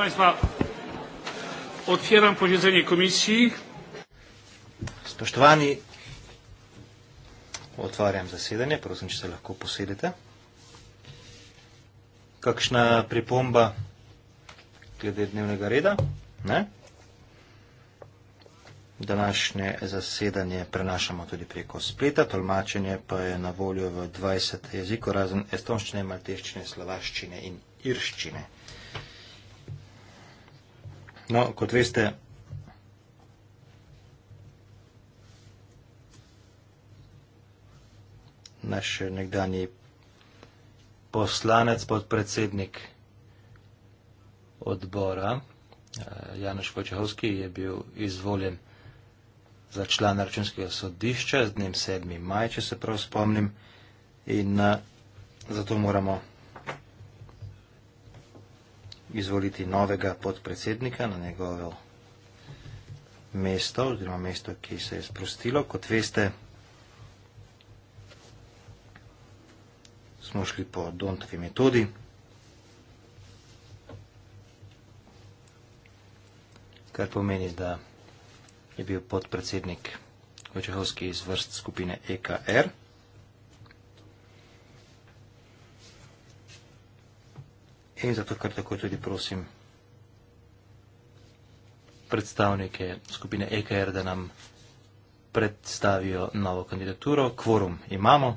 Państwa, otwieram posiedzenie komisji. Spoštovani, otvarjam zasedanje, prosim, če se lahko posedite. Kakšna pripomba glede dnevnega reda? Ne? Današnje zasedanje prenašamo tudi preko spleta, tolmačenje pa je na voljo v 20 jezikov, razen estonščine, malteščine, slovaščine in irščine. No, kot veste, naš nekdani poslanec, podpredsednik odbora, eh, Janoš Kočehovski, je bil izvoljen za član računskega sodišča z dnem 7. maj, če se prav spomnim, in eh, zato moramo izvoliti novega podpredsednika na njegovo mesto oziroma mesto, ki se je sprostilo. Kot veste, smo šli po Dontovi metodi. Kar pomeni, da je bil podpredsednik Vojčehovski iz vrst skupine EKR. In zato kar takoj tudi prosim predstavnike skupine EKR, da nam predstavijo novo kandidaturo. Kvorum imamo.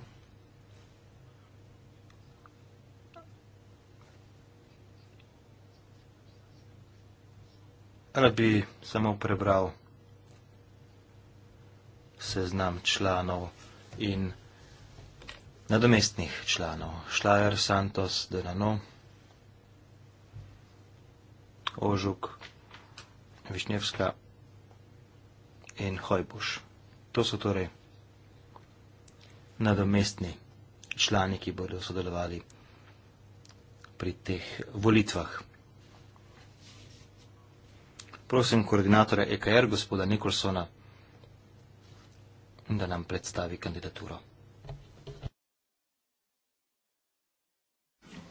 Rad bi samo prebral seznam članov in nadomestnih članov. Šlajer Santos de la Noe. Ožuk, Višnjevska in Hojbuš. To so torej nadomestni člani, ki bodo sodelovali pri teh volitvah. Prosim koordinatora EKR, gospoda Nikolsona, da nam predstavi kandidaturo.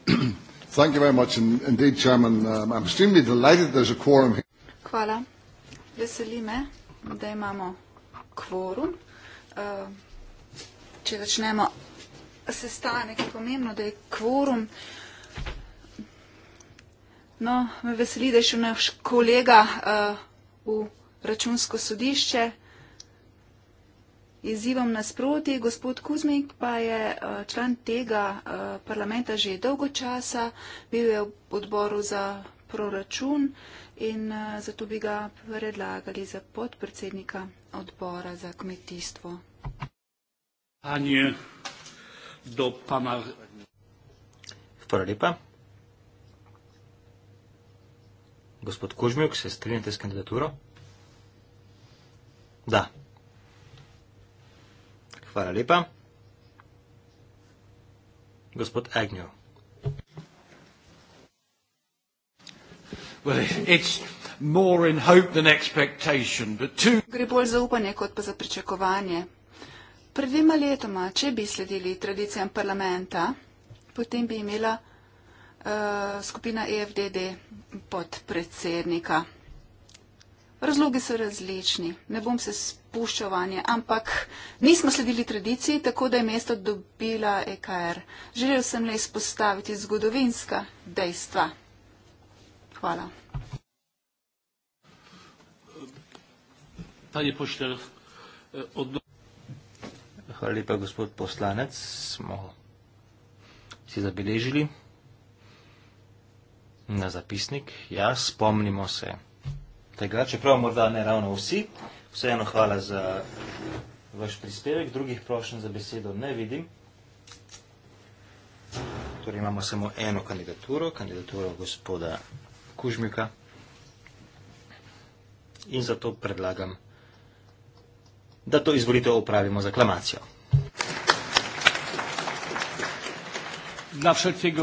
Thank you very much indeed, Chairman. Um, I'm extremely delighted there's a quorum here. Hvala. Veseli me, da imamo kvorum. Uh, če začnemo sestanek, je pomembno, da je kvorum. No, me veseli, da je šel naš kolega uh, v računsko sodišče izzivom nasproti. Gospod Kuzmik pa je eh, član tega eh, parlamenta že dolgo časa, bil je v odboru za proračun in eh, zato bi ga predlagali za podpredsednika odbora za kmetijstvo. Anje, do Hvala lepa. Gospod Kožmjuk, se strinjate s kandidaturo? Da, Hvala lepa. Gospod Agnew. Well, it's more in hope than expectation, but two... Gre bolj za upanje kot pa za pričakovanje. Pred dvema letoma, če bi sledili tradicijam parlamenta, potem bi imela uh, skupina EFDD pod predsednika. Razlogi so različni. Ne bom se spomnila puščovanje, ampak nismo sledili tradiciji, tako da je mesto dobila EKR. Želel sem le izpostaviti zgodovinska dejstva. Hvala. E, Hvala lepa, gospod poslanec. Smo si zabeležili na zapisnik. Ja, spomnimo se tega, čeprav morda ne ravno vsi, Vseeno hvala za vaš prispevek, drugih prošen za besedo ne vidim. Torej imamo samo eno kandidaturo, kandidaturo gospoda Kužmjuka. In zato predlagam, da to izvolite opravimo z aklamacijo. Na všetkega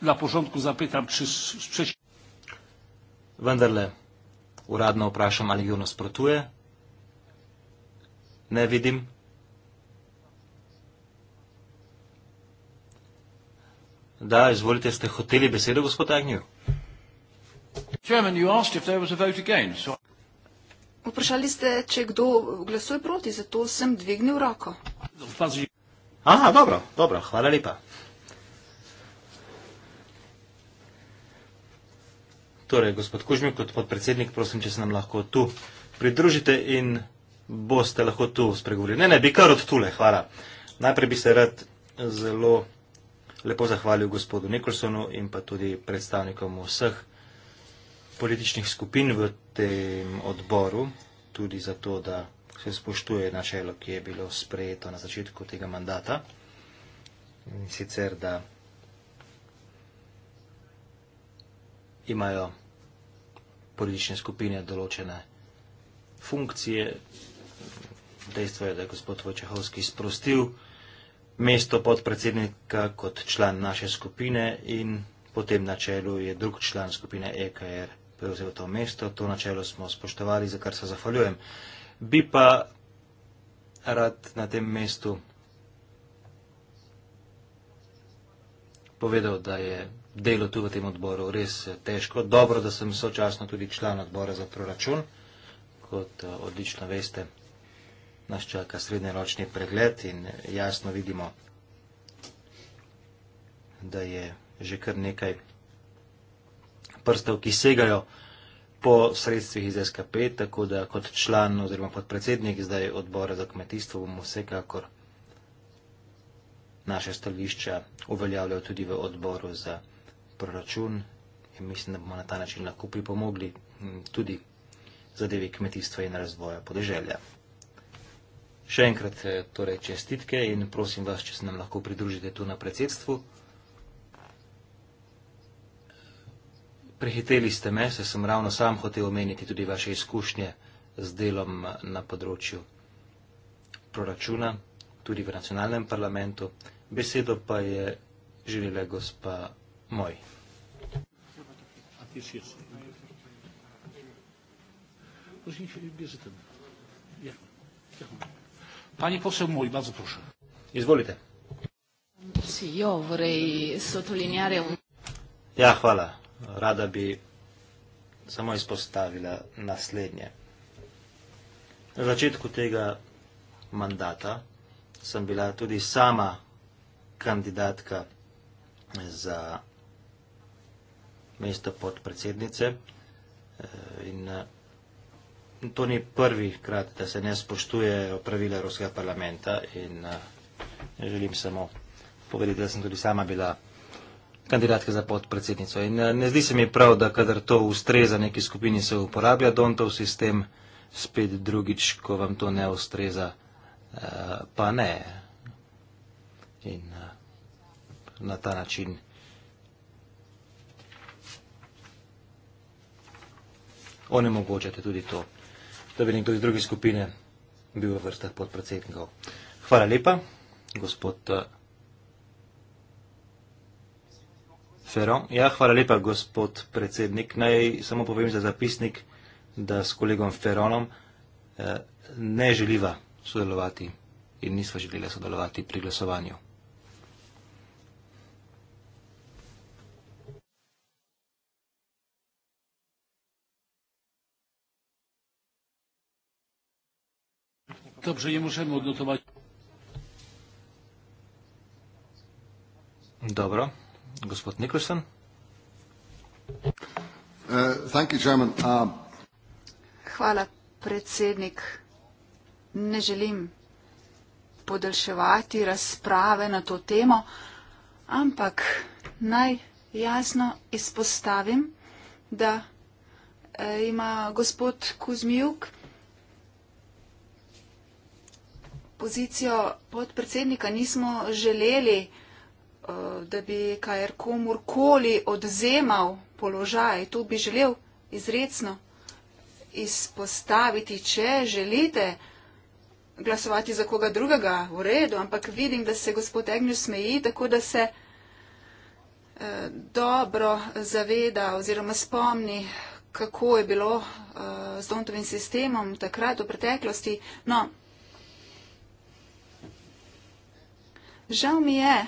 na požontku zapetam, če še... Vendarle, uradno vprašam, ali jo nasprotuje, ne vidim. Da, izvolite, ste hoteli besedo, gospod Agnew? Chairman, you asked if there was a vote against. So... Vprašali ste, če kdo glasuje proti, zato sem dvignil roko. Aha, dobro, dobro, hvala lepa. Torej, gospod Kužmik, kot podpredsednik, prosim, če se nam lahko tu pridružite in boste lahko tu spregovorili. Ne, ne, bi kar od tule, hvala. Najprej bi se rad zelo lepo zahvalil gospodu Nikolsonu in pa tudi predstavnikom vseh političnih skupin v tem odboru, tudi zato, da se spoštuje načelo, ki je bilo sprejeto na začetku tega mandata. In sicer, da imajo politične skupine določene funkcije dejstvo je, da je gospod Vojčehovski sprostil mesto podpredsednika kot član naše skupine in potem na čelu je drug član skupine EKR prevzel to mesto. To načelo smo spoštovali, za kar se zahvaljujem. Bi pa rad na tem mestu povedal, da je delo tu v tem odboru res težko. Dobro, da sem sočasno tudi član odbora za proračun, kot eh, odlično veste nas čaka srednjeročni pregled in jasno vidimo, da je že kar nekaj prstev, ki segajo po sredstvih iz SKP, tako da kot član oziroma kot predsednik zdaj odbora za kmetijstvo bomo vsekakor naše stališča uveljavljali tudi v odboru za proračun in mislim, da bomo na ta način lahko pripomogli tudi zadevi kmetijstva in razvoja podeželja. Še enkrat eh, torej, čestitke in prosim vas, če se nam lahko pridružite tu na predsedstvu. Prehiteli ste me, se sem ravno sam hotel omeniti tudi vaše izkušnje z delom na področju proračuna, tudi v nacionalnem parlamentu. Besedo pa je želela gospa moj. Thank ja, you. Ja. Pani poseł Mój, bardzo proszę. Izvolite. Si jo vrej sotolinjare... Ja, hvala. Rada bi samo izpostavila naslednje. Na začetku tega mandata sem bila tudi sama kandidatka za mesto podpredsednice eh, in vsega to ni prvi krat, da se ne spoštujejo pravila Evropskega parlamenta in uh, želim samo povedati, da sem tudi sama bila kandidatka za podpredsednico. In uh, ne zdi se mi prav, da kadar to ustreza neki skupini, se uporablja Dontov sistem, spet drugič, ko vam to ne ustreza, uh, pa ne. In uh, na ta način. onemogućate tudi to da bi nekdo iz druge skupine bil v vrstah podpredsednikov. Hvala lepa, gospod eh, Ferom. Ja, hvala lepa, gospod predsednik. Naj samo povem za zapisnik, da s kolegom Feronom eh, ne želiva sodelovati in nisva želela sodelovati pri glasovanju. dobrze, nie możemy odnotować. Dobra. Gospod Nicholson. Uh, thank you, Chairman. Uh... Hvala, predsednik. Ne želim podaljševati razprave na to temo, ampak naj jasno izpostavim, da eh, ima gospod Kuzmijuk pozicijo podpredsednika nismo želeli, eh, da bi kar komorkoli odzemal položaj. To bi želel izredno izpostaviti, če želite glasovati za koga drugega v redu, ampak vidim, da se gospod Egnjo smeji, tako da se eh, dobro zaveda oziroma spomni, kako je bilo eh, z Dontovim sistemom takrat v preteklosti. No, Žal mi je,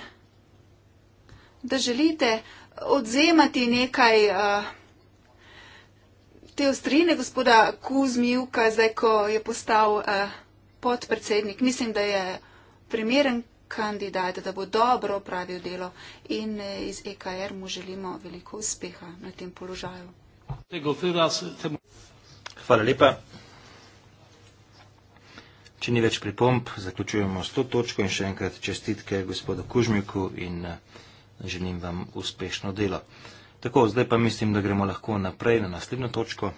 da želite odzemati nekaj uh, te ostrine gospoda Kuzmivka, zdaj ko je postal uh, podpredsednik. Mislim, da je primeren kandidat, da bo dobro opravil delo in uh, iz EKR mu želimo veliko uspeha na tem položaju. Hvala lepa. Če ni več pripomb, zaključujemo s to točko in še enkrat čestitke gospodu Kužmiku in eh, želim vam uspešno delo. Tako, zdaj pa mislim, da gremo lahko naprej na naslednjo točko.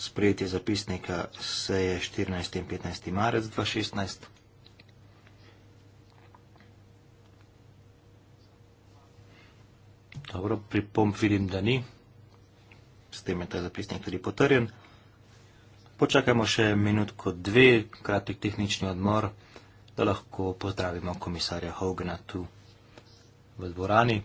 Sprejetje zapisnika se je 14. in 15. marec 2016. Dobro, pripomb vidim, da ni. S tem je ta zapisnik tudi potrjen. Počakajmo še minutko, dve, kratek tehnični odmor, da lahko pozdravimo komisarja Hogana tu v dvorani.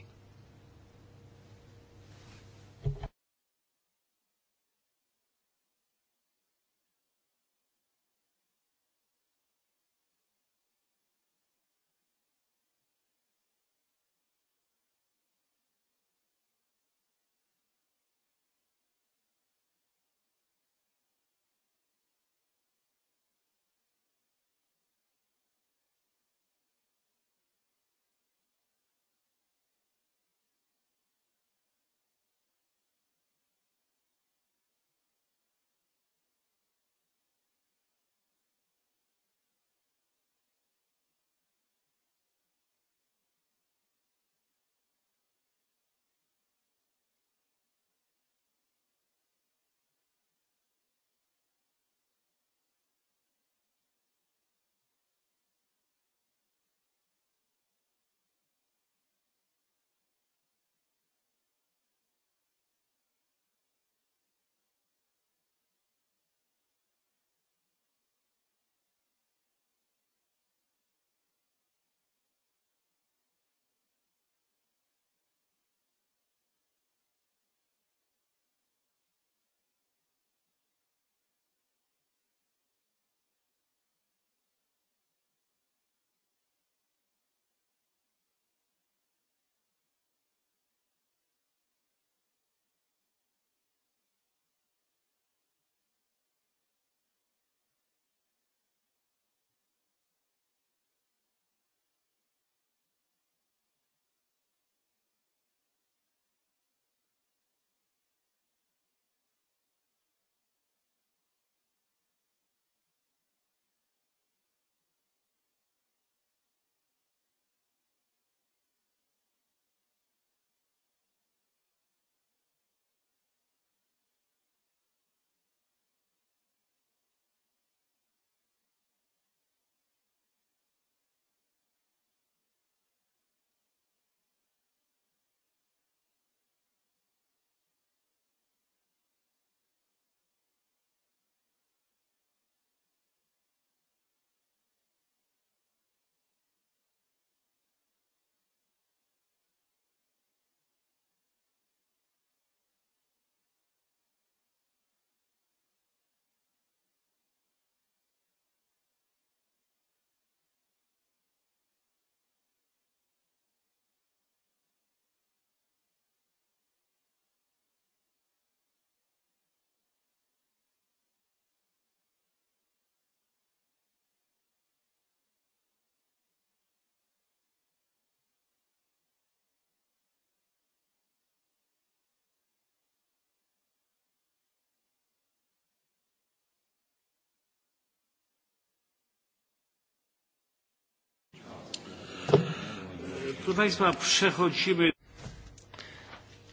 Państwa, przechodzimy.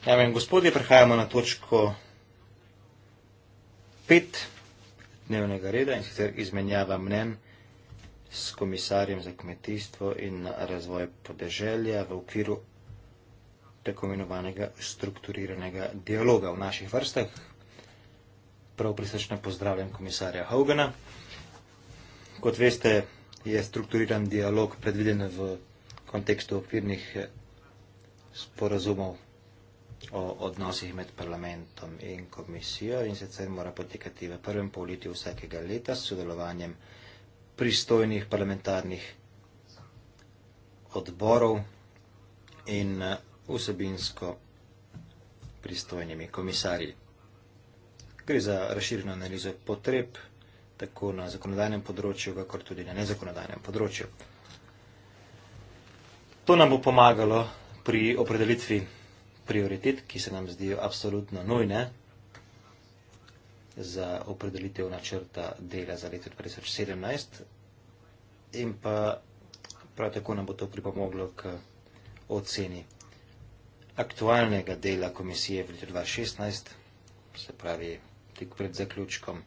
Ja wiem, gospodzie, przechajamy na toczko 5 dnevnega reda in sicer izmenjava mnen s komisarjem za kmetijstvo in razvoj podeželja v okviru tako imenovanega strukturiranega dialoga v naših vrstah. Prav prisrčno pozdravljam komisarja Haugena. Kot veste, je strukturiran dialog predviden v kontekstu okvirnih eh, sporazumov o odnosih med parlamentom in komisijo in sicer mora potekati v prvem poletju vsakega leta s sodelovanjem pristojnih parlamentarnih odborov in eh, vsebinsko pristojnimi komisarji. Gre za razširjeno analizo potreb tako na zakonodajnem področju, kakor tudi na nezakonodajnem področju. To nam bo pomagalo pri opredelitvi prioritet, ki se nam zdijo absolutno nujne za opredelitev načrta dela za leto 2017 in pa prav tako nam bo to pripomoglo k oceni aktualnega dela komisije v letu 2016, se pravi tik pred zaključkom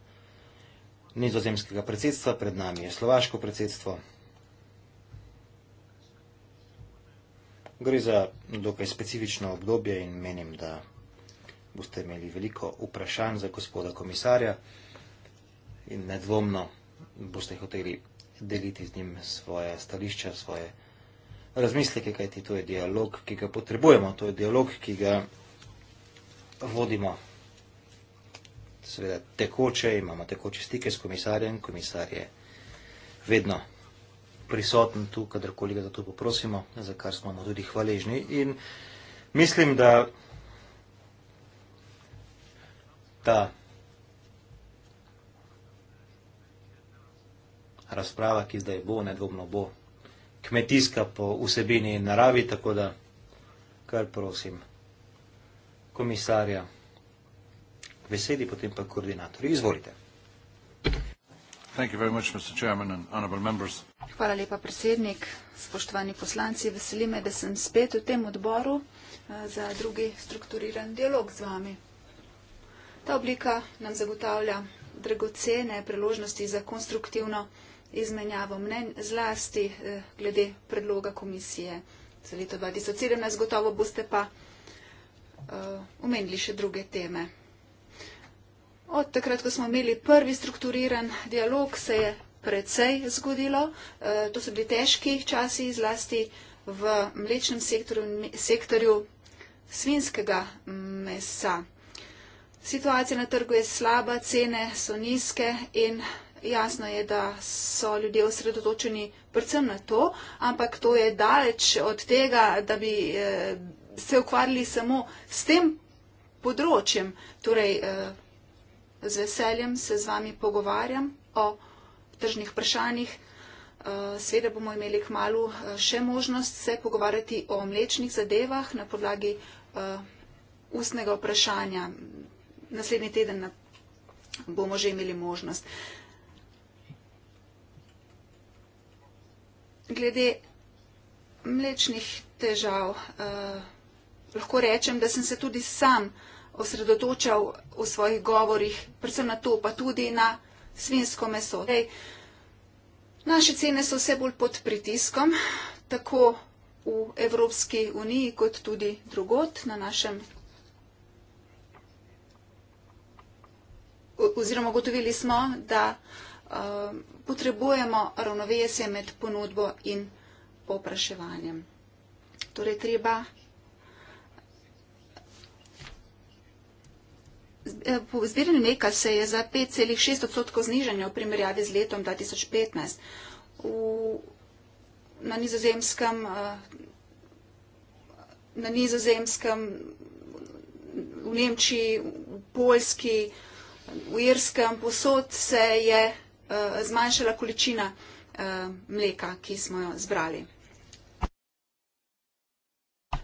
nizozemskega predsedstva, pred nami je slovaško predsedstvo. Gre za dokaj specifično obdobje in menim, da boste imeli veliko vprašanj za gospoda komisarja in nedvomno boste hoteli deliti z njim svoje stališča, svoje razmisleke, kajti to je dialog, ki ga potrebujemo, to je dialog, ki ga vodimo. Seveda tekoče, imamo tekoče stike s komisarjem, komisar je vedno prisoten tu, kadarkoli ga za to poprosimo, za kar smo mu tudi hvaležni. In mislim, da ta razprava, ki zdaj bo, nedvomno bo kmetijska po vsebini in naravi, tako da kar prosim komisarja besedi, potem pa koordinator. Izvolite. Hvala lepa, predsednik. Spoštovani poslanci, veseli me, da sem spet v tem odboru eh, za drugi strukturiran dialog z vami. Ta oblika nam zagotavlja dragocene priložnosti za konstruktivno izmenjavo mnen zlasti eh, glede predloga komisije za leto 2017. Gotovo boste pa uh, omenili še druge teme. Od takrat, ko smo imeli prvi strukturiran dialog, se je precej zgodilo. E, to so bili težki časi, zlasti v mlečnem sektorju, sektorju svinskega mesa. Situacija na trgu je slaba, cene so nizke in jasno je, da so ljudje osredotočeni predvsem na to, ampak to je daleč od tega, da bi e, se ukvarjali samo s tem področjem. Torej, e, z veseljem se z vami pogovarjam o tržnih vprašanjih. Eh, Sveda bomo imeli k malu eh, še možnost se pogovarjati o mlečnih zadevah na podlagi eh, ustnega vprašanja. Naslednji teden bomo že imeli možnost. Glede mlečnih težav, eh, lahko rečem, da sem se tudi sam eh, osredotočal v svojih govorih, predvsem na to, pa tudi na svinsko meso. Dej, naše cene so vse bolj pod pritiskom, tako v Evropski uniji, kot tudi drugot na našem. Oziroma, gotovili smo, da um, potrebujemo ravnovesje med ponudbo in popraševanjem. Torej, treba Eh, zbiranje neka se je za 5,6 odstotkov znižanje v primerjavi z letom 2015. V, na nizozemskem, eh, na nizozemskem, v Nemčiji, v Poljski, v Irskem posod se je eh, zmanjšala količina mleka, ki smo jo zbrali.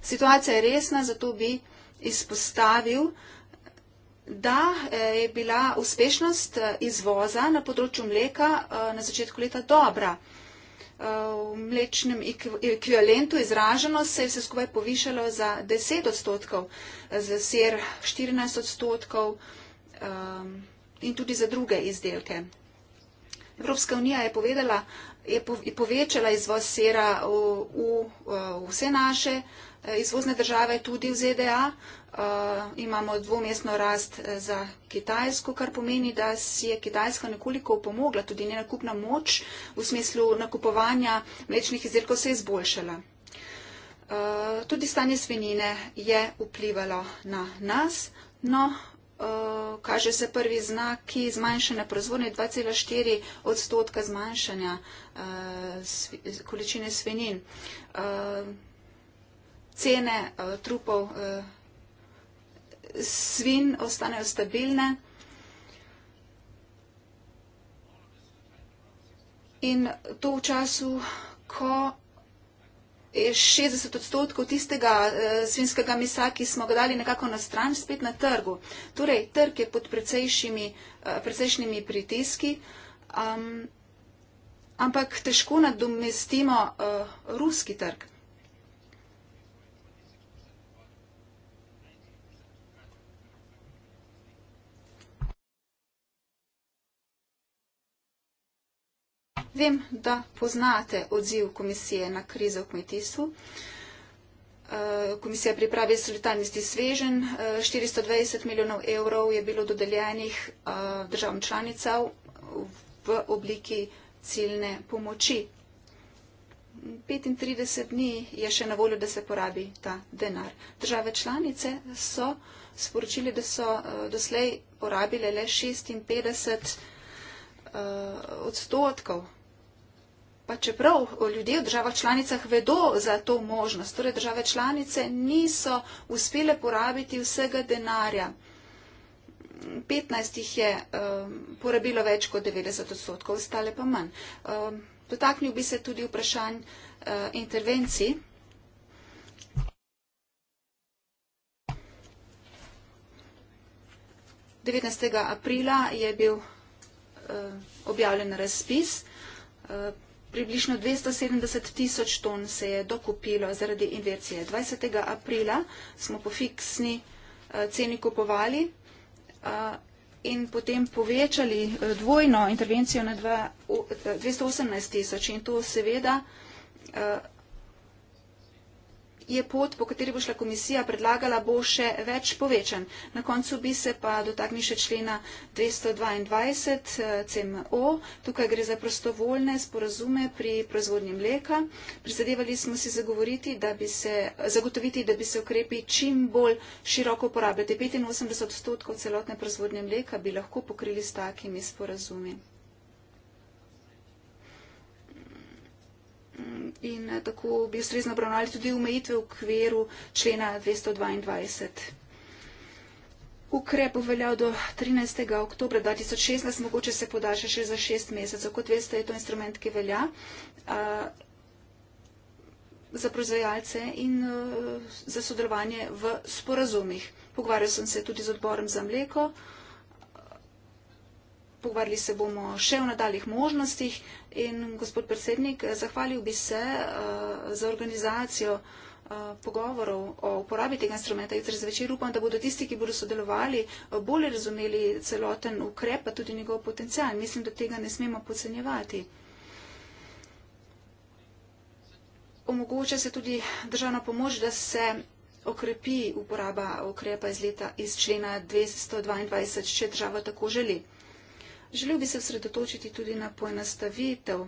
Situacija je resna, zato bi izpostavil, da eh, je bila uspešnost eh, izvoza na področju mleka eh, na začetku leta dobra. V mlečnem ekvivalentu izraženo se je vse skupaj povišalo za 10 odstotkov, za sir 14 odstotkov in tudi za druge izdelke. Evropska unija je, povedala, je povečala izvoz sera v, v, v vse naše izvozne države, tudi v ZDA, Eh, imamo dvomestno rast eh, za Kitajsko, kar pomeni, da si je Kitajska nekoliko upomogla, tudi njena kupna moč v smislu nakupovanja mlečnih izdelkov se je izboljšala. Eh, tudi stanje svinjine je vplivalo na nas, no, kaže se prvi znaki zmanjšanja proizvodnje 2,4 odstotka zmanjšanja količine svinjin. Cene trupov svin ostanejo stabilne. In to v času, ko je 60 odstotkov tistega e, svinskega misa, ki smo ga dali nekako na stran, spet na trgu. Torej, trg je pod precejšnjimi, e, eh, precejšnjimi pritiski, um, ampak težko nadomestimo e, ruski trg. Vem, da poznate odziv komisije na krizo v kmetijstvu. Eh, komisija pripravi solidarnosti svežen. 420 eh, milijonov evrov je bilo dodeljenih eh, državam članicam v obliki ciljne pomoči. 35 dni je še na voljo, da se porabi ta denar. Države članice so sporočili, da so doslej porabile le 56 odstotkov Pa čeprav ljudje v državah članicah vedo za to možnost, torej države članice niso uspele porabiti vsega denarja. 15 jih je um, porabilo več kot 90 odstotkov, ostale pa manj. Um, dotaknil bi se tudi vprašanj uh, intervencij. aprila je bil uh, objavljen razpis. Uh, Približno 270 tisoč ton se je dokupilo zaradi inverzije. 20. aprila smo po fiksni eh, ceni kupovali eh, in potem povečali eh, dvojno intervencijo na 218 tisoč in to seveda je pot, po kateri bo šla komisija predlagala, bo še več povečan. Na koncu bi se pa dotaknil še člena 222 eh, CMO. Tukaj gre za prostovoljne sporazume pri proizvodnji mleka. Prizadevali smo si zagovoriti, da bi se, zagotoviti, da bi se ukrepi čim bolj široko uporabljali. 85 odstotkov celotne proizvodnje mleka bi lahko pokrili s takimi sporazumi. in eh, tako bi ustrezno obravnali tudi umejitve v okviru člena 222. Ukrep bo veljal do 13. oktobra 2016, mogoče se podaljša še za šest mesecev. Kot veste, je to instrument, ki velja uh, za proizvajalce in uh, za sodelovanje v sporazumih. Pogovarjal sem se tudi z odborom za mleko. Pogovarjali se bomo še o nadaljih možnostih, uh, In gospod predsednik, zahvalil bi se uh, za organizacijo eh, pogovorov o uporabi tega instrumenta jutri zvečer. Upam, da bodo tisti, ki bodo sodelovali, eh, bolje razumeli celoten ukrep, pa tudi njegov potencial. Mislim, da tega ne smemo podcenjevati. Omogoča se tudi državna pomoč, da se okrepi uporaba ukrepa iz, leta, iz člena 222, če država tako želi. Želel bi se sredotočiti tudi na poenastavitev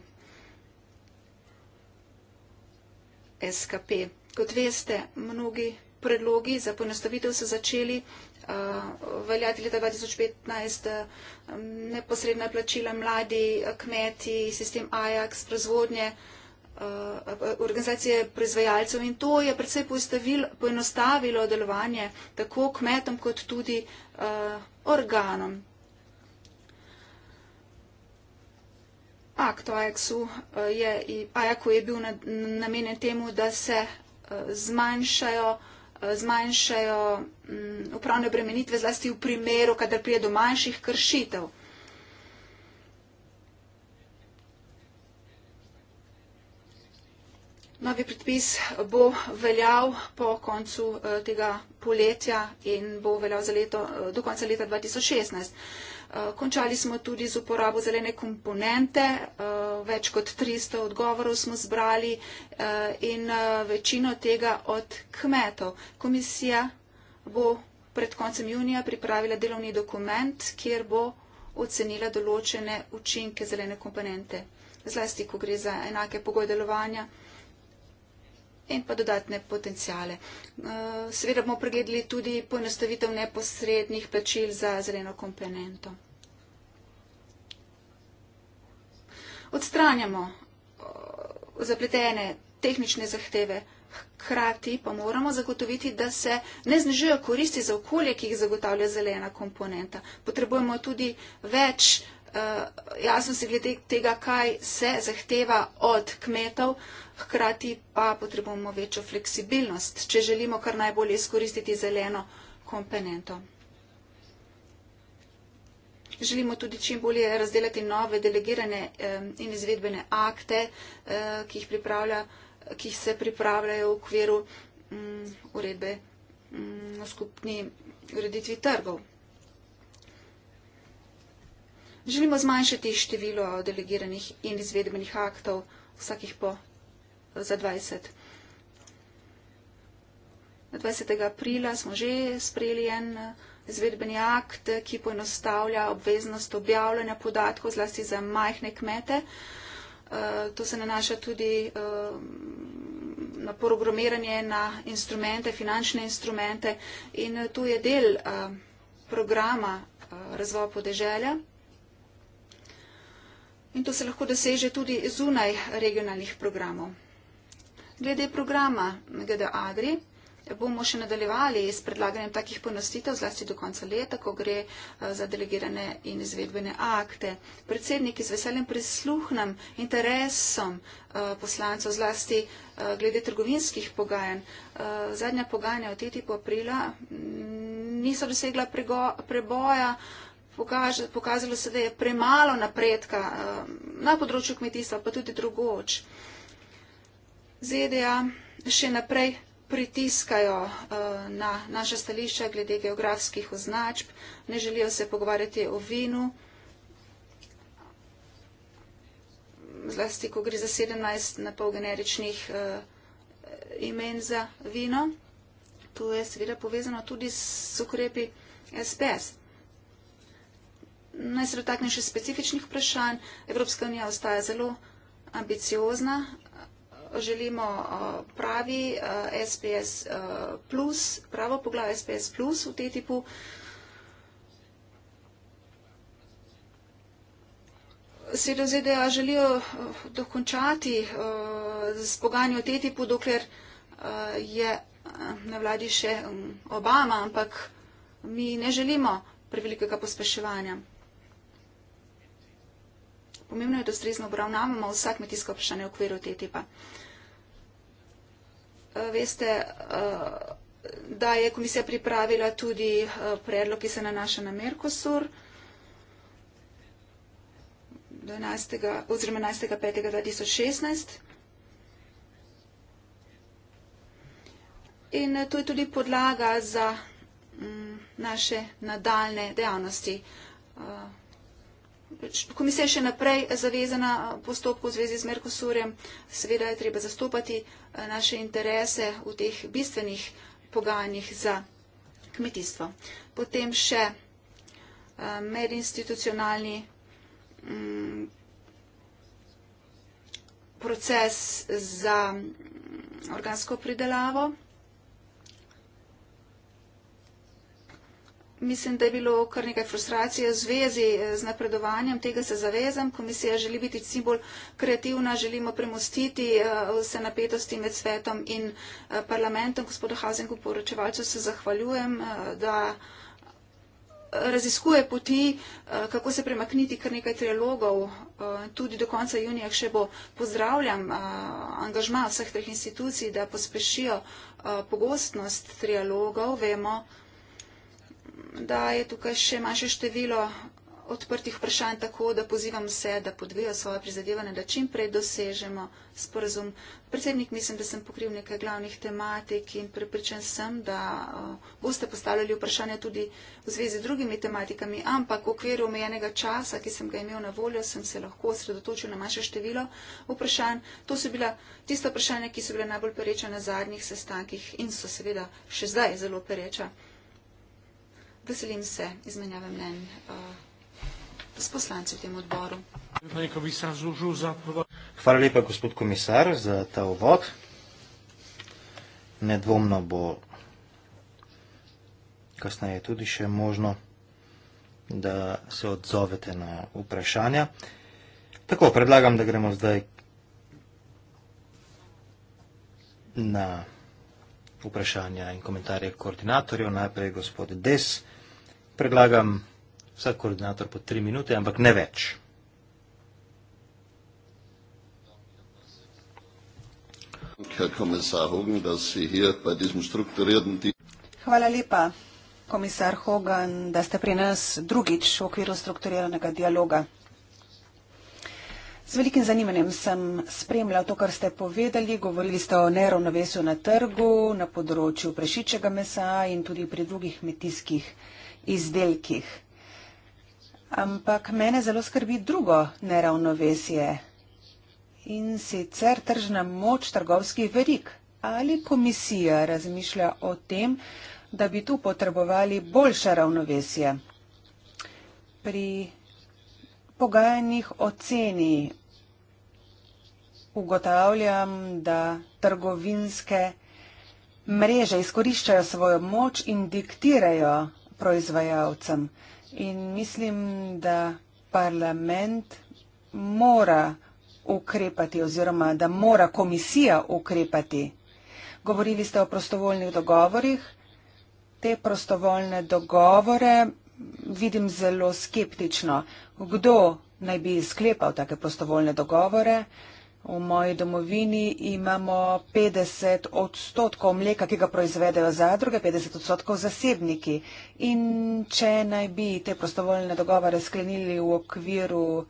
SKP. Kot veste, mnogi predlogi za poenastavitev so začeli uh, veljati leta 2015, uh, neposredna plačila mladi, kmeti, sistem AJAX, proizvodnje, uh, organizacije proizvajalcev in to je predvsej poenostavilo delovanje tako kmetom kot tudi uh, organom akt o Ajaxu eh, je, Ajaku je bil namenjen temu, da se eh, zmanjšajo, eh, zmanjšajo mm, upravne bremenitve, zlasti v primeru, kadar prije do manjših kršitev. Novi predpis bo veljal po koncu tega poletja in bo veljal do konca leta 2016. Eh, končali smo tudi z uporabo zelene komponente, eh, več kot 300 odgovorov smo zbrali eh, in večino tega od kmetov. Komisija bo pred koncem junija pripravila delovni dokument, kjer bo ocenila določene učinke zelene komponente, zlasti, ko gre za enake pogoje delovanja in pa dodatne potencijale. Eh, seveda bomo pregledali tudi poenostavitev neposrednih plačil za zeleno komponento. Odstranjamo eh, zapletene tehnične zahteve, hkrati pa moramo zagotoviti, da se ne znižujejo koristi za okolje, ki jih zagotavlja zelena komponenta. Potrebujemo tudi več uh, jasno si glede tega, kaj se zahteva od kmetov, hkrati pa potrebujemo večjo fleksibilnost, če želimo kar najbolje izkoristiti zeleno komponento. Želimo tudi čim bolje razdelati nove delegirane eh, in izvedbene akte, eh, ki jih, ki jih se pripravljajo v okviru mm, uredbe mm, o skupni ureditvi trgov. Želimo zmanjšati število delegiranih in izvedbenih aktov vsakih po za 20. 20. aprila smo že sprejeli en izvedbeni akt, ki poenostavlja obveznost objavljanja podatkov zlasti za majhne kmete. Eh, to se nanaša tudi eh, na programiranje na instrumente, finančne instrumente in tu je del eh, programa razvoja podeželja. In to se lahko doseže tudi zunaj regionalnih programov. Glede programa GDA-Agri bomo še nadaljevali s predlaganjem takih ponostitev zlasti do konca leta, ko gre eh, za delegirane in izvedbene akte. Predsedniki z veseljem prisluhnem interesom eh, poslancov zlasti eh, glede trgovinskih pogajanj. Zadnja pogajanja v TTIP aprila mm, niso dosegla prego, preboja pokaže, pokazalo se, da je premalo napredka um, na področju kmetijstva, pa tudi drugoč. ZDA še naprej pritiskajo uh, na naša stališča glede geografskih označb, ne želijo se pogovarjati o vinu, zlasti, ko gre za 17 na pol generičnih uh, imen za vino. To je seveda povezano tudi s ukrepi SPS. Naj se dotaknem še specifičnih vprašanj. Evropska unija ostaja zelo ambiciozna. Želimo pravi SPS, plus, pravo poglavje SPS plus v tej tipu. Sredo ZDA želijo dokončati z poganjo te tipu, dokler je na vladi še um, Obama, ampak mi ne želimo prevelikega pospeševanja. Pomembno je, da strezno obravnavamo vsa kmetijska vprašanja v okviru te tipa. Eh, veste, eh, da je komisija pripravila tudi eh, predlog, ki se nanaša na Merkosur. 12. oziroma 11. 5. 2016. In to je tudi podlaga za mm, naše nadaljne dejavnosti komisija je še naprej zavezana postopku v zvezi z Merkosurjem. Seveda je treba zastopati eh, naše interese v teh bistvenih pogajanjih za kmetijstvo. Potem še eh, medinstitucionalni mm, proces za mm, organsko pridelavo. mislim, da je bilo kar nekaj frustracije v zvezi eh, z napredovanjem, tega se zavezam. Komisija želi biti čim bolj kreativna, želimo premostiti eh, vse napetosti med svetom in eh, parlamentom. Gospodu Hazenku poročevalcu se zahvaljujem, da raziskuje poti, kako se premakniti kar nekaj trilogov. Tudi do konca junija še bo pozdravljam angažma vseh teh institucij, da pospešijo pogostnost trilogov. Vemo, da je tukaj še manjše število odprtih vprašanj, tako da pozivam vse, da podvijo svoje prizadevanje, da čim prej dosežemo sporazum. Predsednik, mislim, da sem pokril nekaj glavnih tematik in prepričan sem, da eh, boste postavljali vprašanja tudi v zvezi z drugimi tematikami, ampak v okviru omejenega časa, ki sem ga imel na voljo, sem se lahko osredotočil na manjše število vprašanj. To so bila tista vprašanja, ki so bila najbolj pereča na zadnjih sestankih in so seveda še zdaj zelo pereča veselim se izmenjave mnen eh, s poslanci v tem odboru. Hvala lepa, gospod komisar, za ta uvod. Nedvomno bo kasneje tudi še možno, da se odzovete na vprašanja. Tako, predlagam, da gremo zdaj na vprašanja in komentarje koordinatorjev. Najprej gospod Des predlagam vsak koordinator po tri minute, ampak ne več. Hvala lepa, komisar Hogan, da ste pri nas drugič v okviru strukturiranega dialoga. Z velikim zanimanjem sem spremljal to, kar ste povedali. Govorili ste o neravnovesju na trgu, na področju prešičega mesa in tudi pri drugih kmetijskih izdelkih. Ampak mene zelo skrbi drugo neravnovesje in sicer tržna moč trgovskih verik. Ali komisija razmišlja o tem, da bi tu potrebovali boljše ravnovesje? Pri pogajanjih o ceni ugotavljam, da trgovinske mreže izkoriščajo svojo moč in diktirajo proizvajalcem. In mislim, da parlament mora ukrepati oziroma, da mora komisija ukrepati. Govorili ste o prostovoljnih dogovorih. Te prostovoljne dogovore vidim zelo skeptično. Kdo naj bi sklepal take prostovoljne dogovore? V moji domovini imamo 50 odstotkov mleka, ki ga proizvedejo zadruge, 50 odstotkov zasebniki. In če naj bi te prostovoljne dogovore sklenili v okviru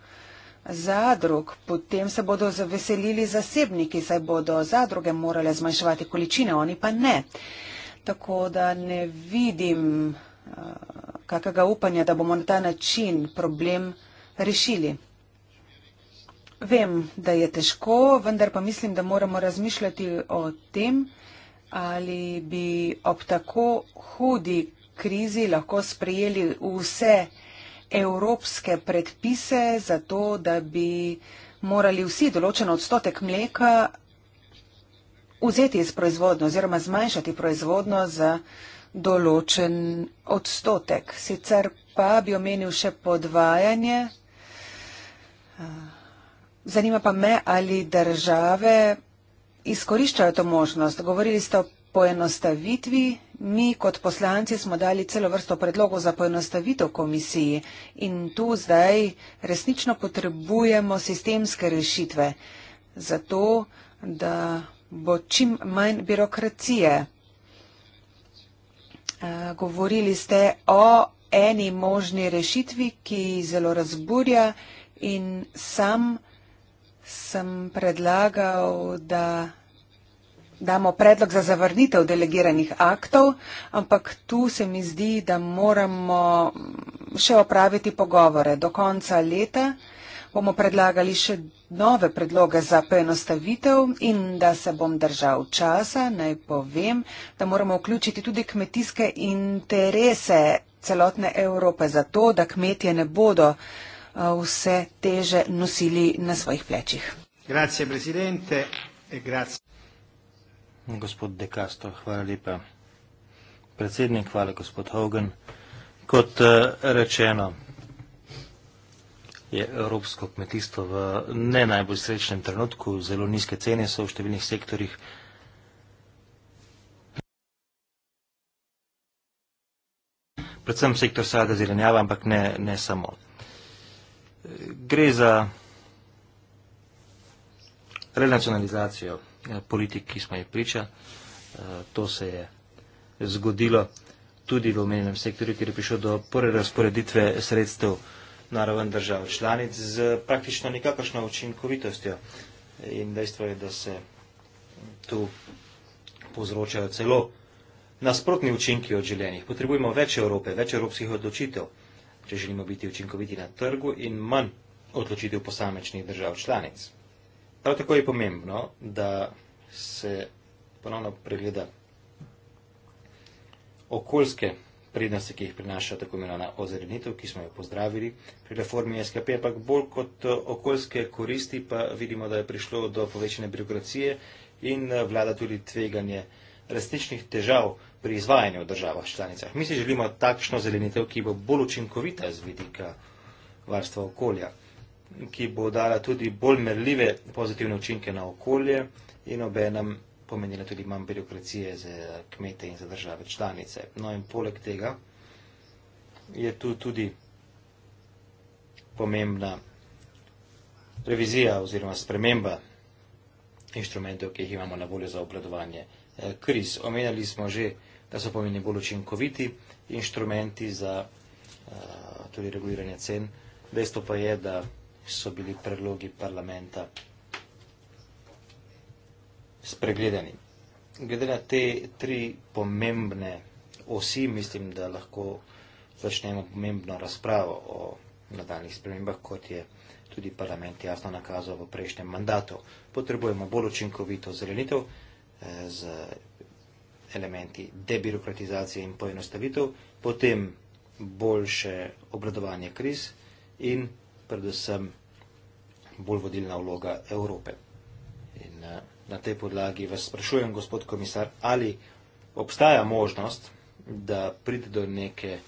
zadrug, potem se bodo zaveselili zasebniki, saj bodo zadruge morale zmanjševati količine, oni pa ne. Tako da ne vidim. Eh, kakega upanja, da bomo na ta način problem rešili. Vem, da je težko, vendar pa mislim, da moramo razmišljati o tem, ali bi ob tako hudi krizi lahko sprejeli vse evropske predpise za to, da bi morali vsi določen odstotek mleka vzeti iz proizvodnje oziroma zmanjšati proizvodnjo za določen odstotek. Sicer pa bi omenil še podvajanje. Zanima pa me, ali države izkoriščajo to možnost. Govorili ste o poenostavitvi. Mi kot poslanci smo dali celo vrsto predlogov za poenostavitev komisiji in tu zdaj resnično potrebujemo sistemske rešitve, zato da bo čim manj birokracije. Eh, govorili ste o eni možni rešitvi, ki zelo razburja in sam sem predlagal, da damo predlog za zavrnitev delegiranih aktov, ampak tu se mi zdi, da moramo še opraviti pogovore do konca leta bomo predlagali še nove predloge za poenostavitev in da se bom držal časa, naj povem, da moramo vključiti tudi kmetijske interese celotne Evrope za to, da kmetje ne bodo eh, vse teže nosili na svojih plečih. Grazie, presidente. E grazie. Gospod De Castro, hvala lepa. Predsednik, hvala gospod Hogan. Kot eh, rečeno, je evropsko kmetijstvo v ne najbolj srečnem trenutku, zelo nizke cene so v številnih sektorjih. Predvsem sektor sada zelenjava, ampak ne, ne samo. Gre za renacionalizacijo eh, politik, ki smo jih priča. Eh, to se je zgodilo tudi v omenjenem sektorju, kjer je prišlo do prve razporeditve sredstev na raven držav članic z praktično nikakršno učinkovitostjo. In dejstvo je, da se tu povzročajo celo nasprotni učinki od želenih. Potrebujemo več Evrope, več evropskih odločitev, če želimo biti učinkoviti na trgu in manj odločitev posamečnih držav članic. Prav tako je pomembno, da se ponovno pregleda okoljske prednosti, ki jih prinaša tako imenovana ozelenitev, ki smo jo pozdravili pri reformi SKP, ampak bolj kot eh, okoljske koristi pa vidimo, da je prišlo do povečene birokracije in eh, vlada tudi tveganje resničnih težav pri izvajanju v državah članicah. Mi si želimo takšno zelenitev, ki bo bolj učinkovita z vidika varstva okolja, ki bo dala tudi bolj merljive pozitivne učinke na okolje in obenem pomenila tudi manj birokracije za kmete in za države članice. No in poleg tega je tu tudi pomembna revizija oziroma sprememba inštrumentov, ki jih imamo na voljo za obladovanje eh, kriz. Omenjali smo že, da so pomeni bolj učinkoviti inštrumenti za eh, tudi reguliranje cen. Dejstvo pa je, da so bili predlogi parlamenta spregledani. Glede na te tri pomembne osi, mislim, da lahko začnemo pomembno razpravo o nadaljnih spremembah, kot je tudi parlament jasno nakazal v prejšnjem mandatu. Potrebujemo bolj učinkovito zelenitev eh, z elementi debirokratizacije in poenostavitev, potem boljše obradovanje kriz in predvsem bolj vodilna vloga Evrope. In, uh, na tej podlagi vas sprašujem, gospod komisar, ali obstaja možnost, da pride do neke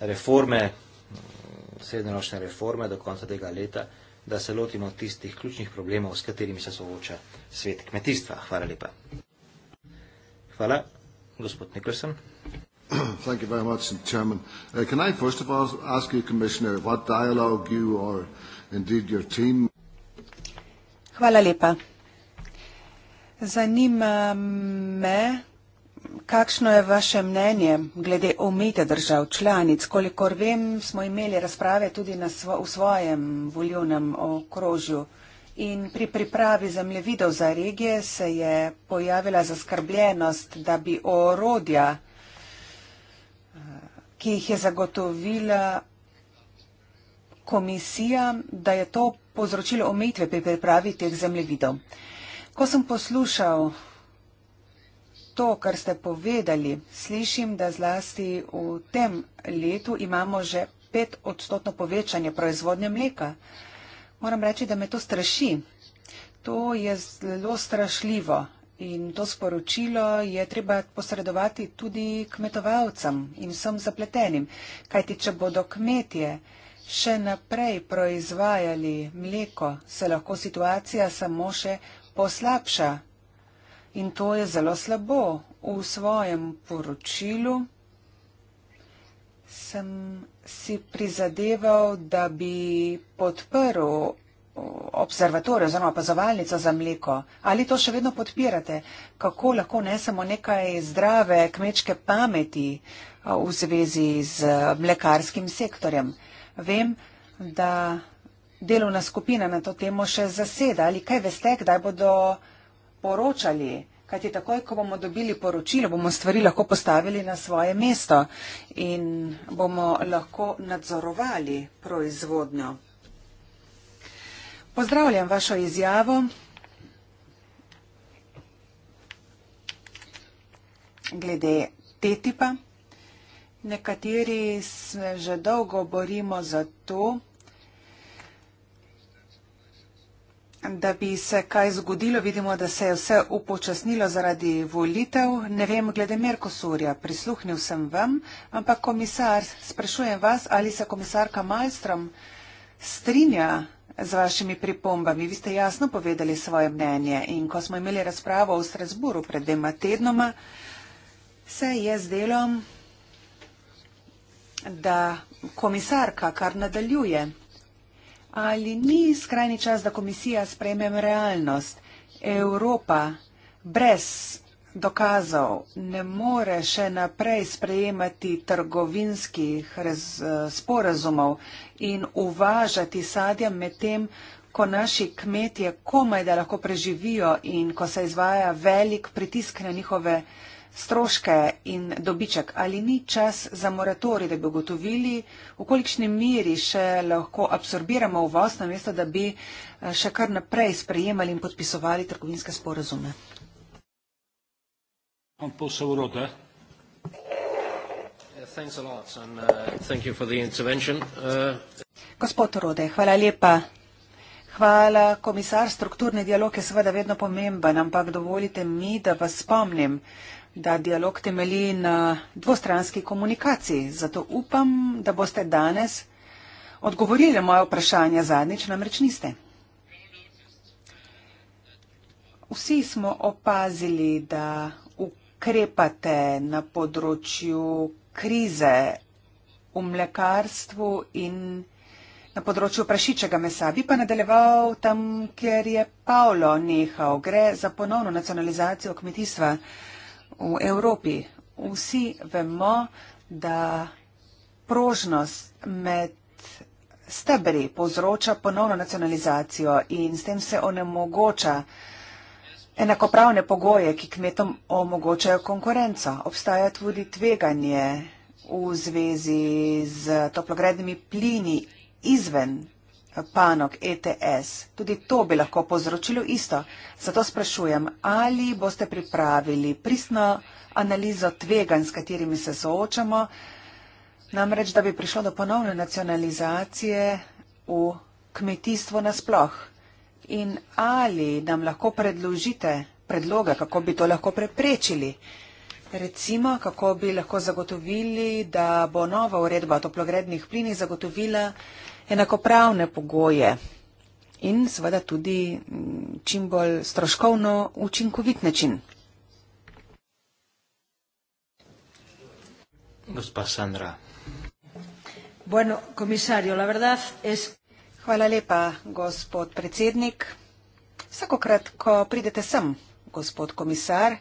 reforme, srednjeročne reforme do konca tega leta, da se lotimo tistih ključnih problemov, s katerimi se sooča svet kmetijstva. Hvala lepa. Hvala, gospod Nikolson. Thank you very much, Chairman. Uh, can I first of all ask you, Commissioner, what dialogue you or indeed your team? Hvala lepa. Zanima me, kakšno je vaše mnenje glede omite držav članic. Kolikor vem, smo imeli razprave tudi svo, v svojem voljivnem okrožju. In pri pripravi zemljevidov za regije se je pojavila zaskrbljenost, da bi orodja, ki jih je zagotovila komisija, da je to povzročilo omejitve pri pripravi teh zemljevidov. Ko sem poslušal to, kar ste povedali, slišim, da zlasti v tem letu imamo že pet odstotno povečanje proizvodnje mleka. Moram reči, da me to straši. To je zelo strašljivo in to sporočilo je treba posredovati tudi kmetovalcem in vsem zapletenim. Kajti, če bodo kmetje še naprej proizvajali mleko, se lahko situacija samo še poslabša. In to je zelo slabo. V svojem poročilu sem si prizadeval, da bi podprl observatorij oziroma opazovalnico za mleko. Ali to še vedno podpirate? Kako lahko ne samo nekaj zdrave kmečke pameti v zvezi z mlekarskim sektorjem? Vem, da delovna skupina na to temo še zaseda ali kaj veste, kdaj bodo poročali. Kajti takoj, ko bomo dobili poročilo, bomo stvari lahko postavili na svoje mesto in bomo lahko nadzorovali proizvodnjo. Pozdravljam vašo izjavo. Glede TTIP-a, nekateri se že dolgo borimo za to, da bi se kaj zgodilo. Vidimo, da se je vse upočasnilo zaradi volitev. Ne vem, glede Merkosurja, prisluhnil sem vam, ampak komisar, sprašujem vas, ali se komisarka Malstrom strinja z vašimi pripombami. Vi ste jasno povedali svoje mnenje in ko smo imeli razpravo v Strasburu pred dvema tednoma, se je zdelo, da komisarka kar nadaljuje Ali ni skrajni čas, da komisija spreme realnost? Evropa brez dokazov ne more še naprej sprejemati trgovinskih rez, eh, sporazumov in uvažati sadja med tem, ko naši kmetje komaj da lahko preživijo in ko se izvaja velik pritisk na njihove uh, stroške in dobiček, ali ni čas za moratori, da bi ugotovili, v kolikšni meri še lahko absorbiramo uvoz, namesto da bi eh, še kar naprej sprejemali in podpisovali trgovinske sporazume. Uh, uh, Gospod Rode, hvala lepa. Hvala, komisar. Strukturni dialog je seveda vedno pomemben, ampak dovolite mi, da vas spomnim, da dialog temelji na dvostranski komunikaciji. Zato upam, da boste danes odgovorili moje vprašanje zadnjič, namreč niste. Vsi smo opazili, da ukrepate na področju krize v mlekarstvu in na področju prašičega mesa. Bi pa nadaljeval tam, kjer je Paolo nehal. Gre za ponovno nacionalizacijo kmetijstva v Evropi. Vsi vemo, da prožnost med stebri povzroča ponovno nacionalizacijo in s tem se onemogoča enakopravne pogoje, ki kmetom omogočajo konkurenco. Obstaja tudi tveganje v zvezi z toplogrednimi plini izven panog ETS. Tudi to bi lahko povzročilo isto. Zato sprašujem, ali boste pripravili pristno analizo tvegan, s katerimi se soočamo, namreč, da bi prišlo do ponovne nacionalizacije v kmetijstvo nasploh. In ali nam lahko predložite predloge, kako bi to lahko preprečili? Recimo, kako bi lahko zagotovili, da bo nova uredba o toplogrednih plinih zagotovila, enakopravne pogoje in seveda tudi mm, čim bolj stroškovno učinkovit način. Gospa Sandra. Bueno, komisarjo, la verdad es... Hvala lepa, gospod predsednik. Vsakokrat, ko pridete sem, gospod komisar,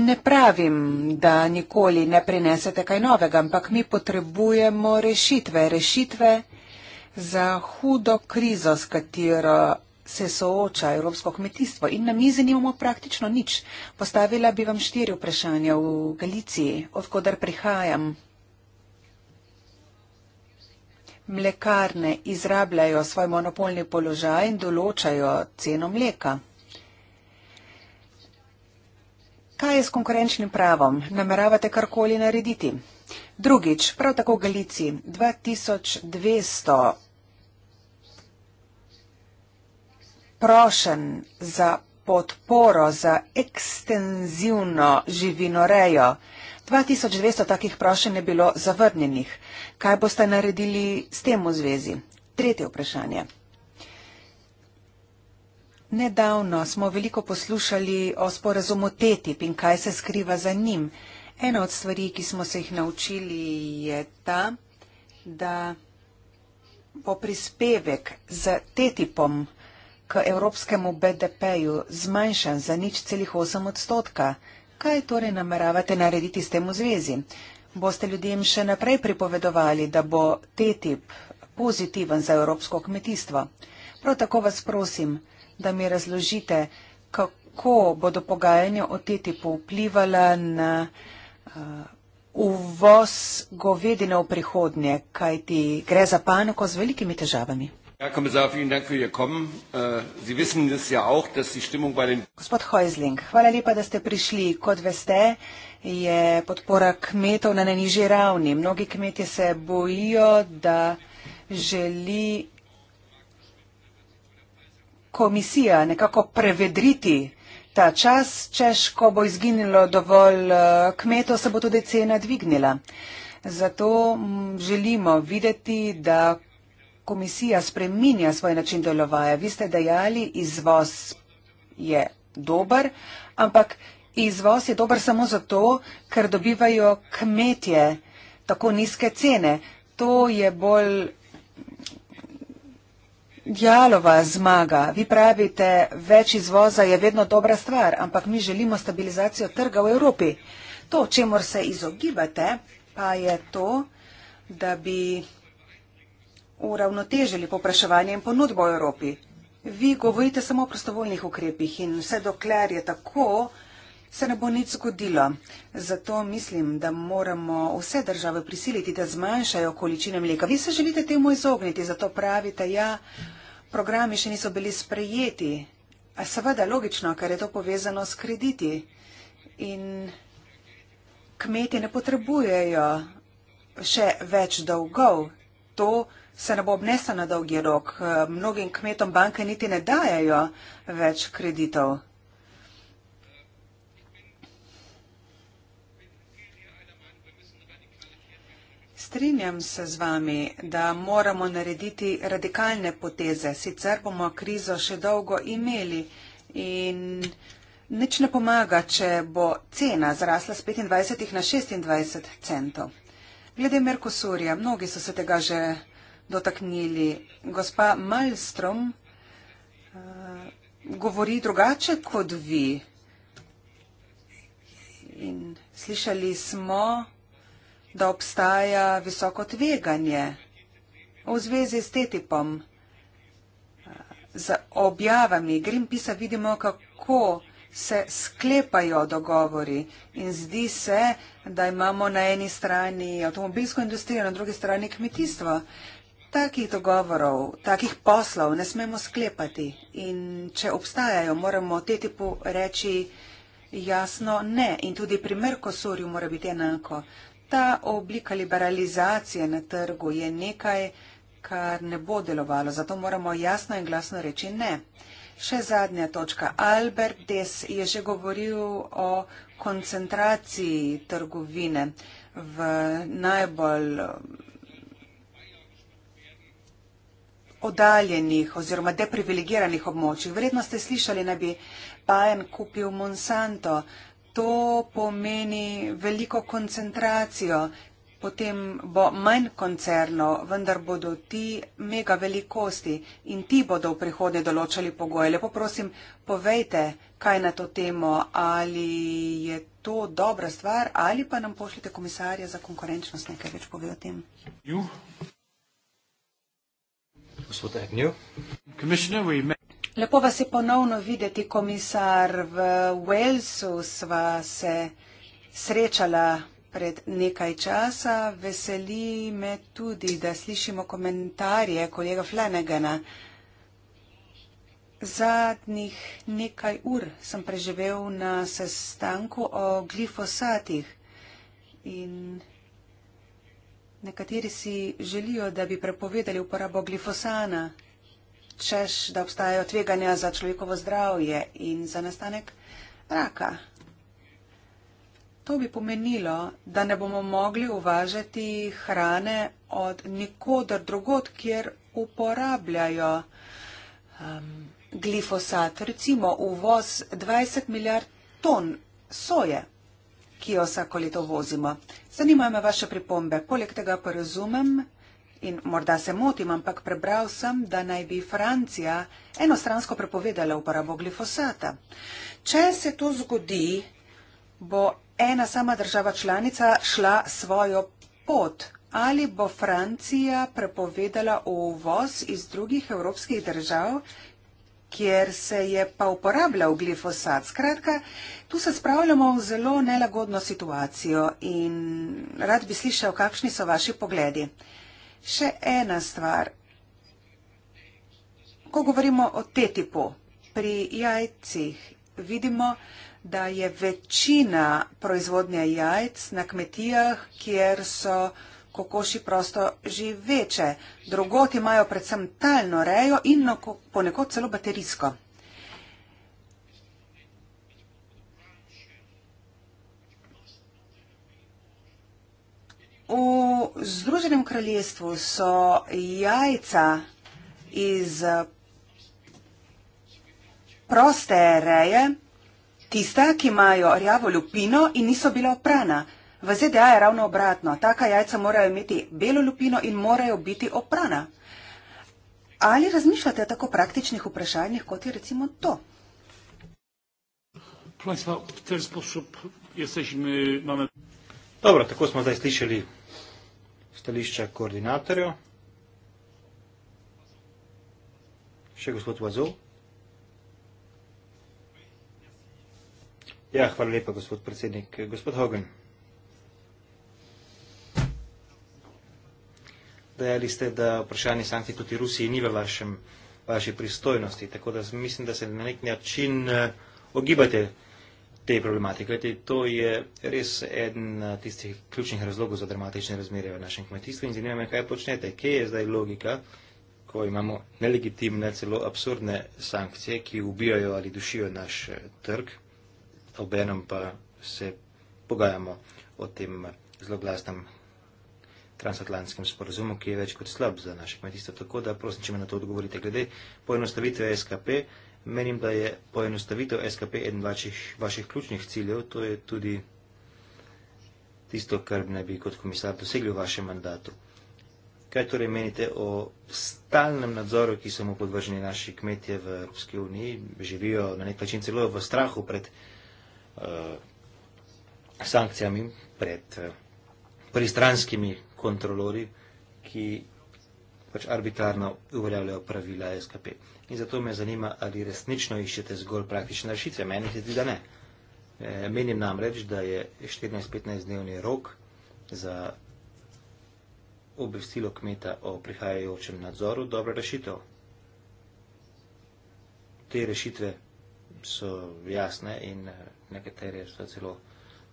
Ne pravim, da nikoli ne prinesete kaj novega, ampak mi potrebujemo rešitve, rešitve za hudo krizo, s katero se sooča evropsko kmetijstvo. In na mizi nimamo praktično nič. Postavila bi vam štiri vprašanja v Galiciji, odkudar prihajam. Mlekarne izrabljajo svoj monopolni položaj in določajo ceno mleka. Kaj je s konkurenčnim pravom? Nameravate karkoli narediti? Drugič, prav tako Galici, 2200 prošen za podporo za ekstenzivno živinorejo. 2200 takih prošen je bilo zavrnjenih. Kaj boste naredili s tem v zvezi? Tretje vprašanje. Nedavno smo veliko poslušali o sporazumu TTIP in kaj se skriva za njim. Ena od stvari, ki smo se jih naučili, je ta, da bo prispevek z TTIP-om k evropskemu BDP-ju zmanjšan za nič celih 8 odstotka. Kaj torej nameravate narediti s tem v zvezi? Boste ljudem še naprej pripovedovali, da bo TTIP pozitiven za evropsko kmetijstvo? Prav tako vas prosim, da mi razložite, kako bodo pogajanja o TTIP-u vplivala na uh, uvoz govedine v prihodnje, kajti gre za panoko z velikimi težavami. Äh, ja Gospod Heusling, hvala lepa, da ste prišli. Kot veste, je podpora kmetov na najnižji ravni. Mnogi kmetje se bojijo, da želi komisija nekako prevedriti ta čas, češ, ko bo izginilo dovolj eh, kmetov, se bo tudi cena dvignila. Zato želimo videti, da komisija spreminja svoj način delovanja. Vi ste dejali, izvoz je dober, ampak izvoz je dober samo zato, ker dobivajo kmetje tako nizke cene. To je bolj Dialova zmaga. Vi pravite, več izvoza je vedno dobra stvar, ampak mi želimo stabilizacijo trga v Evropi. To, čemor se izogibate, pa je to, da bi uravnotežili popraševanje in ponudbo v Evropi. Vi govorite samo o prostovoljnih ukrepih in vse dokler je tako, se ne bo nič zgodilo. Zato mislim, da moramo vse države prisiliti, da zmanjšajo količine mleka. Vi se želite temu izogniti, zato pravite, ja, programi še niso bili sprejeti. Seveda logično, ker je to povezano s krediti. In kmeti ne potrebujejo še več dolgov. To se ne bo obneslo na dolgi rok. Mnogim kmetom banke niti ne dajajo več kreditov. Strinjam se z vami, da moramo narediti radikalne poteze, sicer bomo krizo še dolgo imeli in nič ne pomaga, če bo cena zrasla z 25 na 26 centov. Glede Merkosurja, mnogi so se tega že dotaknili. Gospa Malstrom uh, eh, govori drugače kot vi. In slišali smo da obstaja visoko tveganje v zvezi s TTIP-om. Eh, z objavami Greenpeace vidimo, kako se sklepajo dogovori in zdi se, da imamo na eni strani avtomobilsko industrijo, na drugi strani kmetijstvo. Takih dogovorov, takih poslov ne smemo sklepati in če obstajajo, moramo te tipu reči jasno ne. In tudi pri Merkosurju mora biti enako. Ta oblika liberalizacije na trgu je nekaj, kar ne bo delovalo, zato moramo jasno in glasno reči ne. Še zadnja točka. Albert Des je že govoril o koncentraciji trgovine v najbolj eh, oddaljenih oziroma deprivilegiranih območjih. Verjetno ste slišali, da bi Bayern kupil Monsanto, uh, to pomeni veliko koncentracijo. Potem bo manj koncernov, vendar bodo ti mega velikosti in ti bodo v prihodnje določali pogoje. Lepo prosim, povejte, kaj na to temo, ali je to dobra stvar, ali pa nam pošljite komisarja za konkurenčnost, nekaj več pove o tem. Gospod Agnew. Lepo vas je ponovno videti, komisar. V Walesu sva se srečala pred nekaj časa. Veseli me tudi, da slišimo komentarje kolega Flanagana. Zadnjih nekaj ur sem preživel na sestanku o glifosatih in nekateri si želijo, da bi prepovedali uporabo glifosana češ, da obstajajo tveganja za človekovo zdravje in za nastanek raka. To bi pomenilo, da ne bomo mogli uvažati hrane od nikoder drugot, kjer uporabljajo um, glifosat. Recimo uvoz 20 milijard ton soje, ki jo vsako leto vozimo. Zanima me vaše pripombe. Poleg tega pa razumem, In morda se motim, ampak prebral sem, da naj bi Francija enostransko prepovedala uporabo glifosata. Če se to zgodi, bo ena sama država članica šla svojo pot. Ali bo Francija prepovedala uvoz iz drugih evropskih držav, kjer se je pa uporabljal glifosat? Skratka, tu se spravljamo v zelo nelagodno situacijo in rad bi slišal, kakšni so vaši pogledi. Še ena stvar. Ko govorimo o tetipu pri jajcih, vidimo, da je večina proizvodnja jajc na kmetijah, kjer so kokoši prosto živeče. Drugot imajo predvsem talno rejo in ponekod celo baterijsko. V Združenem kraljestvu so jajca iz proste reje, tista, ki imajo rjavo lupino in niso bila oprana. V ZDA je ravno obratno. Taka jajca morajo imeti belo lupino in morajo biti oprana. Ali razmišljate o tako praktičnih vprašanjih, kot je recimo to? Proste, v ten sposob jesežmi, imamo. Dobro, tako smo zdaj slišali stališča koordinatorjo. Še gospod Vazov. Ja, hvala lepa, gospod predsednik. Gospod Hogan. Dajali ste, da vprašanje sankcij proti Rusiji ni v vašem, vaši pristojnosti, tako da mislim, da se na nek način eh, ogibate. Uh, te problematike. Te, to je res eden eh, tistih ključnih razlogov za dramatične razmere v našem kmetijstvu in zanima me, kaj počnete. Kje je zdaj logika, ko imamo nelegitimne, celo absurdne sankcije, ki ubijajo ali dušijo naš eh, trg, obenem pa se pogajamo o tem eh, zloglasnem transatlantskem sporozumu, ki je več kot slab za naše kmetijstvo. Tako da prosim, če me na to odgovorite. Glede poenostavitve SKP, Menim, da je poenostavitev SKP eden vaših, vaših ključnih ciljev, to je tudi tisto, kar naj bi kot komisar dosegli v vašem mandatu. Kaj torej menite o stalnem nadzoru, ki so mu podvrženi naši kmetje v Evropski uniji, živijo na nek način celo v strahu pred uh, sankcijami, pred uh, pristranskimi kontrolori, ki pač arbitarno uveljavljajo pravila SKP. In zato me zanima, ali resnično iščete zgolj praktične rešitve. Meni se zdi, da ne. E, menim namreč, da je 14-15 dnevni rok za obvestilo kmeta o prihajajočem nadzoru dobra rešitev. Te rešitve so jasne in e, nekatere so celo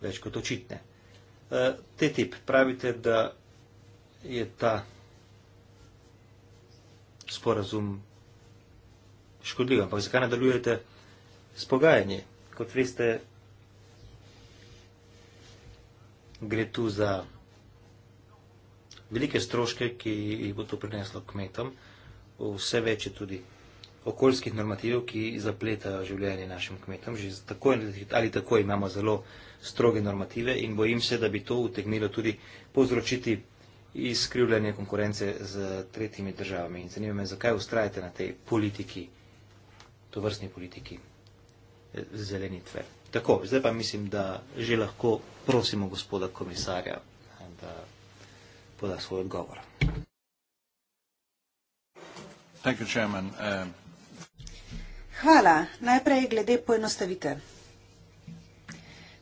več kot očitne. Te tip, pravite, da je ta sporazum škodljiv. Ampak zakaj nadaljujete s pogajanji? Kot veste, gre tu za velike stroške, ki jih bo to prineslo kmetom, vse več je tudi okoljskih normativov, ki zapletajo življenje našim kmetom. Že tako ali tako imamo zelo stroge normative in bojim se, da bi to utegnilo tudi povzročiti izkrivljanje konkurence z tretjimi državami. In zanima me, zakaj ustrajate na tej politiki to vrstni politiki eh, zelenitve. Tako, zdaj pa mislim, da že lahko prosimo gospoda komisarja, da poda svoj odgovor. Thank you, chairman. Um, Hvala. Najprej glede poenostavite.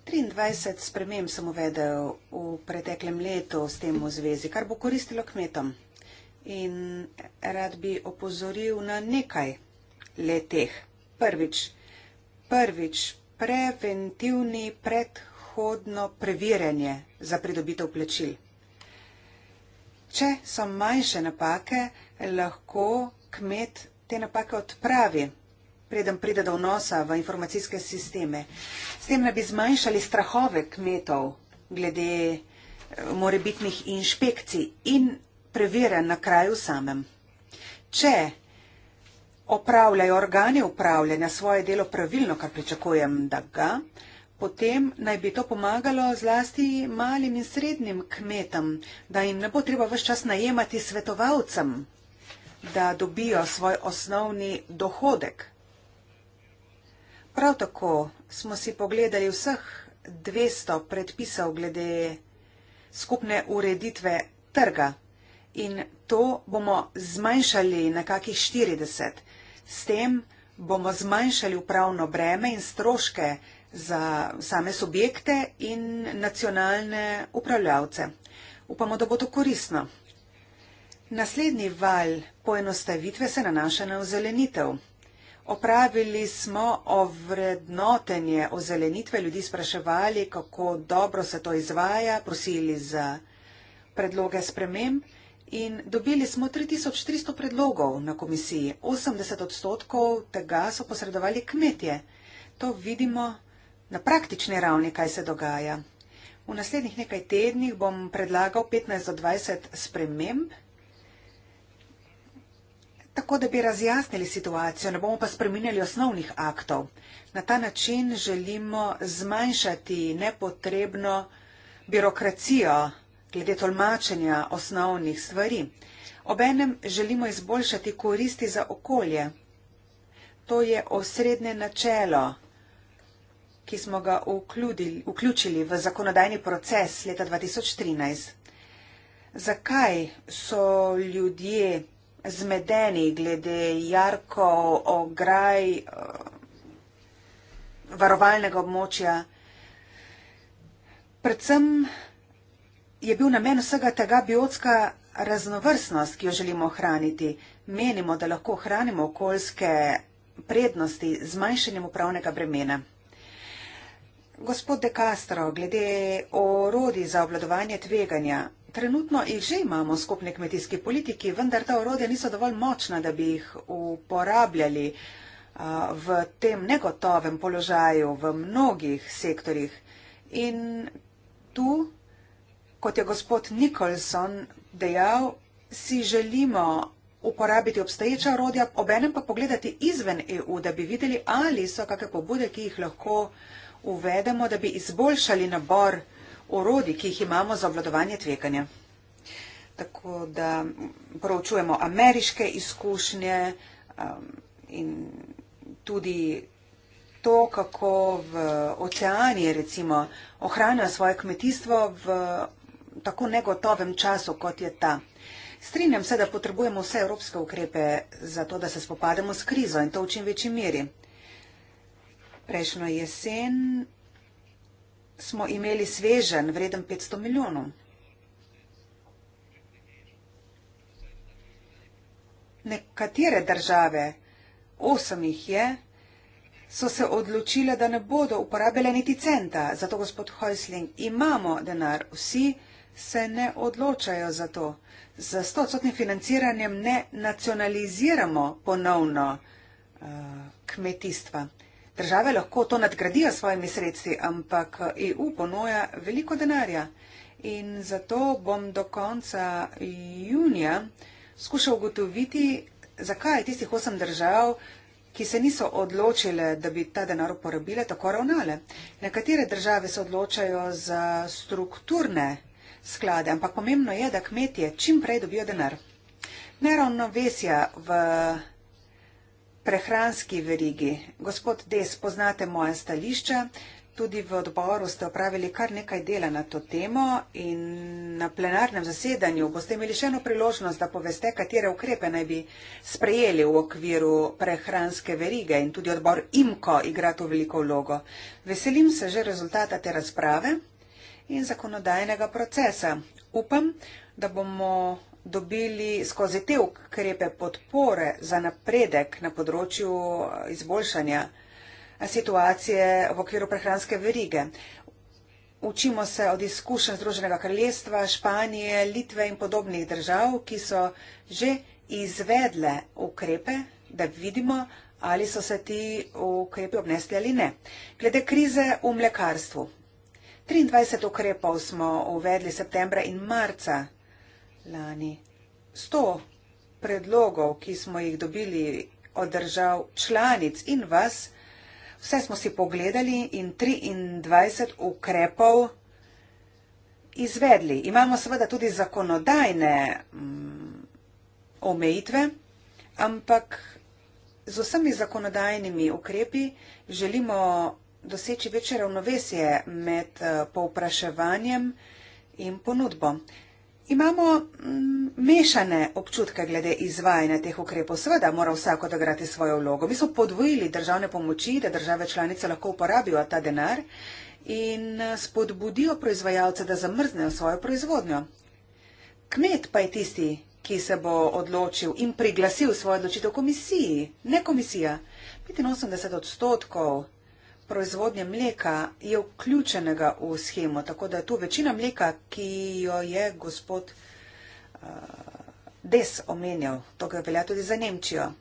23 sprememb sem uvedel v preteklem letu s tem v zvezi, kar bo koristilo kmetom. In rad bi opozoril na nekaj leteh. Prvič, prvič preventivni predhodno preverjanje za pridobitev plačil. Če so manjše napake, lahko kmet te napake odpravi, preden pride do vnosa v informacijske sisteme. S tem ne bi zmanjšali strahove kmetov glede eh, morebitnih inšpekcij in preverjanj na kraju samem. Če opravljajo organi upravljanja svoje delo pravilno, kar pričakujem, da ga, potem naj bi to pomagalo zlasti malim in srednjim kmetom, da jim ne bo treba vse čas najemati svetovalcem, da dobijo svoj osnovni dohodek. Prav tako smo si pogledali vseh 200 predpisov glede skupne ureditve trga in to bomo zmanjšali na kakih 40. S tem bomo zmanjšali upravno breme in stroške za same subjekte in nacionalne upravljavce. Upamo, da bo to koristno. Naslednji val poenostavitve se nanaša na ozelenitev. Opravili smo ovrednotenje ozelenitve, ljudi spraševali, kako dobro se to izvaja, prosili za predloge sprememb. In dobili smo 3300 predlogov na komisiji. 80 odstotkov tega so posredovali kmetje. To vidimo na praktični ravni, kaj se dogaja. V naslednjih nekaj tednih bom predlagal 15 do 20 sprememb, tako da bi razjasnili situacijo, ne bomo pa spremenili osnovnih aktov. Na ta način želimo zmanjšati nepotrebno birokracijo glede tolmačenja osnovnih stvari. Obenem želimo izboljšati koristi za okolje. To je osrednje načelo, ki smo ga vključili v zakonodajni proces leta 2013. Zakaj so ljudje zmedeni glede jarkov, ograj, varovalnega območja? Predvsem je bil namen vsega tega biotska raznovrstnost, ki jo želimo ohraniti. Menimo, da lahko ohranimo okoljske prednosti z manjšanjem upravnega bremena. Gospod De Castro, glede orodij za obladovanje tveganja, trenutno jih že imamo v skupni kmetijski politiki, vendar ta orodja niso dovolj močna, da bi jih uporabljali v tem negotovem položaju v mnogih sektorjih. In tu kot je gospod Nicholson dejal, si želimo uporabiti obstoječa orodja, obenem pa pogledati izven EU, da bi videli, ali so kakšne pobude, ki jih lahko uvedemo, da bi izboljšali nabor orodij, ki jih imamo za obvladovanje tveganja. Tako da proučujemo ameriške izkušnje um, in tudi to, kako v oceani recimo ohranjajo svoje kmetijstvo v tako negotovem času, kot je ta. Strinjam se, da potrebujemo vse evropske ukrepe za to, da se spopademo s krizo in to v čim večji meri. Prejšnjo jesen smo imeli svežen vreden 500 milijonov. Nekatere države, osem jih je, so se odločile, da ne bodo uporabile niti centa. Zato, gospod Hojsling, imamo denar vsi se ne odločajo za to. Z 100-odstotnim financiranjem ne nacionaliziramo ponovno uh, kmetijstva. Države lahko to nadgradijo s svojimi sredstvi, ampak EU eh, e ponuja veliko denarja. In zato bom do konca junija skušal ugotoviti, zakaj je tistih osem držav, ki se niso odločile, da bi ta denar uporabile, tako ravnale. Nekatere države se odločajo za strukturne sklade, ampak pomembno je, da kmetje čim prej dobijo denar. Neravnovesja v prehranski verigi. Gospod Des, poznate moje stališče. Tudi v odboru ste opravili kar nekaj dela na to temo in na plenarnem zasedanju boste imeli še eno priložnost, da poveste, katere ukrepe naj bi sprejeli v okviru prehranske verige in tudi odbor IMKO igra to veliko vlogo. Veselim se že rezultata te razprave in zakonodajnega procesa. Upam, da bomo dobili skozi te ukrepe podpore za napredek na področju izboljšanja situacije v okviru prehranske verige. Učimo se od izkušenj Združenega kraljestva, Španije, Litve in podobnih držav, ki so že izvedle ukrepe, da vidimo, ali so se ti ukrepi obnesli ali ne. Glede krize v mlekarstvu. 23 ukrepov smo uvedli septembra in marca lani. 100 predlogov, ki smo jih dobili od držav članic in vas, vse smo si pogledali in 23 ukrepov izvedli. Imamo seveda tudi zakonodajne mm, omejitve, ampak z vsemi zakonodajnimi ukrepi želimo doseči večje ravnovesje med eh, povpraševanjem in ponudbo. Imamo mm, mešane občutke glede izvajanja teh ukrepov. Seveda mora vsak odigrati svojo vlogo. Mi smo podvojili državne pomoči, da države članice lahko uporabijo ta denar in eh, spodbudijo proizvajalce, da zamrznejo svojo proizvodnjo. Kmet pa je tisti, ki se bo odločil in priglasil svojo odločitev komisiji, ne komisija. 85 odstotkov proizvodnje mleka je vključenega v schemo, tako da je tu večina mleka, ki jo je gospod eh, Des omenjal, to ga velja tudi za Nemčijo.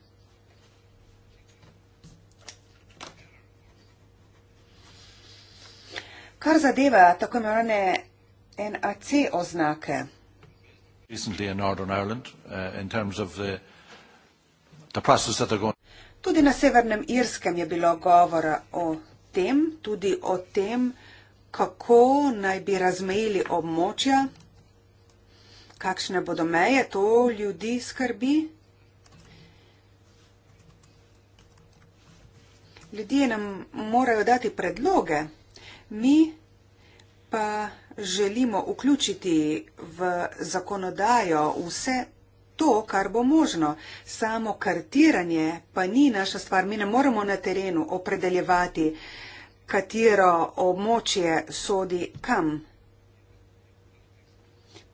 Kar zadeva tako imenovane NAC oznake. Eh, tudi na Severnem Irskem je bilo govora o tem, tudi o tem, kako naj bi razmejili območja, kakšne bodo meje, to ljudi skrbi. Ljudje nam morajo dati predloge, mi pa želimo vključiti v zakonodajo vse to, kar bo možno. Samo kartiranje pa ni naša stvar. Mi ne moremo na terenu opredeljevati, katero območje sodi kam.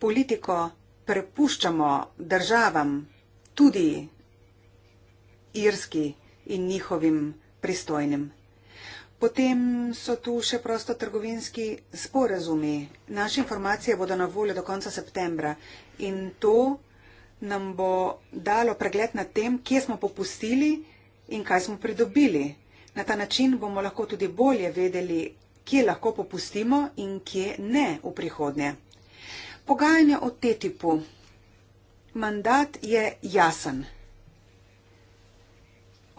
Politiko prepuščamo državam, tudi irski in njihovim pristojnim. Potem so tu še prosto trgovinski sporazumi. Naše informacije bodo na voljo do konca septembra in to nam bo dalo pregled nad tem, kje smo popustili in kaj smo pridobili. Na ta način bomo lahko tudi bolje vedeli, kje lahko popustimo in kje ne v prihodnje. Pogajanje o TTIP-u. Mandat je jasen.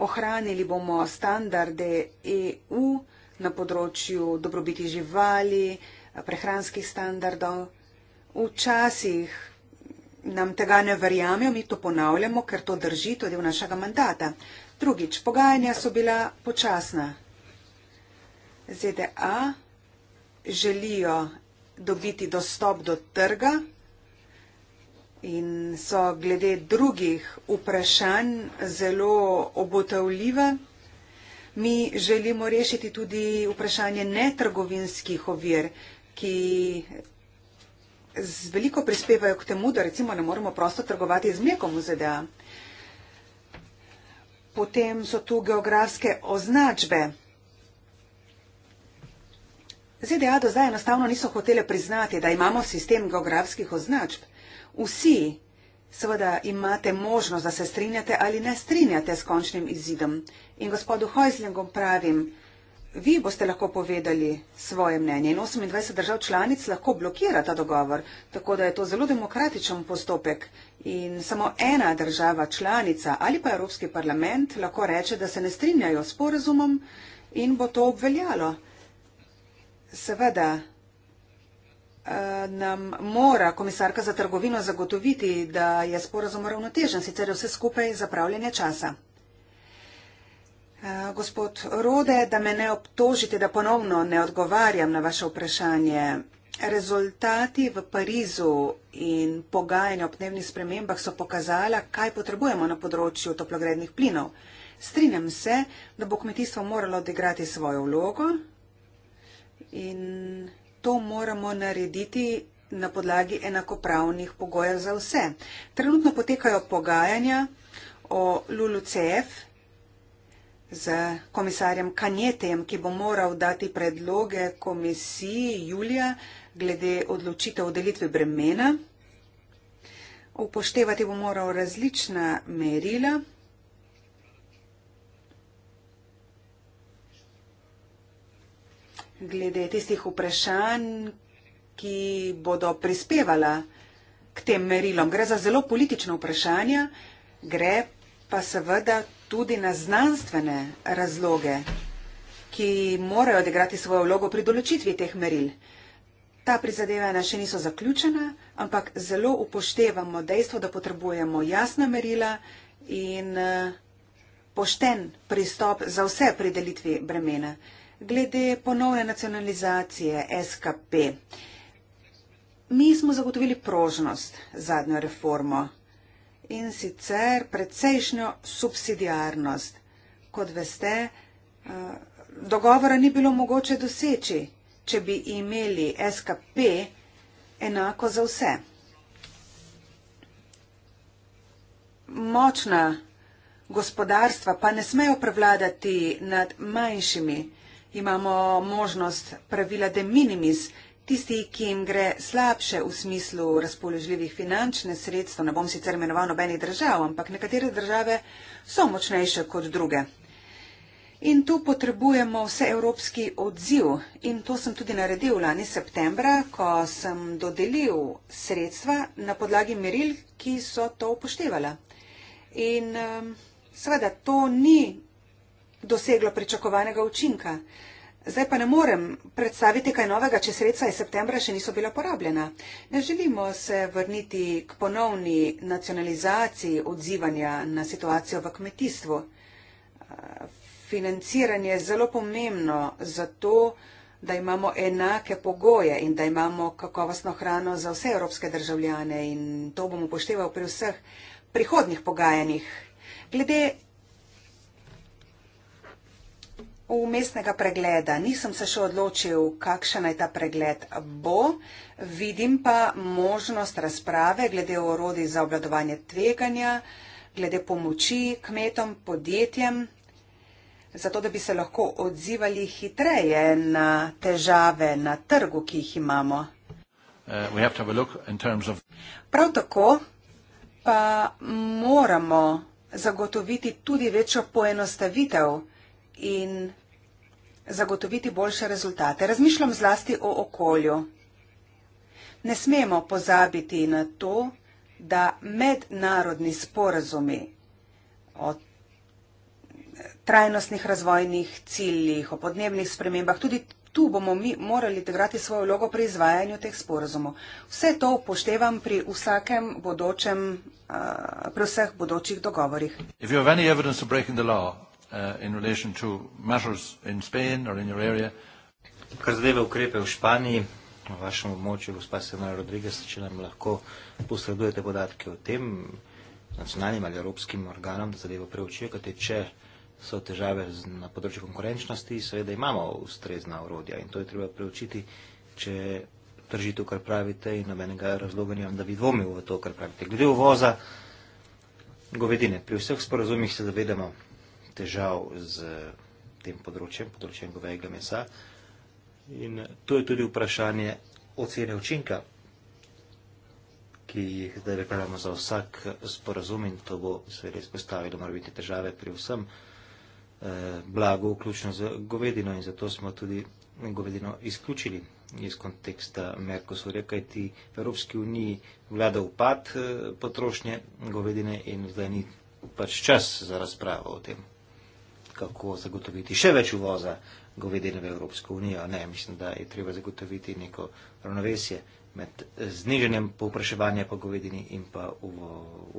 Ohranili bomo standarde EU na področju dobrobiti živali, prehranskih standardov. Včasih nam tega ne verjamejo, mi to ponavljamo, ker to drži tudi v našega mandata. Drugič, pogajanja so bila počasna. ZDA želijo dobiti dostop do trga in so glede drugih vprašanj zelo obotavljive. Mi želimo rešiti tudi vprašanje netrgovinskih ovir, ki z veliko prispevajo k temu, da recimo ne moremo prosto trgovati z mlekom v ZDA. Potem so tu geografske označbe. ZDA do zdaj enostavno niso hotele priznati, da imamo sistem geografskih označb. Vsi seveda imate možnost, da se strinjate ali ne strinjate s končnim izidom. In gospodu Hojzlingom pravim, vi boste lahko povedali svoje mnenje in 28 držav članic lahko blokira ta dogovor, tako da je to zelo demokratičen postopek in samo ena država članica ali pa Evropski parlament lahko reče, da se ne strinjajo s porazumom in bo to obveljalo. Seveda eh, nam mora komisarka za trgovino zagotoviti, da je sporazum ravnotežen, sicer je vse skupaj zapravljanje časa. Eh, gospod Rode, da me ne obtožite, da ponovno ne odgovarjam na vaše vprašanje. Rezultati v Parizu in pogajanja o dnevnih spremembah so pokazala, kaj potrebujemo na področju toplogrednih plinov. Strinjam se, da bo kmetijstvo moralo odigrati svojo vlogo in to moramo narediti na podlagi enakopravnih pogojev za vse. Trenutno potekajo pogajanja o LULUCF z komisarjem Kanjetem, ki bo moral dati predloge komisiji julija glede odločitev delitve bremena. Upoštevati bo moral različna merila. glede tistih vprašanj, ki bodo prispevala k tem merilom. Gre za zelo politično vprašanje, gre pa seveda tudi na znanstvene razloge, ki morajo odigrati svojo vlogo pri določitvi teh meril. Ta prizadevanja še niso zaključena, ampak zelo upoštevamo dejstvo, da potrebujemo jasna merila in eh, pošten pristop za vse pri delitvi bremena. Glede ponovne nacionalizacije SKP, mi smo zagotovili prožnost zadnjo reformo in sicer precejšnjo subsidiarnost. Kot veste, eh, dogovora ni bilo mogoče doseči, če bi imeli SKP enako za vse. Močna gospodarstva pa ne smejo prevladati nad manjšimi. Imamo možnost pravila de minimis, Tisti, ki jim gre slabše v smislu razpoložljivih finančnih sredstev, ne bom sicer imenoval nobenih držav, ampak nekatere države so močnejše kot druge. In tu potrebujemo vse evropski odziv in to sem tudi naredil lani septembra, ko sem dodelil sredstva na podlagi meril, ki so to upoštevala. In um, seveda to ni doseglo pričakovanega učinka. Zdaj pa ne morem predstaviti kaj novega, če sredstva iz septembra še niso bila porabljena. Ne želimo se vrniti k ponovni nacionalizaciji odzivanja na situacijo v kmetijstvu. Financiranje je zelo pomembno za to, da imamo enake pogoje in da imamo kakovostno hrano za vse evropske državljane in to bomo upošteval pri vseh prihodnih pogajanjih. Glede umestnega pregleda. Nisem se še odločil, kakšen naj ta pregled bo, vidim pa možnost razprave glede orodij za obladovanje tveganja, glede pomoči kmetom, podjetjem, zato da bi se lahko odzivali hitreje na težave na trgu, ki jih imamo. Uh, Prav tako pa moramo zagotoviti tudi večjo poenostavitev in zagotoviti boljše rezultate. Razmišljam zlasti o okolju. Ne smemo pozabiti na to, da mednarodni sporazumi o trajnostnih razvojnih ciljih, o podnebnih spremembah, tudi tu bomo mi morali igrati svojo vlogo pri izvajanju teh sporazumov. Vse to upoštevam pri vsakem bodočem, eh, pri vseh bodočih dogovorih. Uh, in relation to matters in Spain or in your area? Kar zadeva ukrepe v Španiji, v vašem območju, gospa Senora Rodriguez, če nam lahko posredujete podatke o tem nacionalnim ali evropskim organom, da zadevo preučijo, kajte če so težave na področju konkurenčnosti, seveda imamo ustrezna orodja in to je treba preučiti, če drži to, kar pravite in nobenega razloga nimam, da bi dvomil v to, kar pravite. Glede uvoza govedine, pri vseh sporazumih se zavedamo, težav z tem področjem, področjem govejega mesa. In to je tudi vprašanje ocene učinka, ki jih zdaj pripravljamo za vsak sporazum in to bo seveda izpostavilo morbiti težave pri vsem eh, blagu, vključno z govedino in zato smo tudi govedino izključili iz konteksta Merkosurja, kaj ti v Evropski uniji vlada upad eh, potrošnje govedine in zdaj ni pač čas za razpravo o tem kako zagotoviti še več uvoza govedine v Evropsko unijo. Ne, mislim, da je treba zagotoviti neko ravnovesje med zniženjem povpraševanja po govedini in pa uvo,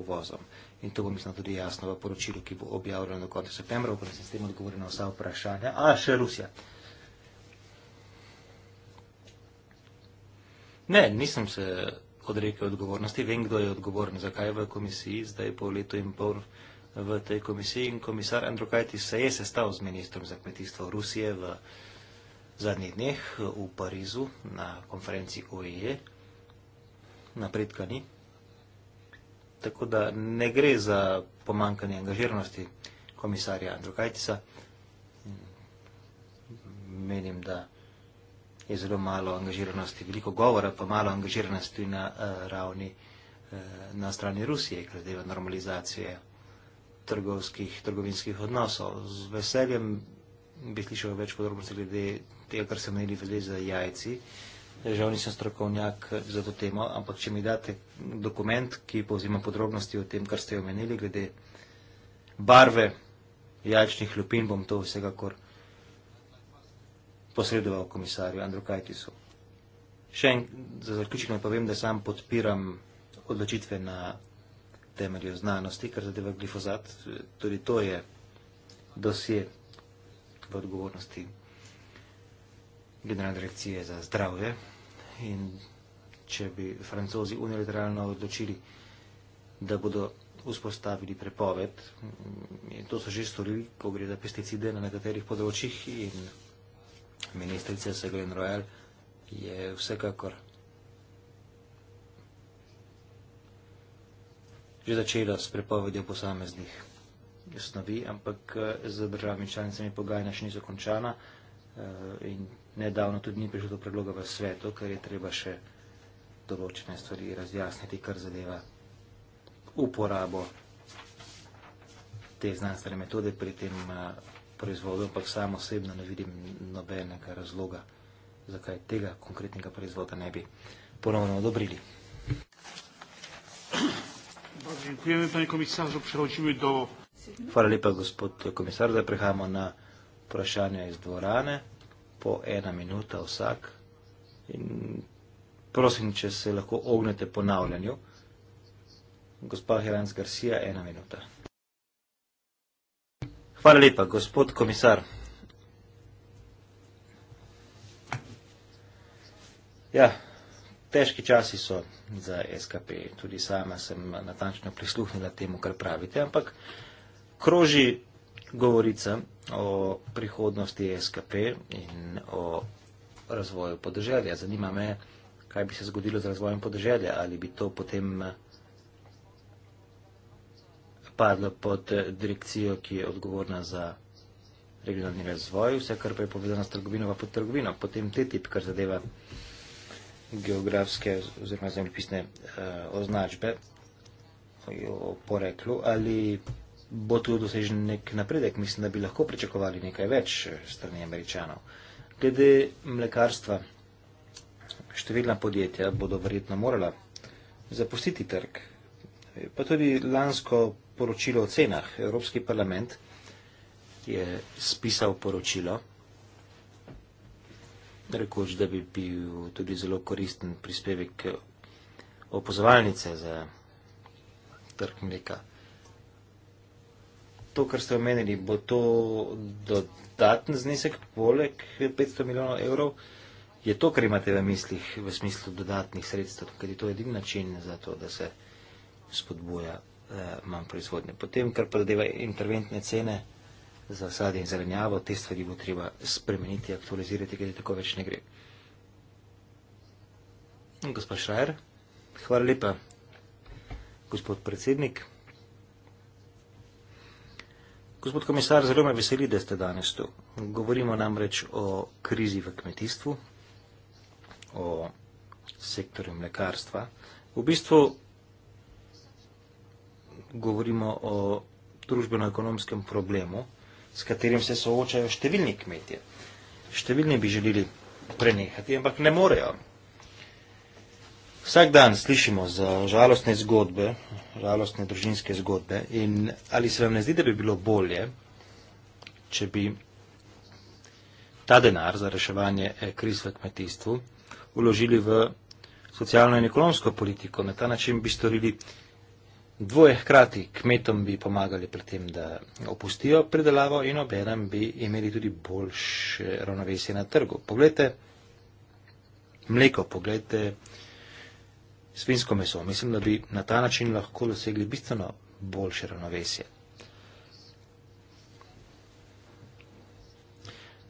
uvozom. In to bo, mislim, tudi jasno v poročilu, ki bo objavljeno do konca septembra, ko se s tem odgovori na vsa vprašanja. A, še Rusija. Ne, nisem se odrekel odgovornosti. Vem, kdo je odgovoren, zakaj je v komisiji zdaj po letu in pol v tej komisiji in komisar Andrukajtis se je sestal z ministrom za kmetijstvo Rusije v zadnjih dneh v Parizu na konferenci OEE. E. Napredka ni. Tako da ne gre za pomankanje angažiranosti komisarja Andrukajtisa. Menim, da je zelo malo angažiranosti, veliko govora, pa malo angažiranosti na uh, ravni uh, na strani Rusije, glede v normalizacijo trgovskih, trgovinskih odnosov. Z veseljem bi slišal več podrobnosti glede tega, kar se omenili vele za jajci. Žal nisem strokovnjak za to temo, ampak če mi date dokument, ki povzima podrobnosti o tem, kar ste omenili, glede barve jajčnih lupin, bom to vsekakor posredoval komisarju Andru Kajtisu. Še en, za zaključek naj povem, da sam podpiram odločitve na temelju znanosti, kar zadeva glifozat. Tudi to je dosje v odgovornosti Generalne direkcije za zdravje. In če bi francozi unilateralno odločili, da bodo vzpostavili prepoved, in to so že storili, ko gre za pesticide na nekaterih področjih, in ministrica Seguin Royal je vsekakor že začela s prepovedjo posameznih snovi, ampak eh, z državami članicami pogajanja še niso končana eh, in nedavno tudi ni prišlo do predloga v svetu, ker je treba še določene stvari razjasniti, kar zadeva uporabo te znanstvene metode pri tem eh, proizvodu, ampak samo osebno ne vidim nobenega razloga, zakaj tega konkretnega proizvoda ne bi ponovno odobrili. Dziękujemy panie komisarzu. Przechodzimy do... Hvala lepa, gospod komisar. Zdaj prehajamo na vprašanja iz dvorane. Po ena minuta vsak. In prosim, če se lahko ognete ponavljanju. Gospa Hiranc Garcia, ena minuta. Hvala lepa, gospod komisar. Ja, gospod komisar težki časi so za SKP. Tudi sama sem natančno prisluhnila temu, kar pravite, ampak kroži govorica o prihodnosti SKP in o razvoju podeželja. Zanima me, kaj bi se zgodilo z razvojem podeželja, ali bi to potem eh, padlo pod direkcijo, ki je odgovorna za regionalni razvoj, vse, kar pa je povezano s trgovino, pa pod trgovino. Potem te tip, kar zadeva geografske oziroma zemljopisne uh, eh, označbe o poreklu, ali bo tu dosežen nek napredek. Mislim, da bi lahko pričakovali nekaj več eh, strani američanov. Glede mlekarstva, številna podjetja bodo verjetno morala zapustiti trg. Pa tudi lansko poročilo o cenah. Evropski parlament je spisal poročilo rekoč, da bi bil tudi zelo koristen prispevek opozovalnice za trg mleka. To, kar ste omenili, bo to dodaten znesek poleg 500 milijonov evrov? Je to, kar imate v mislih v smislu dodatnih sredstev, ker je to edin način za to, da se spodbuja eh, manj proizvodnje. Potem, kar pa zadeva interventne cene, eh, za sadje in zelenjavo, te stvari bo treba spremeniti, aktualizirati, ker tako več ne gre. Gospod Šrajer, hvala lepa. Gospod predsednik, gospod komisar, zelo me veseli, da ste danes tu. Govorimo namreč o krizi v kmetijstvu, o sektorju mlekarstva. V bistvu govorimo o družbeno-ekonomskem problemu, s katerim se soočajo številni kmetje. Številni bi želeli prenehati, ampak ne morejo. Vsak dan slišimo za žalostne zgodbe, žalostne družinske zgodbe in ali se vam ne zdi, da bi bilo bolje, če bi ta denar za reševanje kriz v kmetijstvu vložili v socialno in ekonomsko politiko. Na ta način bi storili dvoje hkrati kmetom bi pomagali pri tem, da opustijo predelavo in obenem bi imeli tudi boljše ravnovesje na trgu. Poglejte mleko, poglejte svinsko meso. Mislim, da bi na ta način lahko dosegli bistveno boljše ravnovesje.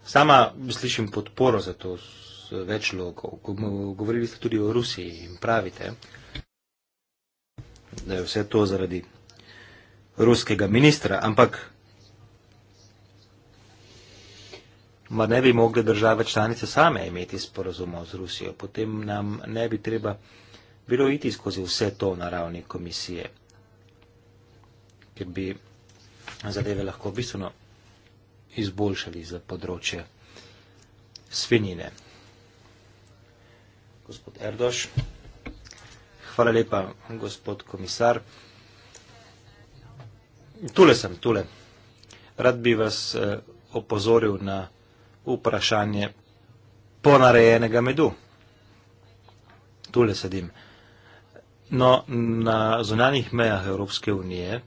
Sama slišim podporo za to z več logov. Govorili ste tudi o Rusiji in pravite, da je vse to zaradi ruskega ministra, ampak Ma ne bi mogli države članice same imeti sporozumov z Rusijo, potem nam ne bi treba bilo iti skozi vse to na ravni komisije, ker bi zadeve lahko bistveno izboljšali za področje svinjine. Gospod Erdoš. Hvala lepa, gospod komisar. Tule sem, tule. Rad bi vas eh, opozoril na vprašanje ponarejenega medu. Tule sedim. No, na zunanjih mejah Evropske unije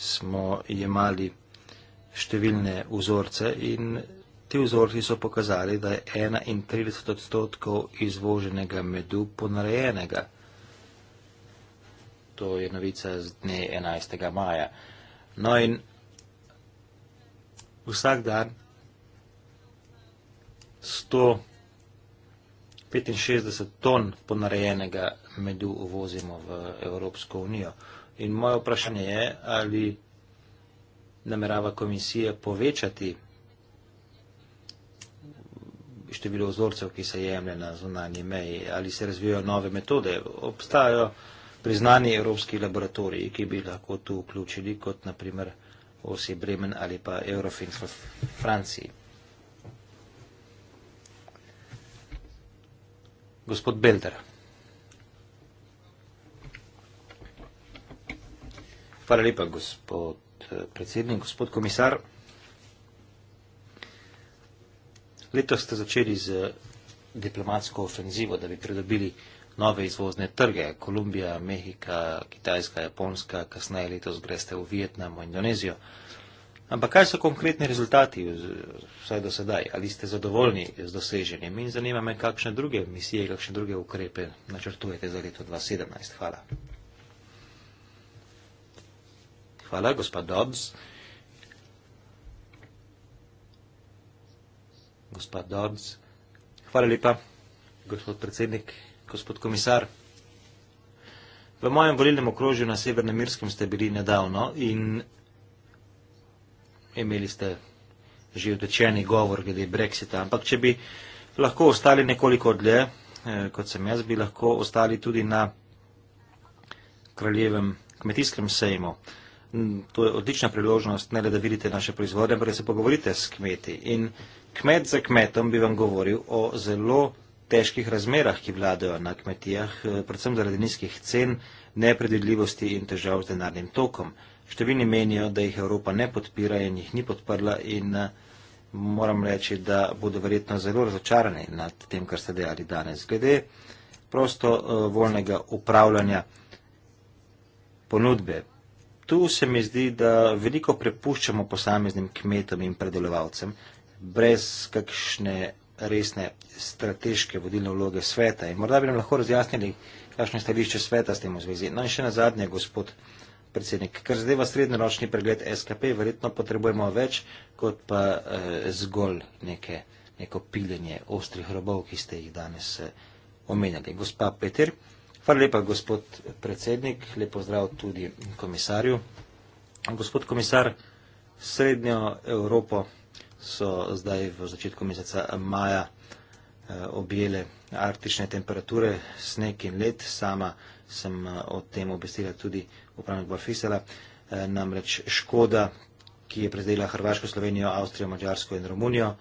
smo jemali številne vzorce in Ti vzorci so pokazali, da je 31 odstotkov izvoženega medu ponarejenega. To je novica z dne 11. maja. No in vsak dan 165 ton ponarejenega medu uvozimo v Evropsko unijo. In moje vprašanje je, ali namerava komisija povečati število vzorcev, ki se jemlje na zunanji meji, ali se razvijajo nove metode. Obstajajo priznani evropski laboratoriji, ki bi lahko tu vključili, kot naprimer osi Bremen ali pa Eurofins v Franciji. Gospod Belder. Hvala lepa, gospod eh, predsednik, gospod komisar. Letos ste začeli z diplomatsko ofenzivo, da bi pridobili nove izvozne trge. Kolumbija, Mehika, Kitajska, Japonska, kasneje letos greste v Vietnam, v Indonezijo. Ampak kaj so konkretni rezultati, vsaj do sedaj? Ali ste zadovoljni z doseženjem? In zanima me, kakšne druge misije, kakšne druge ukrepe načrtujete za leto 2017. Hvala. Hvala, gospod Dobbs. gospod Dons. Hvala lepa, gospod predsednik, gospod komisar. V mojem volilnem okrožju na Severnem Mirskem ste bili nedavno in imeli ste že utečeni govor glede Brexita, ampak če bi lahko ostali nekoliko dlje, eh, kot sem jaz, bi lahko ostali tudi na kraljevem kmetijskem sejmu. To je odlična priložnost, ne le da vidite naše proizvode, ampak da se pogovorite s kmeti. In kmet za kmetom bi vam govoril o zelo težkih razmerah, ki vladajo na kmetijah, eh, predvsem zaradi nizkih cen, nepredvidljivosti in težav z denarnim tokom. Številni menijo, da jih Evropa ne podpira in jih ni podprla in eh, moram reči, da bodo verjetno zelo razočarani nad tem, kar ste dejali danes. Glede prosto eh, volnega upravljanja ponudbe. Tu se mi zdi, da veliko prepuščamo posameznim kmetom in predelovalcem brez kakšne resne strateške vodilne vloge sveta. In morda bi nam lahko razjasnili, kakšno je stališče sveta s tem v zvezi. No in še na zadnje, gospod predsednik, kar zadeva srednjeročni pregled SKP, verjetno potrebujemo več kot pa eh, zgolj neke, neko piljenje ostrih robov, ki ste jih danes eh, omenjali. Gospa Peter, hvala lepa, gospod predsednik, lepo zdrav tudi komisarju. Gospod komisar, srednjo Evropo so zdaj v začetku meseca maja eh, objele arktične temperature, sneg in led. Sama sem eh, o tem obvestila tudi upravnik Barfisela. Eh, namreč škoda, ki je prezdela Hrvaško, Slovenijo, Avstrijo, Mačarsko in Romunijo,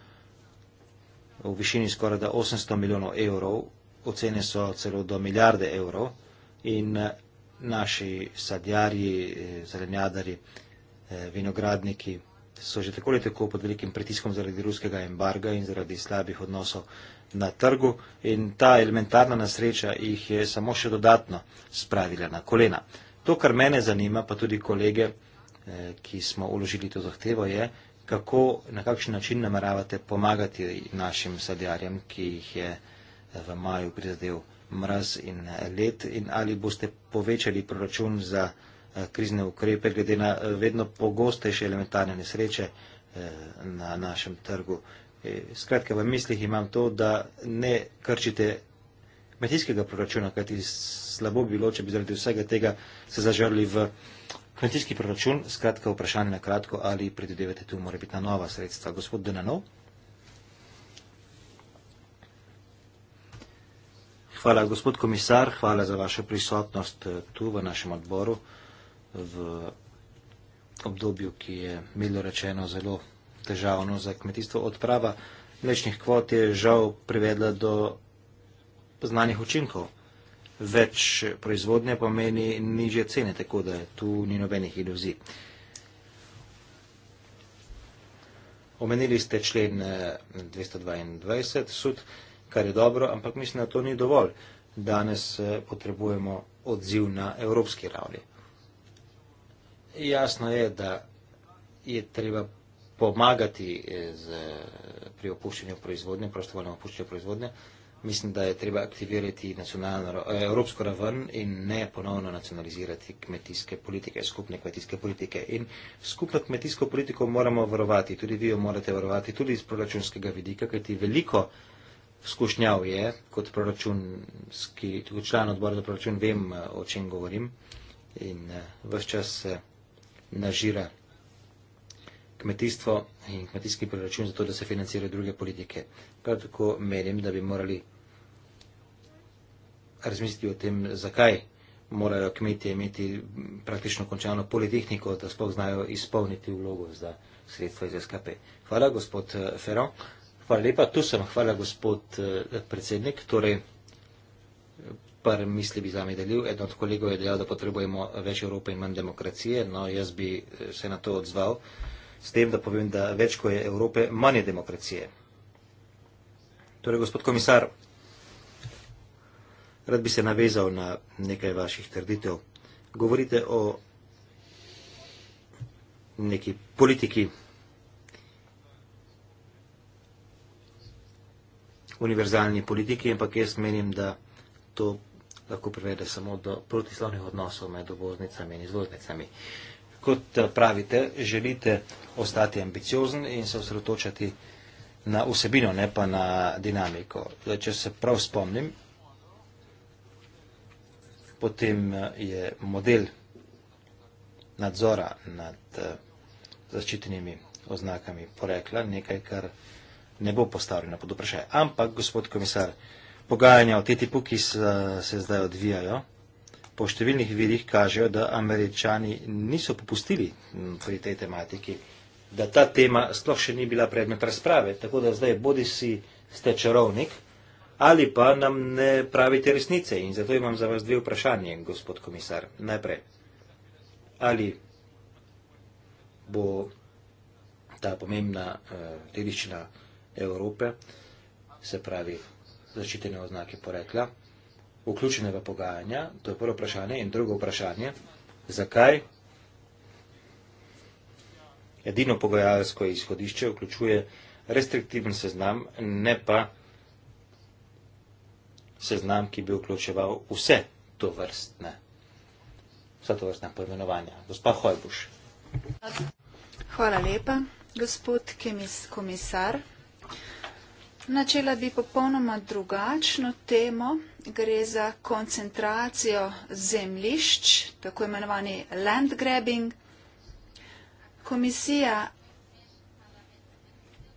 v višini skoraj da 800 milijonov evrov, ocene so celo do milijarde evrov in naši sadjarji, zelenjadari, vinogradniki, so že tako ali tako pod velikim pritiskom zaradi ruskega embarga in zaradi slabih odnosov na trgu in ta elementarna nasreča jih je samo še dodatno spravila na kolena. To, kar mene zanima, pa tudi kolege, eh, ki smo uložili to zahtevo, je, kako, na kakšen način nameravate pomagati našim sadjarjem, ki jih je eh, v maju prizadel mraz in eh, let in ali boste povečali proračun za. Eh, krizne ukrepe, glede na eh, vedno pogostejše elementarne nesreče eh, na našem trgu. Skratka, v mislih imam to, da ne krčite kmetijskega proračuna, kajti slabo bi bilo, če bi zaradi vsega tega se zažrli v kmetijski proračun. Skratka, vprašanje na kratko, ali predvidevate tu mora biti na nova sredstva. Gospod Denanov. Hvala, gospod komisar, hvala za vašo prisotnost tu v našem odboru v obdobju, ki je milo rečeno zelo težavno za kmetijstvo. Odprava mlečnih kvot je žal privedla do znanih učinkov. Več proizvodnje pomeni nižje cene, tako da tu ni nobenih iluzij. Omenili ste člen 222 eh, sud, kar je dobro, ampak mislim, da to ni dovolj. Danes eh, potrebujemo odziv na evropski ravni jasno je, da je treba pomagati eh, z, pri opuščanju proizvodnje, prostovoljnem opuščanju proizvodnje. Mislim, da je treba aktivirati nacionalno, eh, evropsko raven in ne ponovno nacionalizirati kmetijske politike, skupne kmetijske politike. In skupno kmetijsko politiko moramo varovati, tudi vi jo morate varovati, tudi iz proračunskega vidika, kajti veliko skušnjav je kot proračunski, kot član odbora za proračun, vem, eh, o čem govorim. In vse čas nažira kmetijstvo in kmetijski proračun zato, da se financirajo druge politike. Prav tako menim, da bi morali razmisliti o tem, zakaj morajo kmetije imeti praktično končano politehniko, da sploh znajo izpolniti vlogo za sredstva iz SKP. Hvala, gospod Ferro. Hvala lepa, tu sem. Hvala, gospod eh, predsednik. Torej, Prvi misli bi z vami delil. Eden od kolegov je dejal, da potrebujemo več Evrope in manj demokracije. No, jaz bi eh, se na to odzval s tem, da povem, da več, ko je Evrope, manj je demokracije. Torej, gospod komisar, rad bi se navezal na nekaj vaših trditev. Govorite o neki politiki univerzalni politiki, ampak jaz menim, da to lahko privede samo do protislovnih odnosov med uvoznicami in izvoznicami. Kot eh, pravite, želite ostati ambiciozni in se osredotočati na vsebino, ne pa na dinamiko. Če se prav spomnim, potem eh, je model nadzora nad eh, zaščitenimi oznakami porekla nekaj, kar ne bo postavljeno pod vprašanje. Ampak, gospod komisar, Pogajanja o TTIP-u, ki se, se zdaj odvijajo, po številnih virih kažejo, da američani niso popustili pri tej tematiki, da ta tema sploh še ni bila predmet razprave. Tako da zdaj bodi si ste čarovnik ali pa nam ne pravite resnice. In zato imam za vas dve vprašanje, gospod komisar. Najprej, ali bo ta pomembna eh, dediščina Evrope, se pravi, zaščitene oznake porekla, vključene v pogajanja, to je prvo vprašanje, in drugo vprašanje, zakaj edino pogajalsko izhodišče vključuje restriktiven seznam, ne pa seznam, ki bi vključeval vse to vrstne, vse to vrstne poimenovanja. Gospa Hojbuš. Hvala lepa, gospod komisar. Načela bi popolnoma drugačno temo. Gre za koncentracijo zemljišč, tako imenovani land grabbing. Komisija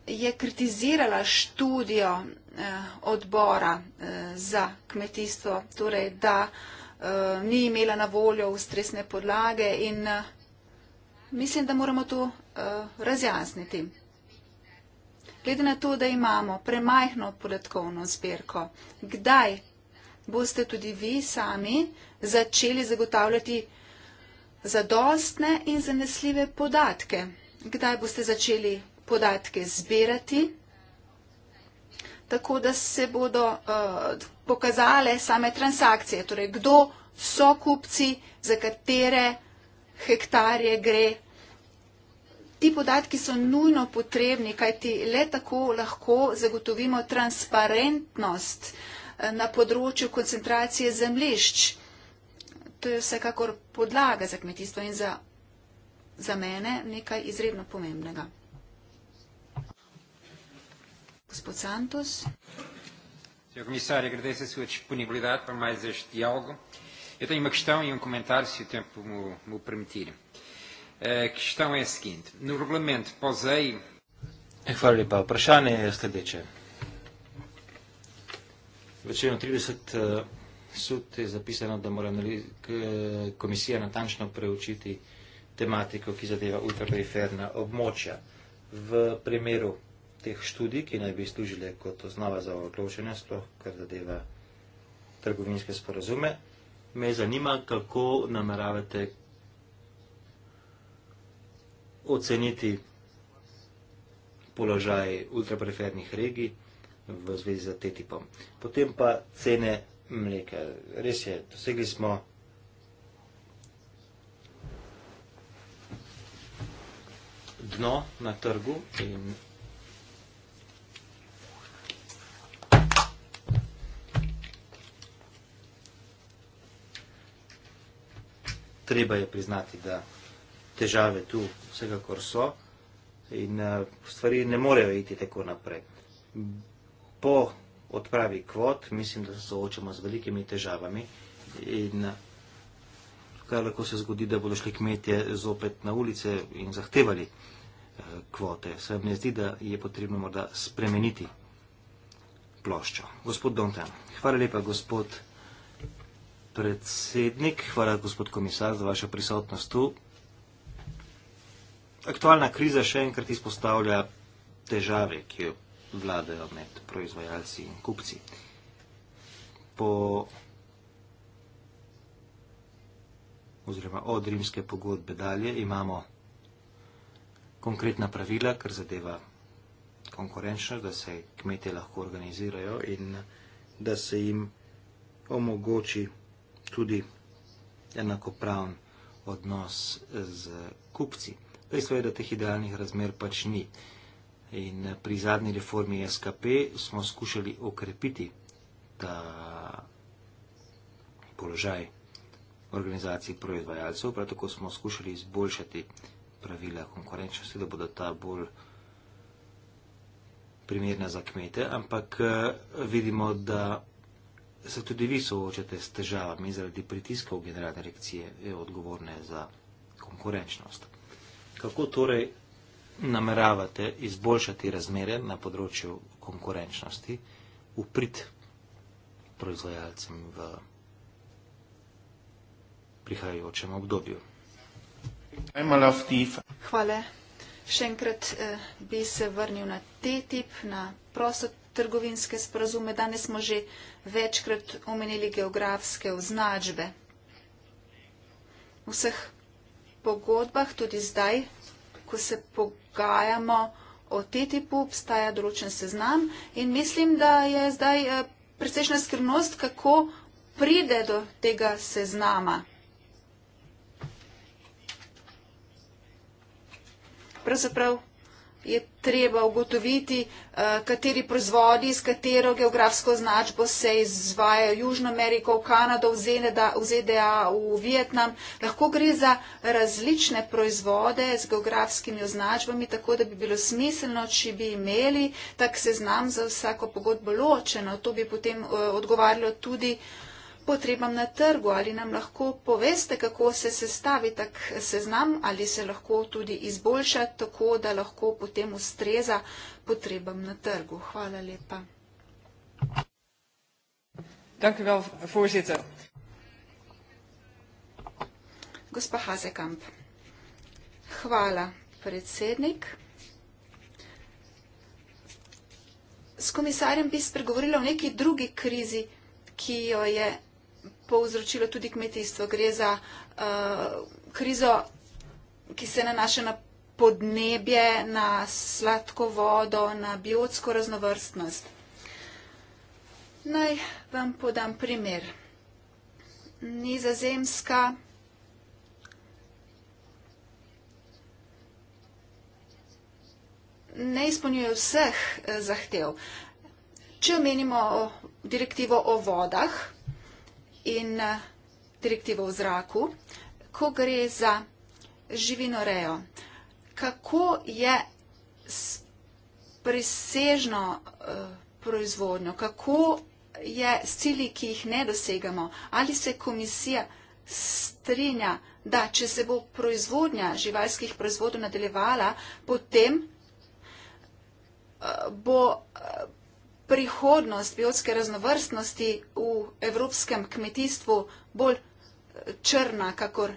je kritizirala študijo eh, odbora eh, za kmetijstvo, torej da eh, ni imela na voljo ustresne podlage in eh, mislim, da moramo to eh, razjasniti glede na to, da imamo premajhno podatkovno zbirko, kdaj boste tudi vi sami začeli zagotavljati zadostne in zanesljive podatke? Kdaj boste začeli podatke zbirati, tako da se bodo uh, pokazale same transakcije, torej kdo so kupci, za katere hektarje gre ti podatki so nujno potrebni, kajti le tako lahko zagotovimo transparentnost eh, na področju koncentracije zemlišč. To je vsekakor podlaga za kmetijstvo in za, za mene nekaj izredno pomembnega. Gospod Santos. Senhor Comissário, agradeço a sua disponibilidade para mais este diálogo. Eu tenho uma questão e um comentário, se o tempo me, me permitir questão é a seguinte: no regulamento POSEI. É claro, Lipa, o Prashan é o STDC. Večino 30 sud je zapisano, da mora komisija natančno preučiti tematiko, ki zadeva ultraperiferna območja. V primeru teh študij, ki naj bi služile kot osnova za odločenje, sploh kar zadeva trgovinske sporazume, me zanima, kako nameravate oceniti položaj ultrapreferenih regij v zvezi z TTIP-om. Potem pa cene mleka. Res je, dosegli smo dno na trgu in treba je priznati, da težave tu, vsekakor so, in eh, stvari ne morejo iti tako naprej. Po odpravi kvot, mislim, da se soočamo z velikimi težavami in eh, kar lahko se zgodi, da bodo šli kmetje zopet na ulice in zahtevali eh, kvote. Se vam ne zdi, da je potrebno morda spremeniti ploščo. Gospod Dontan, hvala lepa, gospod predsednik, hvala, gospod komisar, za vašo prisotnost tu aktualna kriza še enkrat izpostavlja težave, ki jo vladajo med proizvajalci in kupci. Po oziroma od rimske pogodbe dalje imamo konkretna pravila, kar zadeva konkurenčnost, da se kmete lahko organizirajo in da se jim omogoči tudi enakopravn odnos z kupci. Dejstvo je, da teh idealnih razmer pač ni. In eh, pri zadnji reformi SKP smo skušali okrepiti ta položaj organizacij proizvajalcev, prav tako smo skušali izboljšati pravila konkurenčnosti, da bodo ta bolj primerna za kmete, ampak eh, vidimo, da se tudi vi soočate s težavami zaradi pritiskov generalne rekcije eh, odgovorne za konkurenčnost. Kako torej nameravate izboljšati razmere na področju konkurenčnosti v prid proizvajalcem v prihajajočem obdobju? Hvala. Še enkrat eh, bi se vrnil na TTIP, na prostotrgovinske sporazume. Danes smo že večkrat omenili geografske označbe vseh pogodbah, tudi zdaj, ko se pogajamo o TTIP-u, obstaja določen seznam in mislim, da je zdaj eh, precejšna skrivnost, kako pride do tega seznama. Pravzaprav je treba ugotoviti, eh, kateri proizvodi, s katero geografsko značbo se izvajajo v Južno Ameriko, v Kanado, v ZDA, v Vietnam. Lahko gre za različne proizvode z geografskimi označbami, tako da bi bilo smiselno, če bi imeli tak seznam za vsako pogodbo ločeno. To bi potem eh, odgovarjalo tudi potrebam na trgu, ali nam lahko poveste, kako se sestavi tak seznam, ali se lahko tudi izboljša tako, da lahko potem ustreza potrebam na trgu. Hvala lepa. Dank u wel, voorzitter. Gospa Hazekamp. Hvala, predsednik. S komisarjem bi spregovorila o neki drugi krizi, ki jo je povzročilo tudi kmetijstvo. Gre za uh, krizo, ki se nanaša na podnebje, na sladko vodo, na biotsko raznovrstnost. Naj vam podam primer. Nizozemska ne izpolnjuje vseh eh, zahtev. Če omenimo direktivo o vodah, in eh, direktivo v zraku, ko gre za živinorejo. Kako je presežno eh, proizvodnjo, kako je s cilji, ki jih ne dosegamo, ali se komisija strinja, da če se bo proizvodnja živalskih proizvodov nadaljevala, potem eh, bo prihodnost biotske raznovrstnosti v evropskem kmetijstvu bolj eh, črna, kakor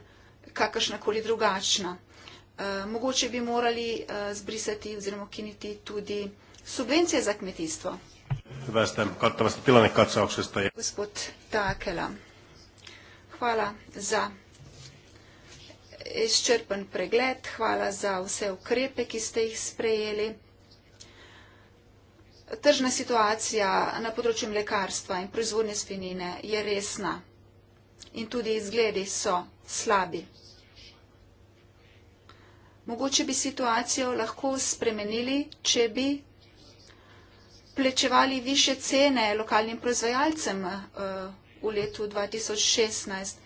kakršnakoli drugačna. Eh, mogoče bi morali eh, zbrisati oziroma ukiniti tudi subvencije za kmetijstvo. Ja- Gospod Takela, hvala za izčrpen pregled, hvala za vse ukrepe, ki ste jih sprejeli. Tržna situacija na področju mlekarstva in proizvodnje svinjine je resna in tudi izgledi so slabi. Mogoče bi situacijo lahko spremenili, če bi plečevali više cene lokalnim proizvajalcem eh, v letu 2016.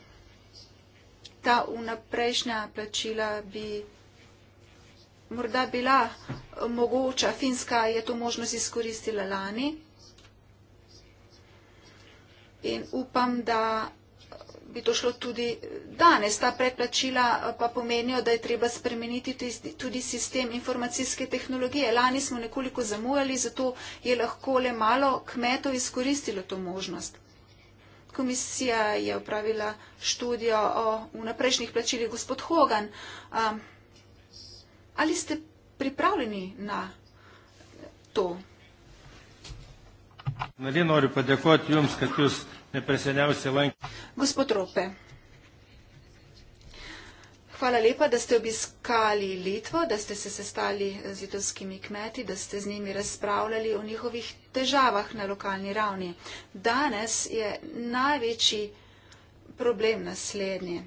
Ta unaprejšnja plačila bi morda bila eh, mogoča, Finska je to možnost izkoristila lani in upam, da eh, bi to šlo tudi eh, danes. Ta predplačila pa pomenijo, da je treba spremeniti tudi sistem informacijske tehnologije. Lani smo nekoliko zamujali, zato je lahko le malo kmetov izkoristilo to možnost. Komisija je upravila študijo o vnaprejšnjih plačilih gospod Hogan. Um, Ali ste pripravljeni na to? Gospod Rope, hvala lepa, da ste obiskali Litvo, da ste se sestali z litovskimi kmeti, da ste z njimi razpravljali o njihovih težavah na lokalni ravni. Danes je največji problem naslednji.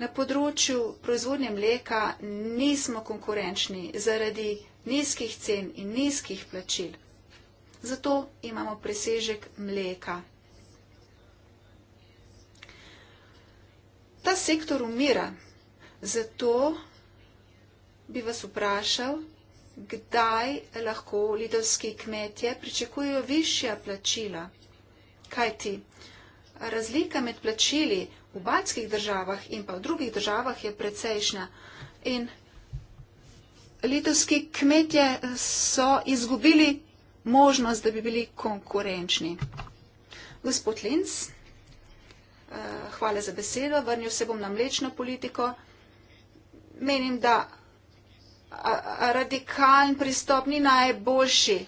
Na področju proizvodnje mleka nismo konkurenčni zaradi nizkih cen in nizkih plačil. Zato imamo presežek mleka. Ta sektor umira. Zato bi vas vprašal, kdaj lahko lidovski kmetje pričakujejo višja plačila. Kajti razlika med plačili v baltskih državah in pa v drugih državah je precejšnja. In litovski kmetje so izgubili možnost, da bi bili konkurenčni. Gospod Linz, eh, hvala za besedo. Vrnil se bom na mlečno politiko. Menim, da radikalen pristop ni najboljši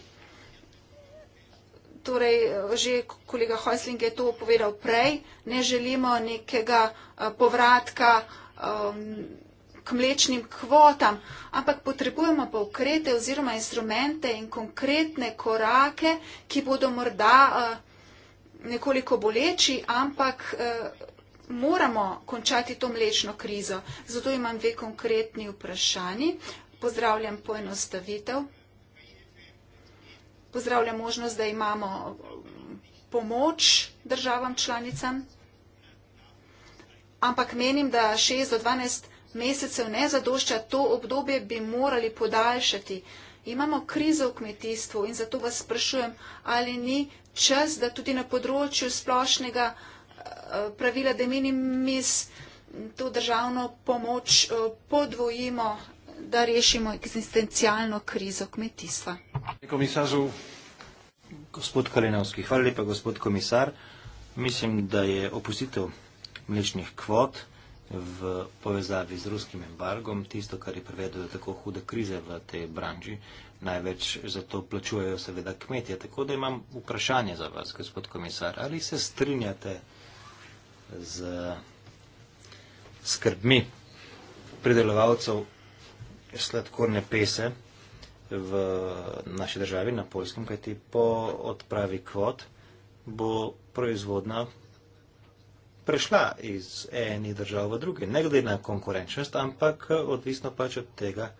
torej že kolega Hoisling je to povedal prej, ne želimo nekega eh, povratka um, k mlečnim kvotam, ampak potrebujemo pa ukrete oziroma instrumente in konkretne korake, ki bodo morda uh, nekoliko boleči, ampak. Uh, Moramo končati to mlečno krizo. Zato imam dve konkretni vprašanji. Pozdravljam poenostavitev pozdravlja možnost, da imamo um, pomoč državam članicam, ampak menim, da 6 do 12 mesecev ne zadošča, to obdobje bi morali podaljšati. Imamo krizo v kmetijstvu in zato vas sprašujem, ali ni čas, da tudi na področju splošnega uh, pravila de minimis to državno pomoč uh, podvojimo da rešimo eksistencialno krizo kmetijstva. Gospod Kalinovski, hvala lepa, gospod komisar. Mislim, da je opustitev mlečnih kvot v povezavi z ruskim embargom tisto, kar je privedlo do tako hude krize v tej branži. Največ za to plačujejo seveda kmetje. Tako da imam vprašanje za vas, gospod komisar. Ali se strinjate z skrbmi pridelovalcev sladkorne pese v naši državi, na Poljskem, kajti po odpravi kvot bo proizvodna prešla iz enih držav v druge. Ne glede na konkurenčnost, ampak odvisno pač od tega,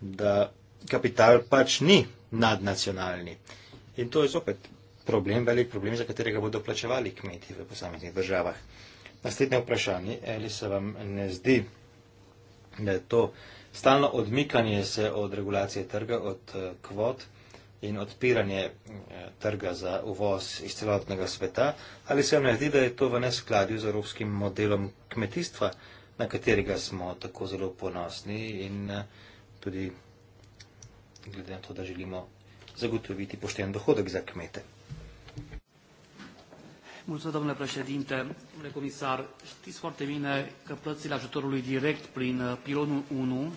da kapital pač ni nadnacionalni. In to je zopet problem, velik problem, za katerega bodo plačevali kmeti v posameznih državah. Naslednje vprašanje, ali se vam ne zdi, da je to stalno odmikanje se od regulacije trga, od eh, kvot in odpiranje eh, trga za uvoz iz celotnega sveta, ali se vam ne zdi, da je to v neskladju z evropskim modelom kmetijstva, na katerega smo tako zelo ponosni in eh, tudi glede na to, da želimo zagotoviti pošten dohodek za kmete. Mulțumesc, domnule președinte. Domnule comisar, știți foarte bine că plățile ajutorului direct prin uh, pilonul 1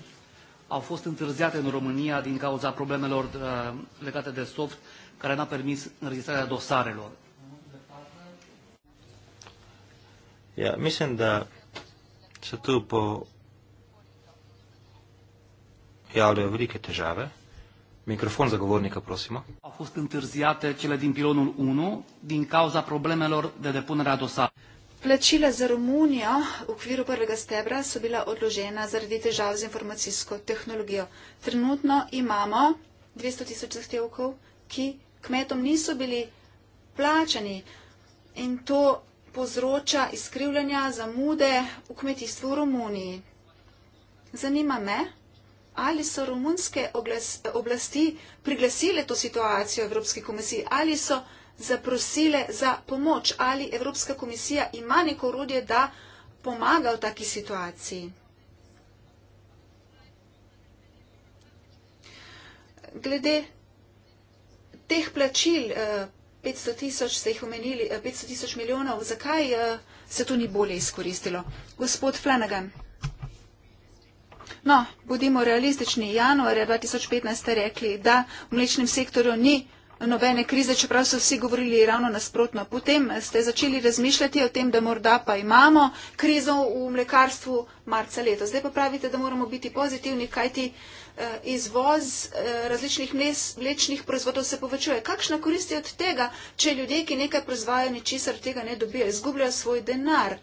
au fost întârziate în România din cauza problemelor uh, legate de soft care n-a permis înregistrarea dosarelor. Ja, mislim da se tu po javljajo velike težave. Microfon zagovornika, prosimo. A fost întârziate cele din pilonul 1 din cauza problemelor de depunere a dosarului. Plăcile za Romunijo v okviru prvega stebra so bila odložena zaradi težav z informacijsko tehnologijo. Trenutno imamo 200 tisoč zahtevkov, ki kmetom niso bili plačani in to povzroča izkrivljanja zamude v kmetijstvu v Romuniji. Zanima me, ali so romunske oglas, oblasti priglasile to situacijo Evropski komisiji, ali so zaprosile za pomoč, ali Evropska komisija ima neko urodje, da pomaga v taki situaciji. Glede teh plačil, 500 eh, tisoč ste jih omenili, 500 eh, tisoč milijonov, zakaj eh, se to ni bolje izkoristilo? Gospod Flanagan. No, bodimo realistični. Januarja 2015 ste rekli, da v mlečnem sektorju ni nobene krize, čeprav so vsi govorili ravno nasprotno. Potem ste začeli razmišljati o tem, da morda pa imamo krizo v mlekarstvu marca leto. Zdaj pa pravite, da moramo biti pozitivni, kajti eh, izvoz eh, različnih mes, mlečnih proizvodov se povečuje. Kakšna korist je od tega, če ljudje, ki nekaj proizvajajo, ničesar tega ne dobijo, izgubljajo svoj denar?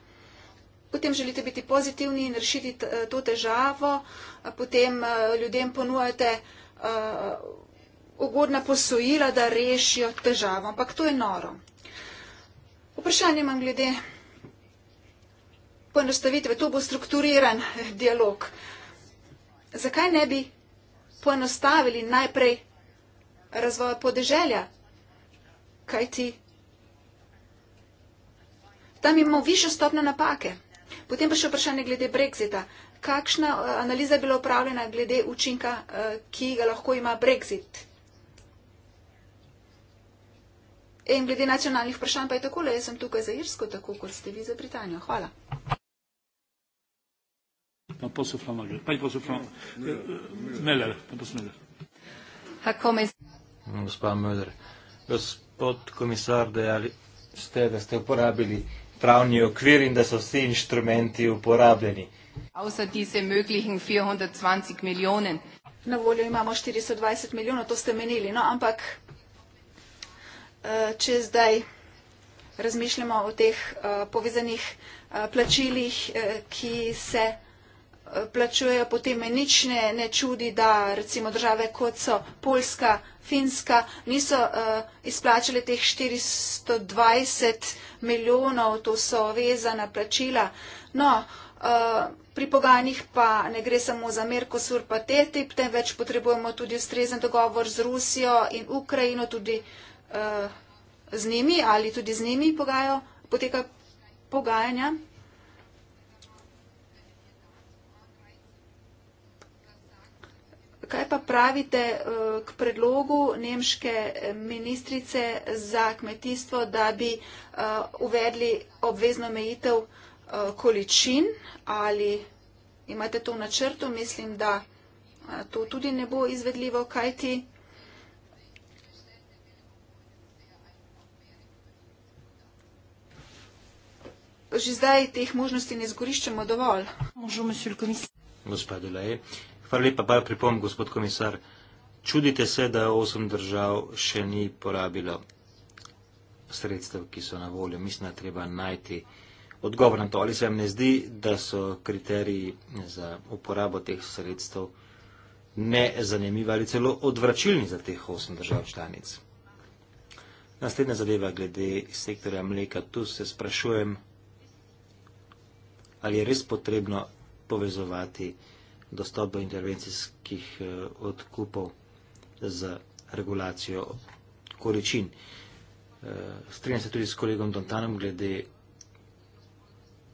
potem želite biti pozitivni in rešiti eh, to težavo, potem eh, ljudem ponujate eh, ugodna posojila, da rešijo težavo. Ampak to je noro. Vprašanje imam glede poenostavitve. To bo strukturiran dialog. Zakaj ne bi poenostavili najprej razvoja podeželja? Kaj ti? Tam imamo višjo stopnjo napake. Potem pa še vprašanje glede Brexita. Kakšna eh, analiza je bila upravljena glede učinka, eh, ki ga lahko ima Brexit? In glede nacionalnih vprašanj pa je takole, jaz sem tukaj za Irsko, tako kot ste vi za Britanijo. Hvala. Gospod komisar, dejali ste, da ste uporabili pravni okvir in da so vsi inštrumenti uporabljeni. Na voljo imamo 420 milijonov, to ste menili. No, ampak, eh, če zdaj razmišljamo o teh eh, povezanih eh, plačilih, ki se plačujejo, potem me nič ne, ne čudi, da recimo države kot so Poljska, Finska niso uh, eh, izplačali teh 420 milijonov, to so vezana plačila. No, uh, pri pogajanjih pa ne gre samo za Merkosur pa TTIP, temveč potrebujemo tudi ustrezen dogovor z Rusijo in Ukrajino, tudi uh, z njimi ali tudi z njimi pogajo, poteka pogajanja. kaj pa pravite eh, k predlogu nemške eh, ministrice za kmetijstvo, da bi eh, uvedli obvezno mejitev količin ali imate to v načrtu? Mislim, da to tudi ne bo izvedljivo, kaj ti? Že zdaj teh možnosti ne zgoriščemo dovolj. Gospod Delaje, Hvala lepa, pa pripom, gospod komisar. Čudite se, da osem držav še ni porabilo sredstev, ki so na voljo. Mislim, da treba najti odgovor na to. Ali se vam ne zdi, da so kriteriji za uporabo teh sredstev nezanimivi ali celo odvračilni za teh osem držav članic? Naslednja zadeva glede sektorja mleka. Tu se sprašujem, ali je res potrebno povezovati dostop do intervencijskih eh, odkupov za regulacijo količin. Eh, Strenjam se tudi s kolegom Dontanom glede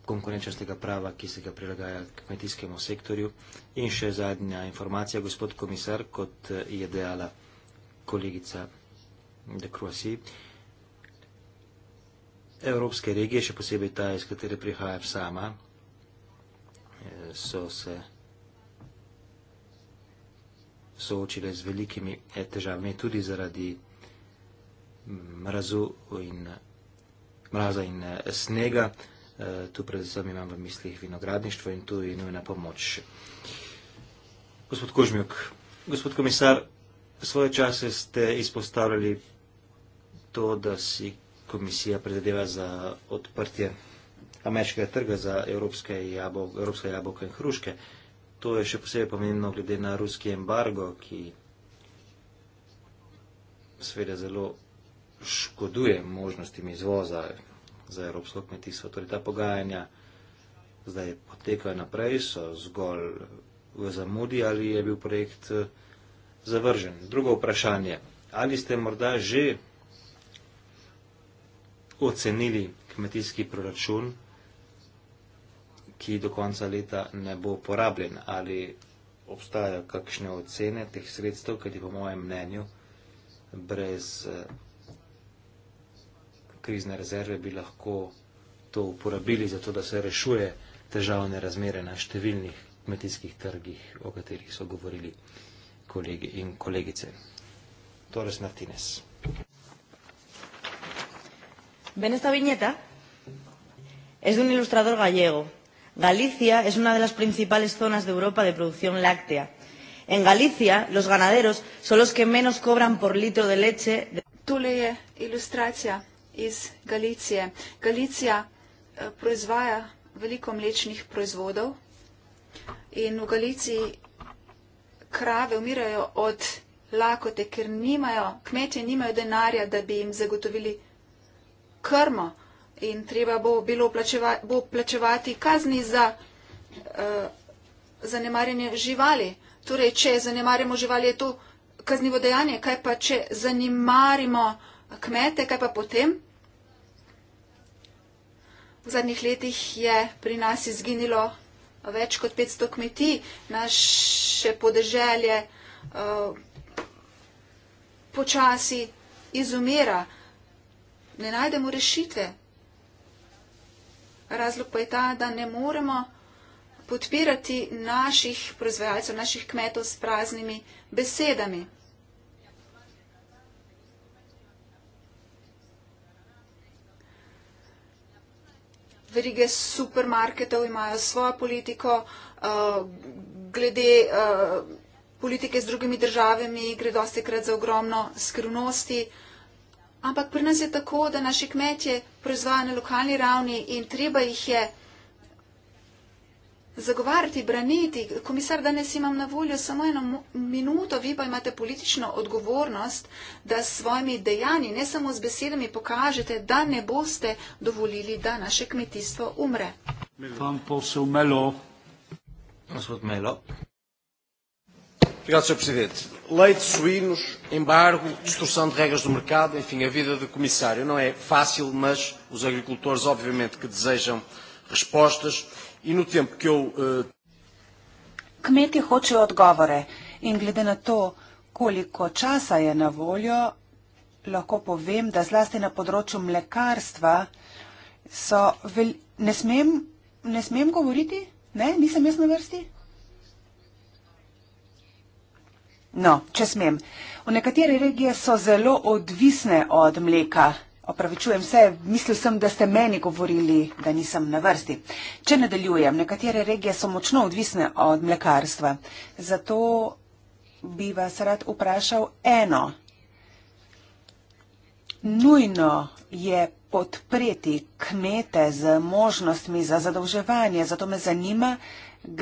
konkurenčnostega prava, ki se ga prilagaja kmetijskemu sektorju. In še zadnja informacija, gospod komisar, kot eh, je dejala kolegica de Croissy. Evropske regije, še posebej ta, iz katere prihaja sama, so se soočile z velikimi eh, težavami, tudi zaradi mm, mrazu in, mraza in eh, snega. Eh, tu predvsem imam v mislih vinogradništvo in tu je nujna pomoč. Gospod Kožmjuk, gospod komisar, v svoje čase ste izpostavljali to, da si komisija predvideva za odprtje ameriškega trga za evropske jabolka in hruške. To je še posebej pomembno glede na ruski embargo, ki seveda zelo škoduje možnostim izvoza za evropsko kmetijstvo. Torej ta pogajanja zdaj potekajo naprej, so zgolj v zamudi ali je bil projekt eh, zavržen. Drugo vprašanje. Ali ste morda že ocenili kmetijski proračun ki do konca leta ne bo porabljen. Ali obstajajo kakšne ocene teh sredstev, ker je po mojem mnenju brez eh, krizne rezerve bi lahko to uporabili za to, da se rešuje težavne razmere na številnih kmetijskih trgih, o katerih so govorili kolegi in kolegice. Torres Martinez. Ven esta viñeta. Es de un ilustrador gallego, Galicia es una de las principales zonas de Europa de producción láctea. En Galicia, los ganaderos son los que menos cobran por litro de leche. De... Tule je ilustracija iz Galicije. Galicija eh, proizvaja veliko mlečnih proizvodov in v Galiciji krave umirajo od lakote, ker nimajo, kmetje nimajo denarja, da bi jim zagotovili krmo in treba bo bilo plačeva, bo plačevati kazni za uh, zanemarjanje živali. Torej, če zanemarjamo živali, je to kaznivo dejanje. Kaj pa, če zanemarimo kmete, kaj pa potem? V zadnjih letih je pri nas izginilo več kot 500 kmetij, naše podeželje uh, počasi izumira. Ne najdemo rešitve. Razlog pa je ta, da ne moremo podpirati naših proizvajalcev, naših kmetov s praznimi besedami. Verige supermarketov imajo svojo politiko, eh, glede eh, politike z drugimi državami gre dosti krat za ogromno skrivnosti. Ampak pri nas je tako, da naše kmetje proizvajajo na lokalni ravni in treba jih je zagovarjati, braniti. Komisar, danes imam na voljo samo eno minuto, vi pa imate politično odgovornost, da s svojimi dejanji, ne samo z besedami, pokažete, da ne boste dovolili, da naše kmetijstvo umre. Gospod Melo. Obrigado, Sr. Presidente. Leite, suínos, embargo, distorção de regras do mercado, enfim, a vida do Comissário não é fácil, mas os agricultores, obviamente, que desejam respostas. E no tempo que eu. Eh, Kmeti hočejo odgovore in glede na to, koliko časa je na voljo, lahko povem, da zlasti na področju mlekarstva so. Vel... Ne, smem, ne smem govoriti? Ne, nisem jaz na vrsti? No, če smem. V nekatere regije so zelo odvisne od mleka. Opravičujem se, mislil sem, da ste meni govorili, da nisem na vrsti. Če nadaljujem, nekatere regije so močno odvisne od mlekarstva. Zato bi vas rad vprašal eno. Nujno je podpreti kmete z možnostmi za zadolževanje. Zato me zanima,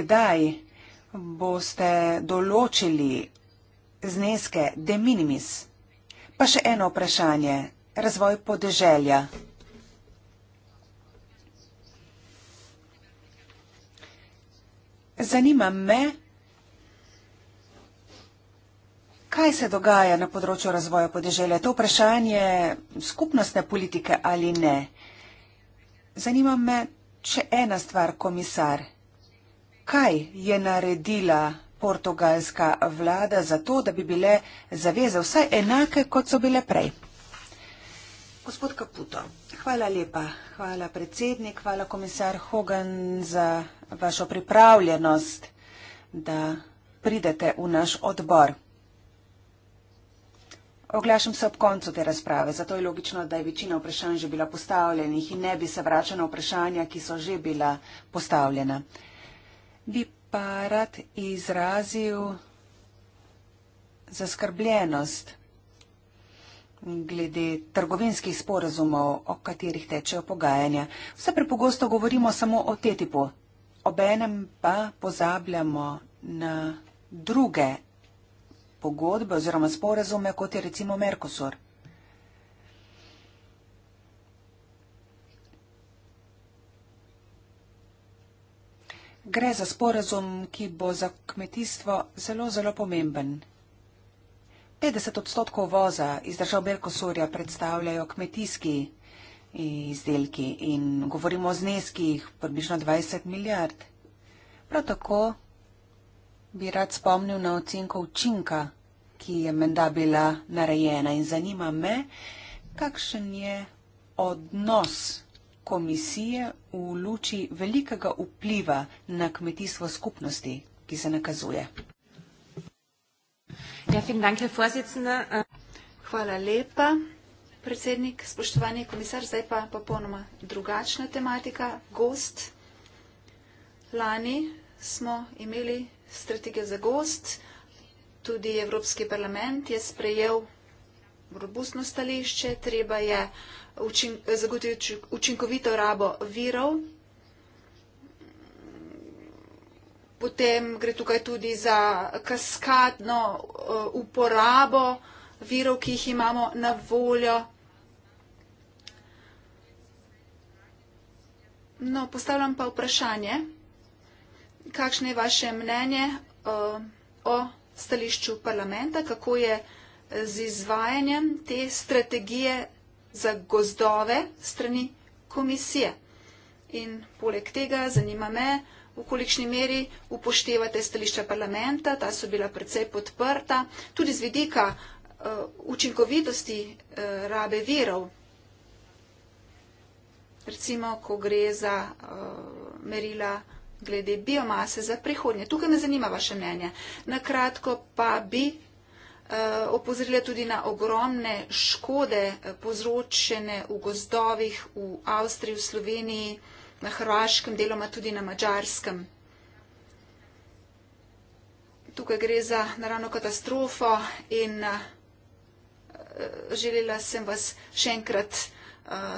kdaj boste določili zneske de minimis. Pa še eno vprašanje. Razvoj podeželja. Zanima me, kaj se dogaja na področju razvoja podeželja. To vprašanje skupnostne politike ali ne. Zanima me še ena stvar, komisar. Kaj je naredila portugalska vlada za to, da bi bile zaveze vsaj enake, kot so bile prej. Gospod Kaputo, hvala lepa. Hvala predsednik, hvala komisar Hogan za vašo pripravljenost, da pridete v naš odbor. Oglašam se ob koncu te razprave, zato je logično, da je večina vprašanj že bila postavljenih in ne bi se vračala na vprašanja, ki so že bila postavljena. Bi pa rad izrazil zaskrbljenost glede trgovinskih sporazumov, o katerih tečejo pogajanja. Vse prepogosto govorimo samo o TTIP-u, obenem pa pozabljamo na druge pogodbe oziroma sporazume, kot je recimo Mercosur. Gre za sporazum, ki bo za kmetijstvo zelo, zelo pomemben. 50 odstotkov voza iz držav Berkosurja predstavljajo kmetijski izdelki in govorimo o zneskih približno 20 milijard. Prav tako bi rad spomnil na ocenko učinka, ki je menda bila narejena in zanima me, kakšen je odnos komisije v luči velikega vpliva na kmetijstvo skupnosti, ki se nakazuje? Ja, dank, Hvala lepa, predsednik, spoštovani komisar. Zdaj pa popolnoma drugačna tematika. Gost. Lani smo imeli strategijo za gost, tudi Evropski parlament je sprejel robustno stališče, treba je uh, učin, zagotoviti učinkovito rabo virov. Potem gre tukaj tudi za kaskadno uh, uporabo virov, ki jih imamo na voljo. No, postavljam pa vprašanje, kakšno je vaše mnenje o, uh, o stališču parlamenta, kako je z izvajanjem te strategije za gozdove strani komisije. In poleg tega zanima me, v kolikšni meri upoštevate stališča parlamenta, ta so bila precej podprta, tudi z vidika uh, učinkovitosti uh, rabe virov. Recimo, ko gre za uh, merila glede biomase za prihodnje. Tukaj me zanima vaše mnenje. Nakratko pa bi Eh, opozorila tudi na ogromne škode eh, povzročene v gozdovih v Avstriji, v Sloveniji, na Hrvaškem, deloma tudi na Mačarskem. Tukaj gre za naravno katastrofo in eh, želela sem vas še enkrat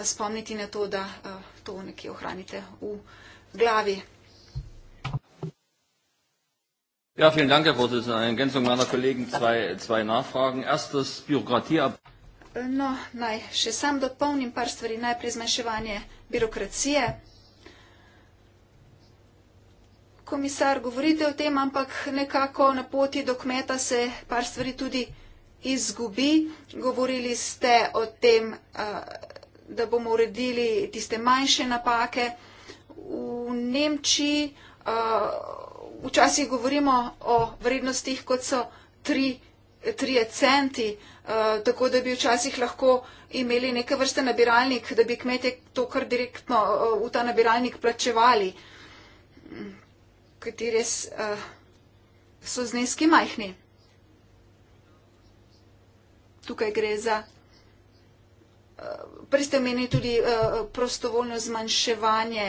spomniti na to, da to nekje ohranite v glavi. Ja, vielen Dank, Herr Vorsitzender. In Ergänzung meiner Kollegen zwei, zwei Nachfragen. Erstes Bürokratieab. No, naj še sam dopolnim par stvari. Najprej zmanjševanje birokracije. Komisar, govorite o tem, ampak nekako na poti do kmeta se par stvari tudi izgubi. Govorili ste o tem, da bomo uredili tiste manjše napake. V Nemčiji včasih govorimo o vrednostih, kot so tri, trije centi, eh, tako da bi včasih lahko imeli neke vrste nabiralnik, da bi kmetje to kar direktno eh, v ta nabiralnik plačevali, kateri eh, so zneski majhni. Tukaj gre za. Prej ste omenili tudi prostovoljno zmanjševanje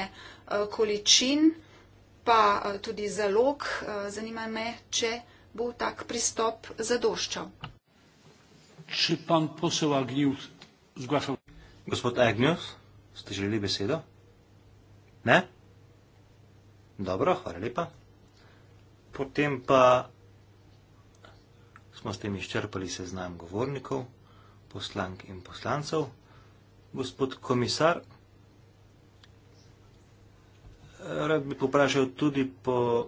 količin pa eh, tudi zalog. Eh, zanima me, če bo tak pristop zadoščal. Če pan posel Agnius zglašal. Gospod Agnius, ste želeli besedo? Ne? Dobro, hvala lepa. Potem pa smo s tem izčrpali seznam govornikov, poslank in poslancev. Gospod komisar, Rad bi poprašal tudi po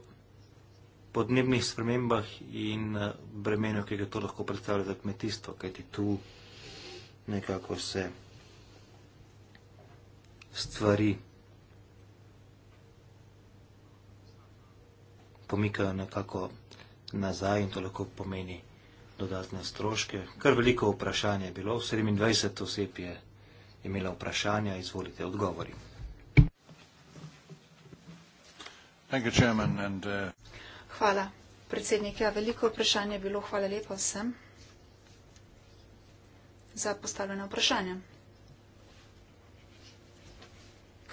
podnebnih spremembah in eh, bremenu, ki ga to lahko predstavlja za kmetijstvo, kajti tu nekako se stvari pomikajo nekako nazaj in to lahko pomeni dodatne stroške. Kar veliko vprašanje je bilo, 27 oseb je imela vprašanja, izvolite odgovoriti. Uh, Hvala. Predsednik, ja, veliko vprašanje je bilo. Hvala lepa vsem za postavljeno vprašanje.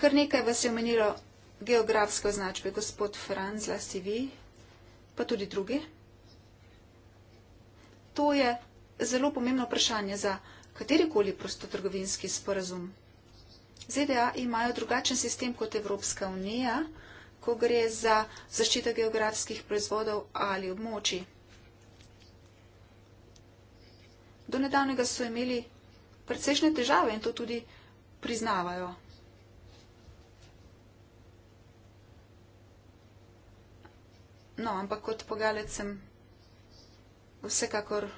Kar nekaj vas je omenilo geografske označbe, gospod Franz, zlasti vi, pa tudi drugi. To je zelo pomembno vprašanje za katerikoli prostotrgovinski sporazum. ZDA e imajo drugačen sistem kot Evropska unija, ko gre za zaščito geografskih proizvodov ali območij. Do nedavnega so imeli precejšnje težave in to tudi priznavajo. No, ampak kot pogalec sem vsekakor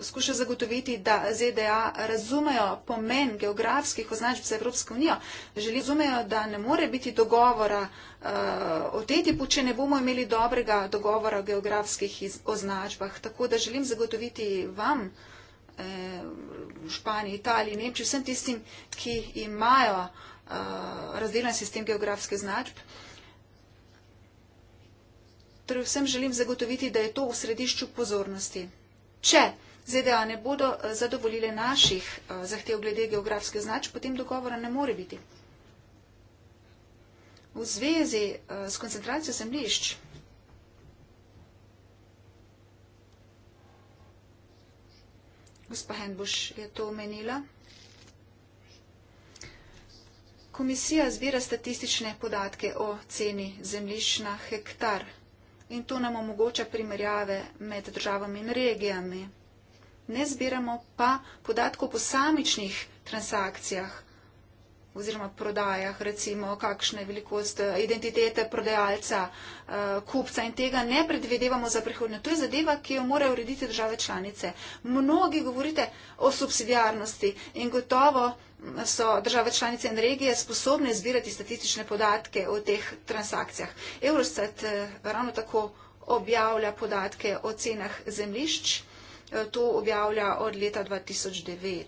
skuša zagotoviti, da ZDA razumejo pomen geografskih označb za Evropsko unijo. Želi razumejo, da ne more biti dogovora uh, eh, o tej tipu, če ne bomo imeli dobrega dogovora o geografskih iz, označbah. Tako da želim zagotoviti vam, eh, Španiji, Italiji, Nemčiji, vsem tistim, ki imajo uh, eh, razdeljen sistem geografskih označb. Torej vsem želim zagotoviti, da je to v središču pozornosti. Če ZDA e ne bodo eh, zadovoljile naših eh, zahtev glede geografske označ, potem dogovora ne more biti. V zvezi eh, s koncentracijo zemlišč gospa Henbuš je to omenila. Komisija zbira statistične podatke o ceni zemljišč na hektar in to nam omogoča primerjave med državami in regijami ne zbiramo pa podatkov o posamičnih transakcijah oziroma prodajah, recimo kakšna je velikost eh, identitete prodajalca, eh, kupca in tega ne predvidevamo za prihodnje. To je zadeva, ki jo morajo urediti države članice. Mnogi govorite o subsidijarnosti in gotovo so države članice in regije sposobne zbirati statistične podatke o teh transakcijah. Eurostat eh, ravno tako objavlja podatke o cenah zemljišč to objavlja od leta 2009.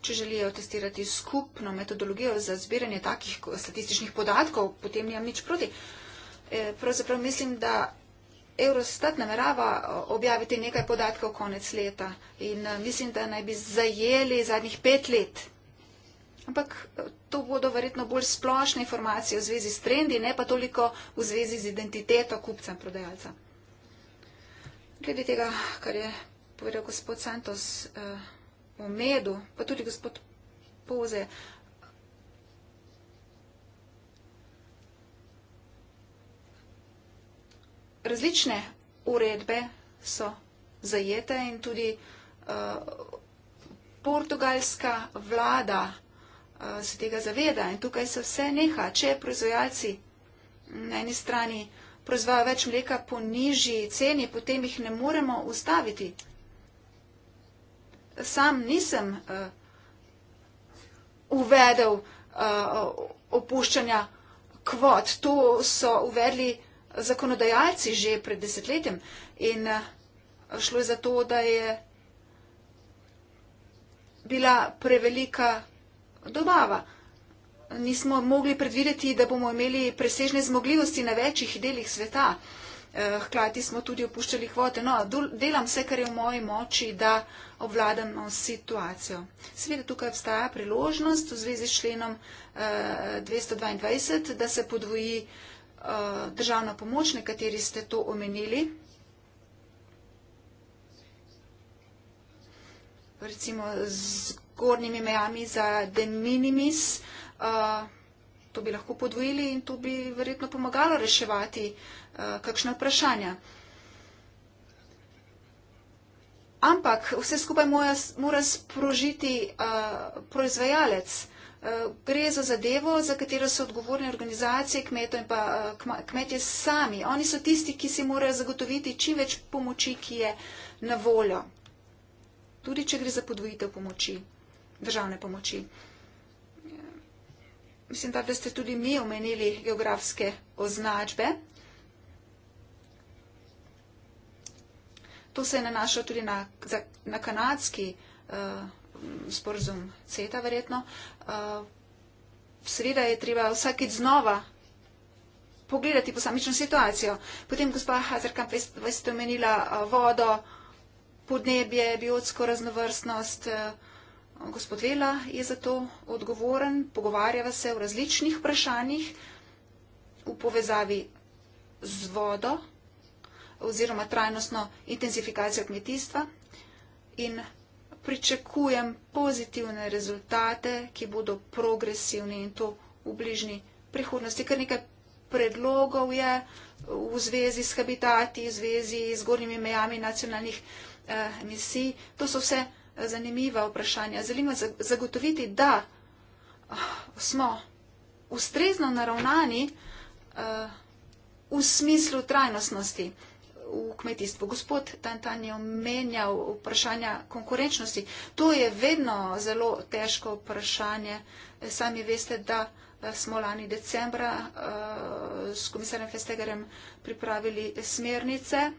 Če želijo testirati skupno metodologijo za zbiranje takih statističnih podatkov, potem nijam nič proti. E, pravzaprav mislim, da Eurostat namerava objaviti nekaj podatkov konec leta in e, mislim, da naj bi zajeli zadnjih pet let ampak eh, to bodo verjetno bolj splošne informacije v zvezi s trendi, ne pa toliko v zvezi z identiteto kupca in prodajalca. Glede tega, kar je povedal gospod Santos eh, o medu, pa tudi gospod Poze, različne uredbe so zajete in tudi eh, portugalska vlada Eh, se tega zaveda in tukaj se vse neha. Če proizvajalci na eni strani proizvajajo več mleka po nižji ceni, potem jih ne moremo ustaviti. Sam nisem uh, uvedel uh, opuščanja kvot. To so uvedli zakonodajalci že pred desetletjem in uh, šlo je za to, da je bila prevelika dobava. Nismo mogli predvideti, da bomo imeli presežne zmogljivosti na večjih delih sveta. Eh, hkrati smo tudi opuščali kvote. No, delam vse, kar je v moji moči, da obvladam situacijo. Seveda tukaj obstaja priložnost v zvezi s členom 222, eh, da se podvoji eh, državna pomoč, nekateri ste to omenili. Recimo zgornjimi mejami za de minimis. Uh, to bi lahko podvojili in to bi verjetno pomagalo reševati uh, kakšne vprašanja. Ampak vse skupaj mora, mora sprožiti uh, proizvajalec. Uh, gre za zadevo, za katero so odgovorne organizacije, kmeto in pa uh, kmetje sami. Oni so tisti, ki si morajo zagotoviti čim več pomoči, ki je na voljo. Tudi, če gre za podvojitev pomoči državne pomoči. Mislim, da ste tudi mi omenili geografske označbe. To se je nanašalo tudi na, za, na kanadski uh, eh, sporozum CETA, verjetno. Uh, eh, Sreda je treba vsakeč znova pogledati posamično situacijo. Potem gospa Hazarkam, ste omenila uh, vodo, podnebje, biotsko raznovrstnost. Uh, Gospod Vela je za to odgovoren, pogovarjava se o različnih vprašanjih v povezavi z vodo oziroma trajnostno intenzifikacijo kmetijstva in pričakujem pozitivne rezultate, ki bodo progresivni in to v bližnji prihodnosti, ker nekaj predlogov je v zvezi s habitati, v zvezi z gornjimi mejami nacionalnih eh, emisij. To so vse zanimiva vprašanja. Želim vas zagotoviti, da ah, smo ustrezno naravnani eh, v smislu trajnostnosti v kmetijstvu. Gospod Tantan je omenjal vprašanja konkurenčnosti. To je vedno zelo težko vprašanje. Sami veste, da eh, smo lani decembra eh, s komisarjem Festegarjem pripravili smernice.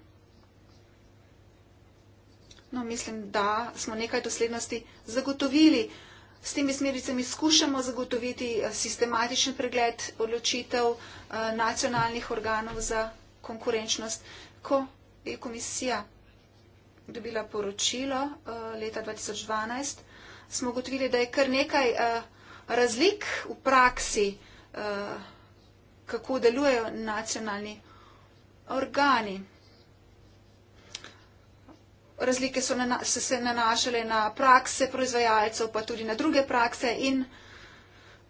No, mislim, da smo nekaj doslednosti zagotovili. S temi smernicami skušamo zagotoviti eh, sistematičen pregled odločitev eh, nacionalnih organov za konkurenčnost. Ko je komisija dobila poročilo eh, leta 2012, smo ugotovili, da je kar nekaj razlik v praksi, kako delujejo nacionalni organi razlike so nana, se, se nanašale na prakse proizvajalcev, pa tudi na druge prakse. In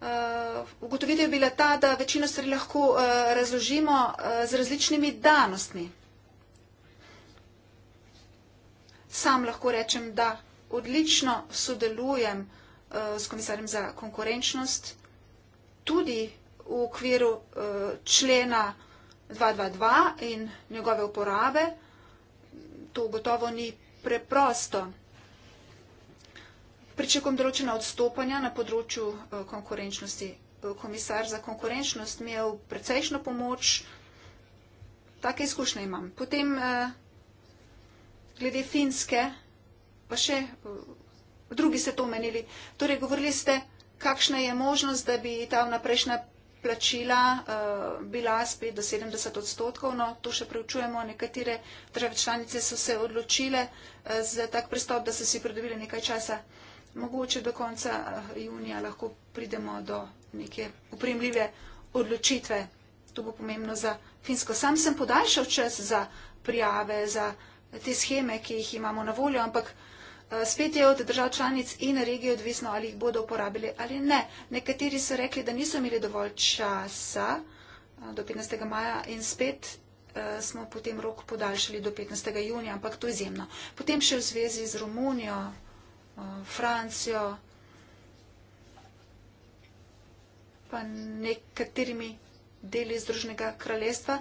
uh, ugotovitev je bila ta, da večino stvari lahko uh, razložimo uh, z različnimi danostmi. Sam lahko rečem, da odlično sodelujem uh, s komisarjem za konkurenčnost tudi v okviru uh, člena 222 in njegove uporabe to gotovo ni preprosto. Pričakujem določena odstopanja na področju eh, konkurenčnosti. Eh, komisar za konkurenčnost mi je v precejšno pomoč, take izkušnje imam. Potem eh, glede finske, pa še drugi ste to omenili. Torej, govorili ste, kakšna je možnost, da bi ta vnaprejšnja plačila eh, bila spet do 70 odstotkov. No, to še preučujemo. Nekatere države članice so se odločile eh, za tak pristop, da so si pridobili nekaj časa. Mogoče do konca eh, junija lahko pridemo do neke upremljive odločitve. To bo pomembno za Finsko. Sam sem podaljšal čas za prijave, za te scheme, ki jih imamo na voljo, ampak. Eh, spet je od držav članic in regije odvisno, ali jih bodo uporabili ali ne. Nekateri so rekli, da niso imeli dovolj časa eh, do 15. maja in spet eh, smo potem rok podaljšali do 15. junija, ampak to je izjemno. Potem še v zvezi z Romunijo, Francijo, pa nekaterimi deli Združenega kraljestva.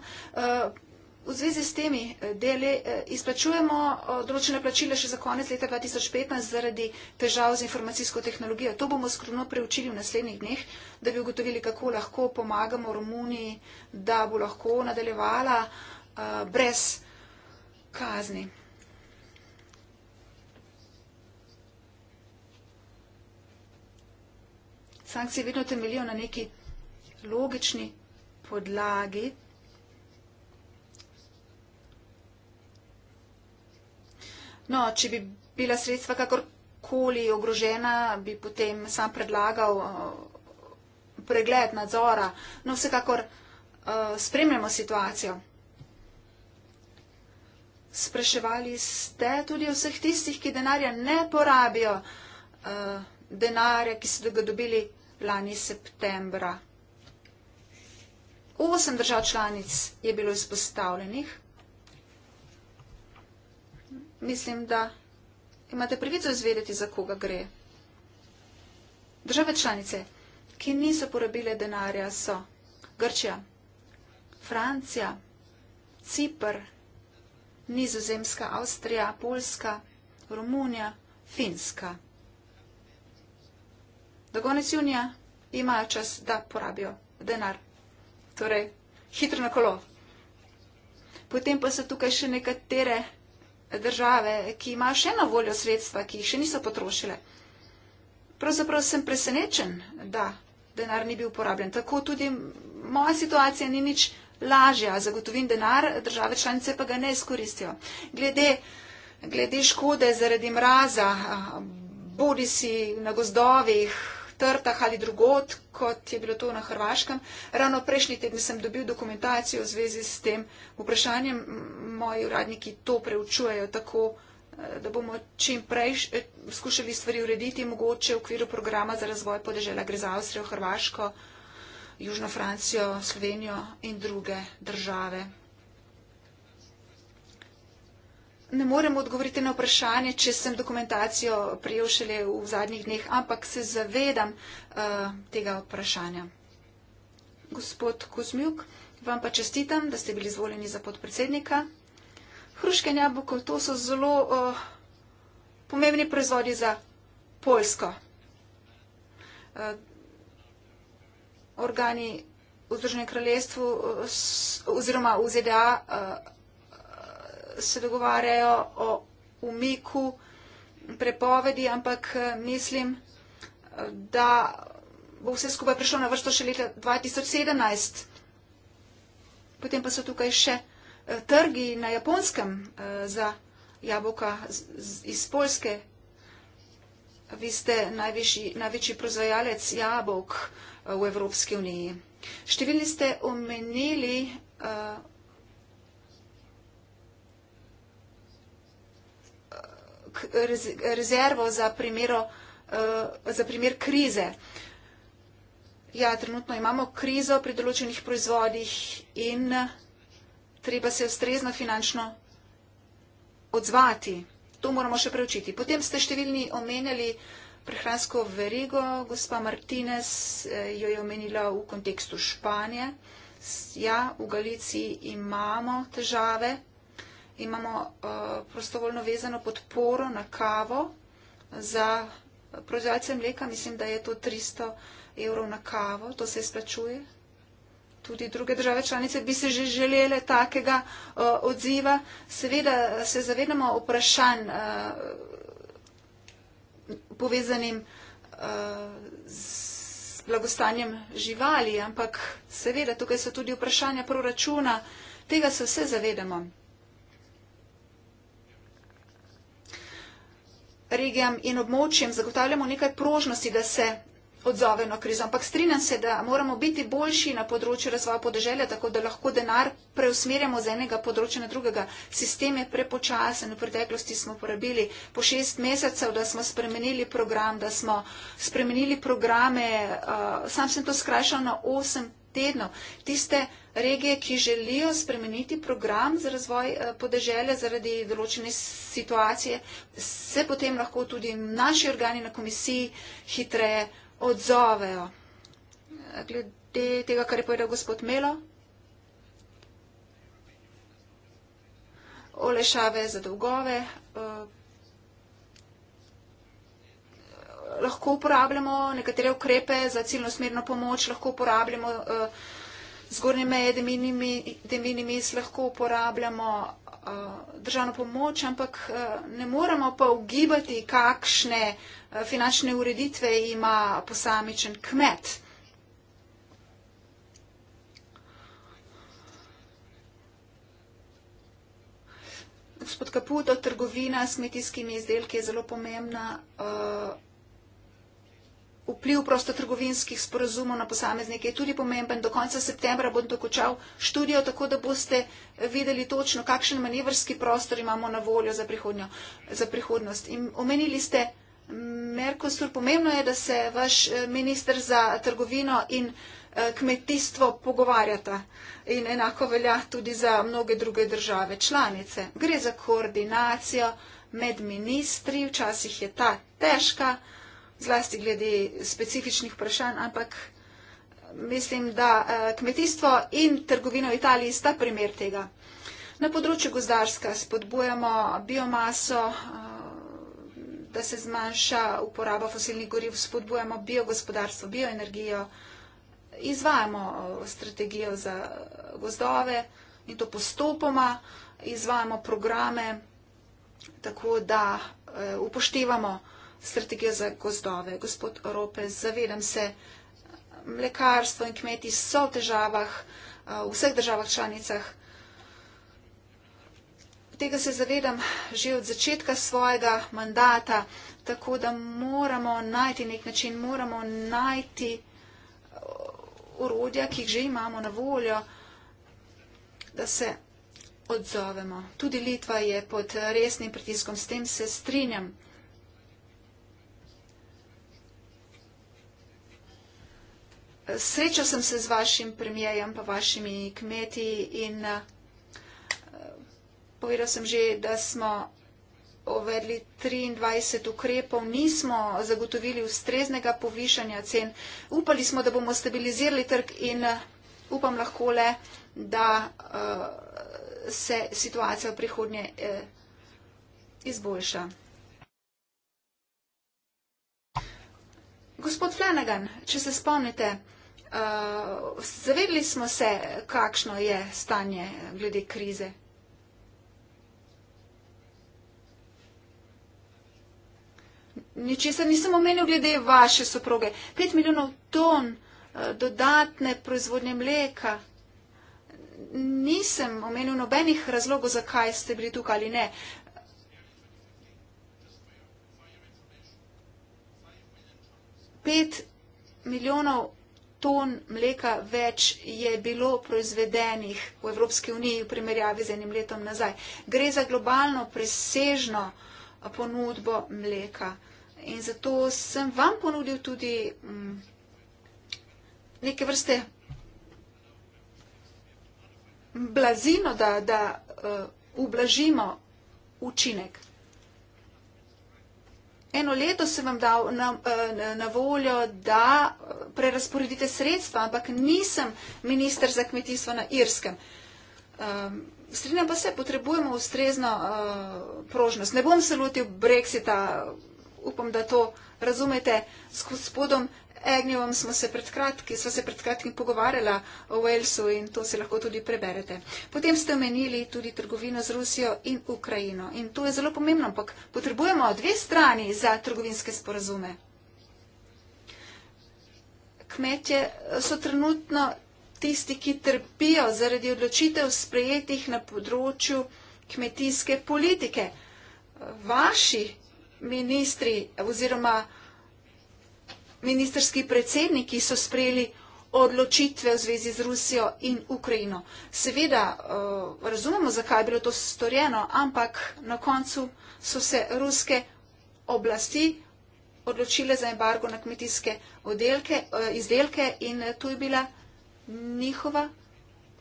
V zvezi s temi eh, deli eh, izplačujemo eh, določene plačile še za konec leta 2015 zaradi težav z informacijsko tehnologijo. To bomo skromno preučili v naslednjih dneh, da bi ugotovili, kako lahko pomagamo Romuniji, da bo lahko nadaljevala brez kazni. Sankcije vedno temeljijo na neki logični podlagi No, če bi bila sredstva kakorkoli ogrožena, bi potem sam predlagal uh, pregled nadzora. No, vsekakor uh, spremljamo situacijo. Spraševali ste tudi vseh tistih, ki denarja ne porabijo, uh, denarja, ki so ga dobili lani septembra. Osem držav članic je bilo izpostavljenih. Mislim, da imate pravico izvedeti, za koga gre. Države članice, ki niso porabile denarja, so Grčija, Francija, Cipr, Nizozemska, Avstrija, Poljska, Romunija, Finska. Do konec junija imajo čas, da porabijo denar. Torej, hitro na kolo. Potem pa so tukaj še nekatere države, ki imajo še na voljo sredstva, ki jih še niso potrošile. Pravzaprav sem presenečen, da denar ni bil uporabljen. Tako tudi moja situacija ni nič lažja. Zagotovim denar, države članice pa ga ne izkoristijo. Glede, glede škode zaradi mraza, bodi si na gozdovih, trtah ali drugot, kot je bilo to na Hrvaškem. Ravno prejšnji teden sem dobil dokumentacijo v zvezi s tem vprašanjem. Moji uradniki to preučujejo tako, eh, da bomo čim prej eh, skušali stvari urediti, mogoče v okviru programa za razvoj podeželja. Gre za Avstrijo, Hrvaško, Južno Francijo, Slovenijo in druge države. ne morem odgovoriti na vprašanje, če sem dokumentacijo prijel šele v zadnjih dneh, ampak se zavedam uh, tega vprašanja. Gospod Kuzmjuk, vam pa čestitam, da ste bili izvoljeni za podpredsednika. Hruške in jabolko, to so zelo uh, pomembni proizvodi za Poljsko. Uh, organi v Združenem kraljestvu uh, s, oziroma v ZDA. Uh, se dogovarjajo o umiku prepovedi, ampak eh, mislim, da bo vse skupaj prišlo na vrsto še leta 2017. Potem pa so tukaj še eh, trgi na japonskem eh, za jabolka iz Polske. Vi ste največji, največji prozajalec jabolk v Evropski uniji. Številni ste omenili rezervo za, primero, eh, za primer krize. Ja, trenutno imamo krizo pri določenih proizvodih in eh, treba se ustrezno finančno odzvati. To moramo še preučiti. Potem ste številni omenjali prehransko verigo. Gospa Martinez eh, jo je omenila v kontekstu Španije. Ja, v Galiciji imamo težave imamo uh, prostovoljno vezano podporo na kavo za proizvajalce mleka. Mislim, da je to 300 evrov na kavo, to se izplačuje. Tudi druge države članice bi se že želele takega uh, odziva. Seveda se zavedamo vprašanj uh, povezanim uh, z blagostanjem živali, ampak seveda tukaj so tudi vprašanja proračuna, tega se vse zavedamo. regijam in območjem zagotavljamo nekaj prožnosti, da se odzove na krizo. Ampak strinjam se, da moramo biti boljši na področju razvoja podeželja, tako da lahko denar preusmerjamo z enega področja na drugega. Sistem je prepočasen. V preteklosti smo porabili po šest mesecev, da smo spremenili program, da smo spremenili programe. Uh, sam sem to skrajšal na osem tednov. Tiste regije, ki želijo spremeniti program za razvoj eh, podeželja zaradi določene situacije, se potem lahko tudi naši organi na komisiji hitreje odzovejo. Eh, glede tega, kar je povedal gospod Melo, olešave za dolgove, eh, lahko uporabljamo nekatere ukrepe za ciljno smerno pomoč, lahko uporabljamo uh, zgornje meje de minimis lahko uporabljamo eh, državno pomoč, ampak eh, ne moramo pa ugibati, kakšne eh, finančne ureditve ima posamičen kmet. Gospod Kaputo, trgovina s kmetijskimi izdelki je zelo pomembna vpliv prostotrgovinskih sporazumov na posameznike je tudi pomemben. Do konca septembra bom dokočal študijo, tako da boste videli točno, kakšen manevrski prostor imamo na voljo za, za prihodnost. In omenili ste mm, Merkosur, pomembno je, da se vaš eh, minister za trgovino in eh, kmetijstvo pogovarjata in enako velja tudi za mnoge druge države članice. Gre za koordinacijo med ministri, včasih je ta težka zlasti glede specifičnih vprašanj, ampak mislim, da eh, kmetijstvo in trgovina v Italiji sta primer tega. Na področju gozdarska spodbujamo biomaso, eh, da se zmanjša uporaba fosilnih goriv, spodbujamo biogospodarstvo, bioenergijo, izvajamo eh, strategijo za gozdove in to postopoma, izvajamo programe, tako da upoštevamo strategijo za gozdove. Gospod Rope, zavedam se, mlekarstvo in kmeti so v težavah, v vseh državah članicah. Tega se zavedam že od začetka svojega mandata, tako da moramo najti nek način, moramo najti urodja, ki jih že imamo na voljo, da se odzovemo. Tudi Litva je pod resnim pritiskom, s tem se strinjam. Srečal sem se z vašim premijejem, pa vašimi kmeti in eh, povedal sem že, da smo uvedli 23 ukrepov, nismo zagotovili ustreznega povišanja cen. Upali smo, da bomo stabilizirali trg in eh, upam lahko le, da eh, se situacija v prihodnje izboljša. Gospod Flanagan, če se spomnite, Uh, eh, zavedli smo se, kakšno je stanje glede krize. Ničesar nisem omenil glede vaše soproge. 5 milijonov ton uh, dodatne proizvodnje mleka. Nisem omenil nobenih razlogov, zakaj ste bili tukaj ali ne. Pet milijonov ton mleka več je bilo proizvedenih v Evropski uniji v primerjavi z enim letom nazaj. Gre za globalno presežno ponudbo mleka. In zato sem vam ponudil tudi m, mm, neke vrste blazino, da, da uh, ublažimo učinek. Eno leto sem vam dal na, na, eh, na voljo, da eh, prerasporedite sredstva, ampak nisem minister za kmetijstvo na Irskem. Um, strinjam pa se, potrebujemo ustrezno uh, prožnost. Ne bom se lotil Brexita, upam, da to razumete s gospodom uh, Agnewom smo se pred kratkim, sva se pred kratkim pogovarjala o Walesu in to se lahko tudi preberete. Potem ste omenili tudi trgovino z Rusijo in Ukrajino in to je zelo pomembno, ampak potrebujemo dve strani za trgovinske sporazume. Kmetje eh, so trenutno tisti, ki trpijo zaradi odločitev sprejetih na področju kmetijske politike. Vaši ministri oziroma ministerski predsedniki so sprejeli odločitve v zvezi z Rusijo in Ukrajino. Seveda eh, razumemo, zakaj je bilo to storjeno, ampak na koncu so se ruske oblasti odločile za embargo na kmetijske odelke, eh, izdelke in eh, tu je bila njihova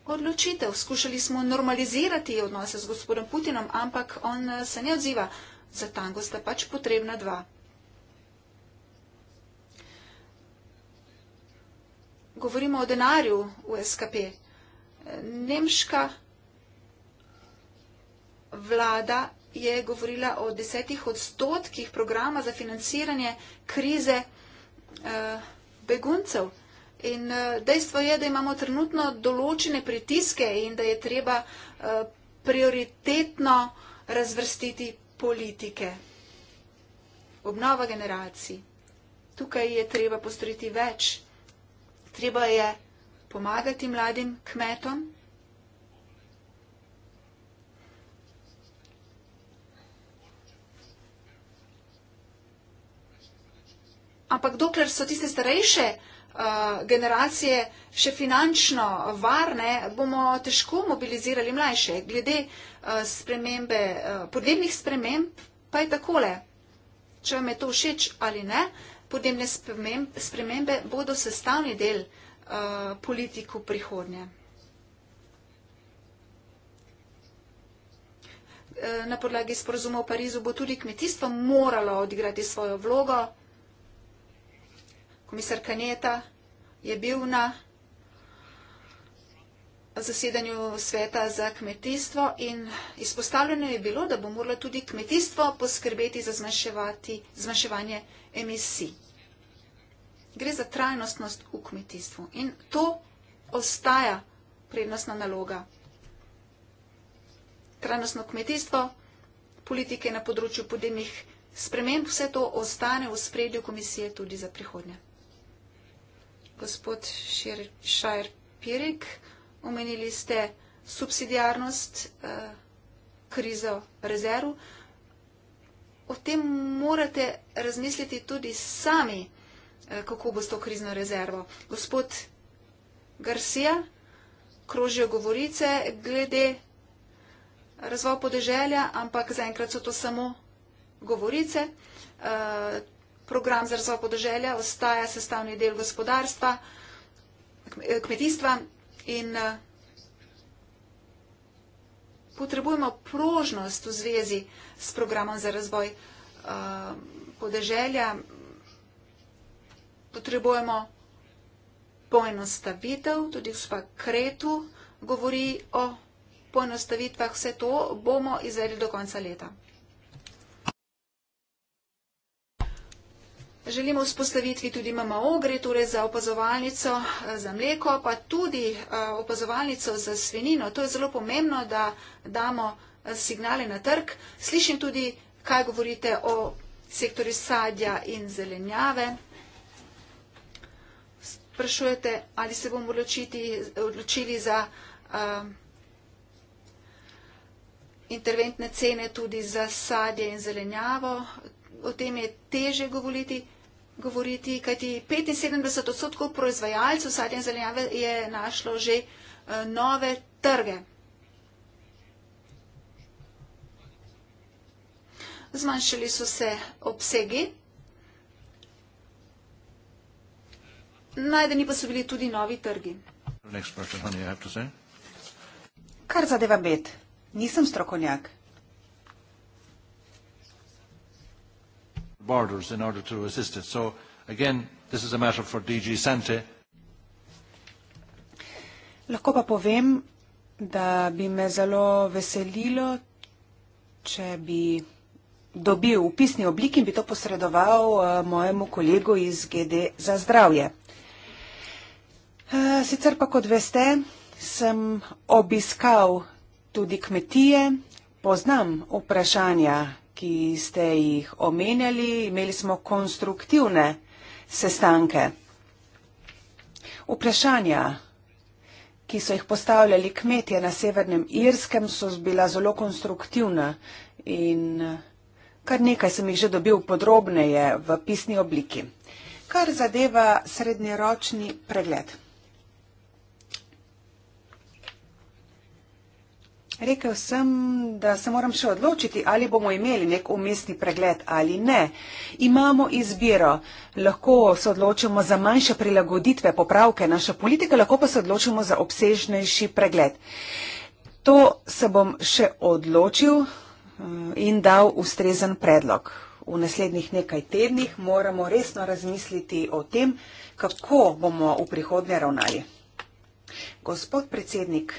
odločitev. Skušali smo normalizirati odnose z gospodom Putinom, ampak on se ne odziva. Za tango sta pač potrebna dva. govorimo o denarju v SKP. Nemška vlada je govorila o desetih odstotkih programa za financiranje krize eh, beguncev. In eh, dejstvo je, da imamo trenutno določene pritiske in da je treba eh, prioritetno razvrstiti politike. Obnova generacij. Tukaj je treba postoriti več treba je pomagati mladim kmetom. Ampak dokler so tiste starejše uh, generacije še finančno varne, bomo težko mobilizirali mlajše. Glede uh, spremembe, uh, podnebnih sprememb pa je takole. Če vam je to všeč ali ne, podnebne spremembe, spremembe bodo sestavni del uh, eh, politiko prihodnje. Eh, na podlagi sporozuma v Parizu bo tudi kmetijstvo moralo odigrati svojo vlogo. Komisar Kaneta je bil na zasedanju sveta za kmetijstvo in izpostavljeno je bilo, da bo moralo tudi kmetijstvo poskrbeti za zmanjševanje emisij. Gre za trajnostnost v kmetijstvu in to ostaja prednostna naloga. Trajnostno kmetijstvo, politike na področju podnebnih sprememb, vse to ostane v spredju komisije tudi za prihodnje. Gospod Šajer Pirik omenili ste subsidijarnost, eh, krizo rezerv. O tem morate razmisliti tudi sami, eh, kako bo s to krizno rezervo. Gospod Garcia, krožijo govorice glede razvoj podeželja, ampak zaenkrat so to samo govorice. Eh, program za razvoj podeželja ostaja sestavni del gospodarstva, kmetijstva, In eh, potrebujemo prožnost v zvezi s programom za razvoj eh, podeželja. Potrebujemo poenostavitev, tudi gospa Kretu govori o poenostavitvah. Vse to bomo izvedli do konca leta. Želimo vzpostaviti tudi mamaogri, torej za opazovalnico eh, za mleko, pa tudi eh, opazovalnico za svinino. To je zelo pomembno, da damo eh, signale na trg. Slišim tudi, kaj govorite o sektorju sadja in zelenjave. Sprašujete, ali se bomo odločiti, odločili za uh, interventne cene tudi za sadje in zelenjavo o tem je teže govoriti, govoriti kajti 75 odstotkov proizvajalcev sadja in zelenjave je našlo že eh, nove trge. Zmanjšali so se obsegi. Najdeni pa so bili tudi novi trgi. Kar zadeva bet, nisem strokovnjak. borders in order to assist it. So, again, this is a matter for DG Sante. Lahko pa povem, da bi me zelo veselilo, če bi dobil upisni oblik in bi to posredoval eh, mojemu kolegu iz GD za zdravje. Eh, sicer pa, kot veste, sem obiskal tudi kmetije, poznam vprašanja ki ste jih omenjali, imeli smo konstruktivne sestanke. Vprašanja, ki so jih postavljali kmetje na Severnem Irskem, so bila zelo konstruktivna in kar nekaj sem jih že dobil podrobneje v pisni obliki. Kar zadeva srednjeročni pregled. Rekel sem, da se moram še odločiti, ali bomo imeli nek umestni pregled ali ne. Imamo izbiro. Lahko se odločimo za manjše prilagoditve, popravke naše politike, lahko pa se odločimo za obsežnejši pregled. To se bom še odločil eh, in dal ustrezen predlog. V naslednjih nekaj tednih moramo resno razmisliti o tem, kako bomo v prihodnje ravnali. Gospod predsednik,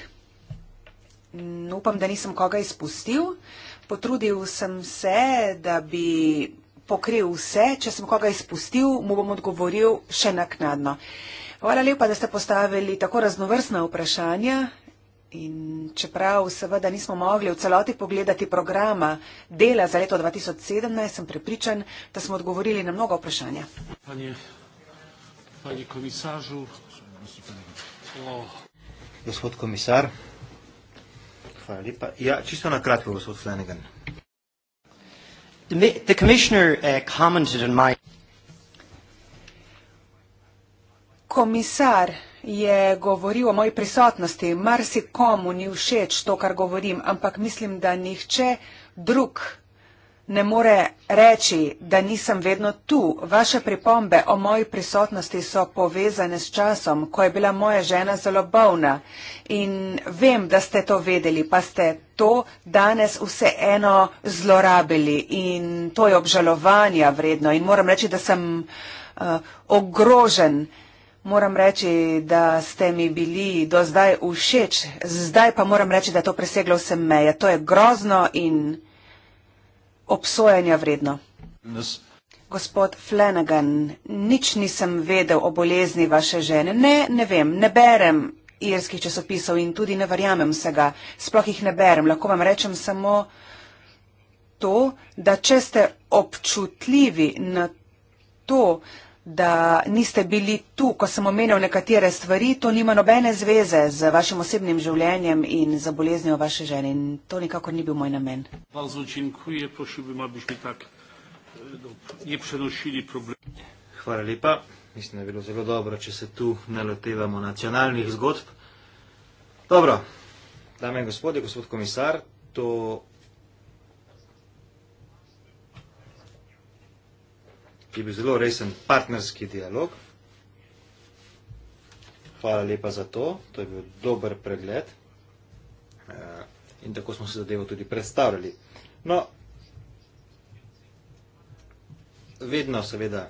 upam, da nisem koga izpustil. Potrudil sem se, da bi pokril vse. Če sem koga izpustil, mu bom odgovoril še naknadno. Hvala lepa, da ste postavili tako raznovrstna vprašanja. In čeprav seveda nismo mogli v celoti pogledati programa dela za leto 2017, sem prepričan, da smo odgovorili na mnogo vprašanja. Panje, panje komisažu, o... Gospod komisar, Hvala lepa. Ja, čisto na kratko, gospod Flanagan. The commissioner uh, commented on my... Komisar je govoril o moji prisotnosti. Mar si komu ni všeč to, kar govorim, ampak mislim, da nihče drug ne more reči, da nisem vedno tu. Vaše pripombe o moji prisotnosti so povezane s časom, ko je bila moja žena zelo bolna. In vem, da ste to vedeli, pa ste to danes vseeno zlorabili. In to je obžalovanja vredno. In moram reči, da sem uh, ogrožen. Moram reči, da ste mi bili do zdaj všeč, zdaj pa moram reči, da to preseglo vse meje. To je grozno in obsojanja vredno. Gospod Flanagan, nič nisem vedel o bolezni vaše žene. Ne, ne vem, ne berem irskih časopisov in tudi ne verjamem vsega. Sploh jih ne berem. Lahko vam rečem samo to, da če ste občutljivi na to, da niste bili tu, ko sem omenil nekatere stvari, to nima nobene zveze z vašim osebnim življenjem in za boleznjo vaše žene. In to nikako ni bil moj namen. E, Hvala lepa. Mislim, da je bilo zelo dobro, če se tu ne lotevamo nacionalnih zgodb. Dobro, dame in gospode, gospod komisar, to je bil zelo resen partnerski dialog. Hvala lepa za to, to je bil dober pregled eh, in tako smo se zadevo tudi predstavljali. No, vedno seveda,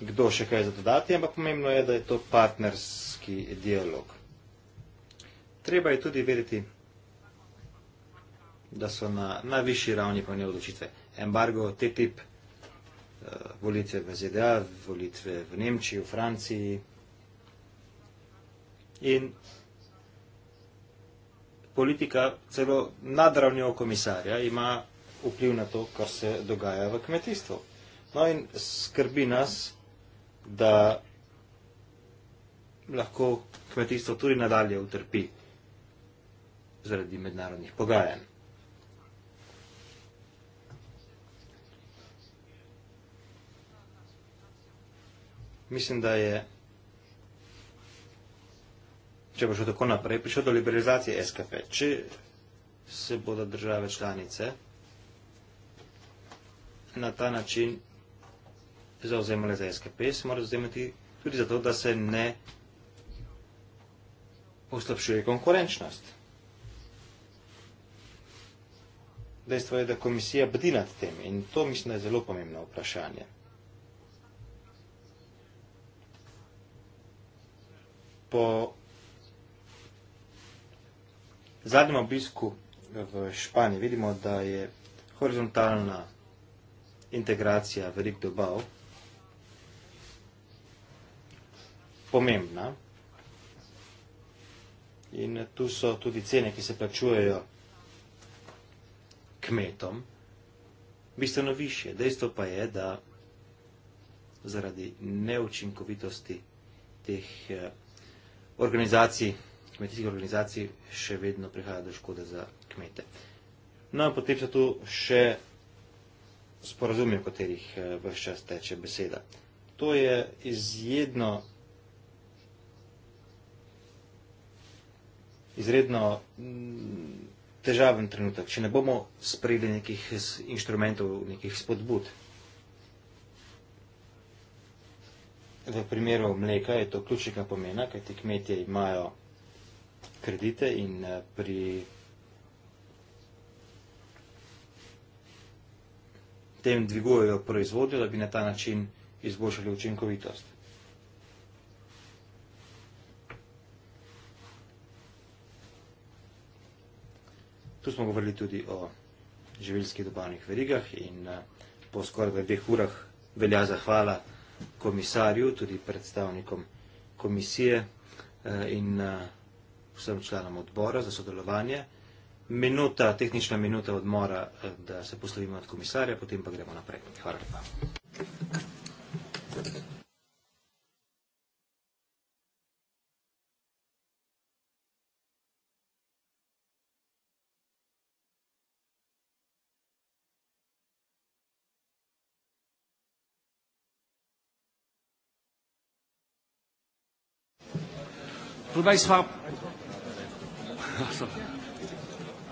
kdo še kaj za dodati, ampak pomembno je, da je to partnerski dialog. Treba je tudi vedeti, da so na najvišji ravni pa ne odločitve embargo TTIP, eh, volitve v ZDA, volitve v Nemčiji, v Franciji in politika celo nadravnjo komisarja ima vpliv na to, kar se dogaja v kmetijstvu. No in skrbi nas, da lahko kmetijstvo tudi nadalje utrpi zaradi mednarodnih pogajanj. mislim, da je, če bo šlo tako naprej, prišlo do liberalizacije SKP. Če se bodo države članice na ta način zauzemale za SKP, se mora zauzemati tudi zato, da se ne poslabšuje konkurenčnost. Dejstvo je, da komisija bdi nad tem in to mislim, da je zelo pomembno vprašanje. po zadnjem obisku v Španiji vidimo, da je horizontalna integracija verig dobav pomembna. In tu so tudi cene, ki se plačujejo kmetom, bistveno više. Dejstvo pa je, da zaradi neučinkovitosti teh eh, organizacij, kmetijskih organizacij, še vedno prihaja do škode za kmete. No, potem so tu še sporazumi, o katerih eh, vse čas teče beseda. To je izjedno, izredno mm, težaven trenutek, če ne bomo sprejeli nekih inštrumentov, nekih spodbud. v primeru mleka je to ključnega pomena, ker ti kmetje imajo kredite in eh, pri tem dvigujejo proizvodnjo, da bi na ta način izboljšali učinkovitost. Tu smo govorili tudi o živilskih dobavnih verigah in eh, po skoraj dveh urah velja zahvala. hvala komisarju, tudi predstavnikom komisije eh, in eh, vsem članom odbora za sodelovanje. Minuta, tehnična minuta odmora, eh, da se poslovimo od komisarja, potem pa gremo naprej. Hvala lepa. Tudo mais rápido.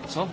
Só.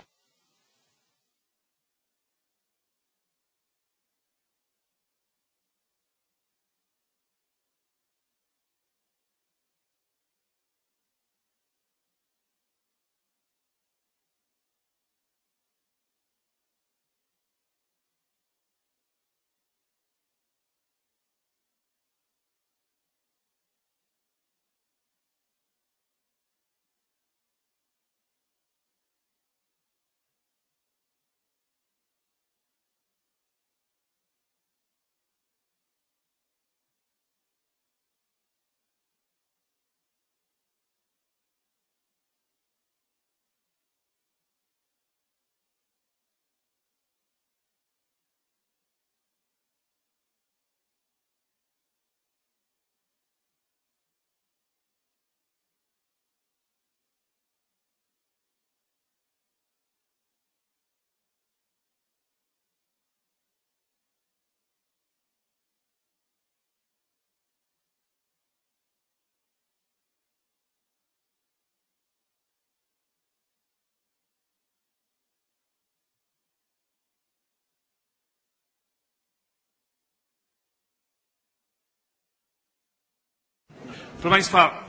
Proszę Państwa,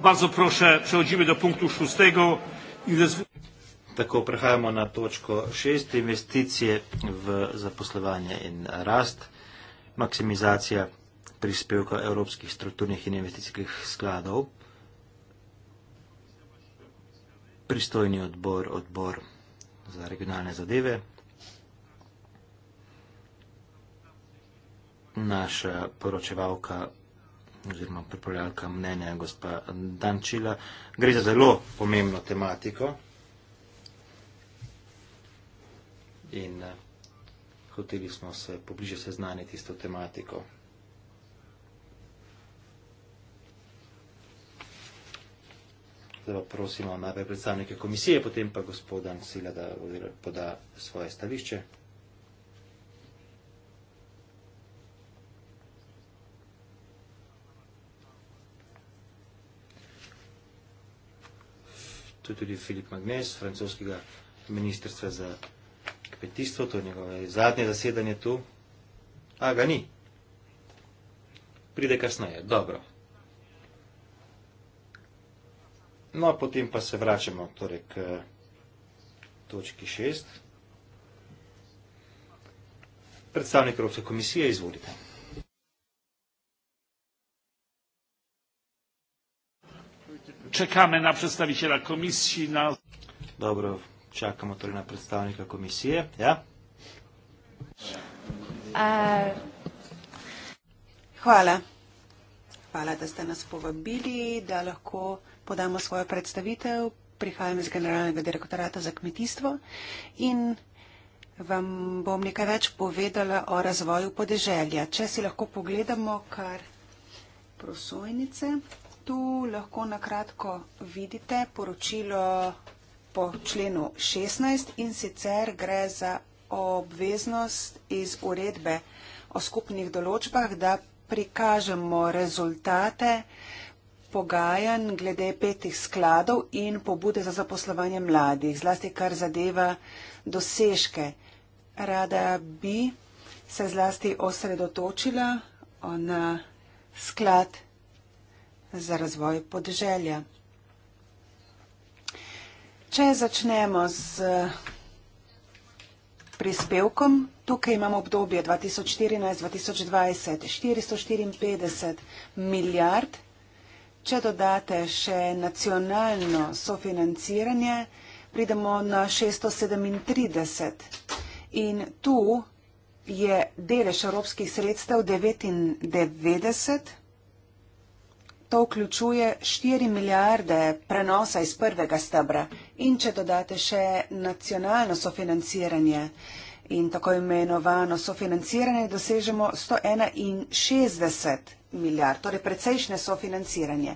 bardzo proszę, przechodzimy do punktu szóstego. Tako prehajamo na točko 6, investicije v zaposlovanje in rast, maksimizacija prispevka evropskih strukturnih in investicijskih skladov. Pristojni odbor, odbor za regionalne zadeve. Naša poročevalka oziroma pripravljalka mnenja gospa Dančila. Gre za zelo pomembno tematiko in uh, hoteli smo se pobliže seznaniti s to tematiko. Zdaj pa prosimo najprej predstavnike komisije, potem pa gospodan Sila, da poda svoje stališče. to je tudi Filip Magnes, francoskega ministrstva za kmetijstvo, to je njegovo zadnje zasedanje tu. A ga ni. Pride kasneje, dobro. No, potem pa se vračamo torej, k točki šest. Predstavnik Evropske komisije, izvolite. čakamo na predstavitelja komisije. Na... Dobro, čakamo torej na predstavnika komisije. Ja? Uh, hvala. Hvala, da ste nas povabili, da lahko podamo svojo predstavitev. Prihajam iz Generalnega direktorata za kmetijstvo in vam bom nekaj več povedala o razvoju podeželja. Če si lahko pogledamo kar prosojnice tu lahko nakratko vidite poročilo po členu 16 in sicer gre za obveznost iz uredbe o skupnih določbah, da prikažemo rezultate pogajanj glede petih skladov in pobude za zaposlovanje mladih, zlasti kar zadeva dosežke. Rada bi se zlasti osredotočila na sklad za razvoj podeželja. Če začnemo z prispevkom, tukaj imamo obdobje 2014-2020 454 milijard. Če dodate še nacionalno sofinanciranje, pridemo na 637 in tu je delež evropskih sredstev 99 milijard to vključuje 4 milijarde prenosa iz prvega stebra in če dodate še nacionalno sofinanciranje in tako imenovano sofinanciranje, dosežemo 161 milijard, torej precejšnje sofinanciranje.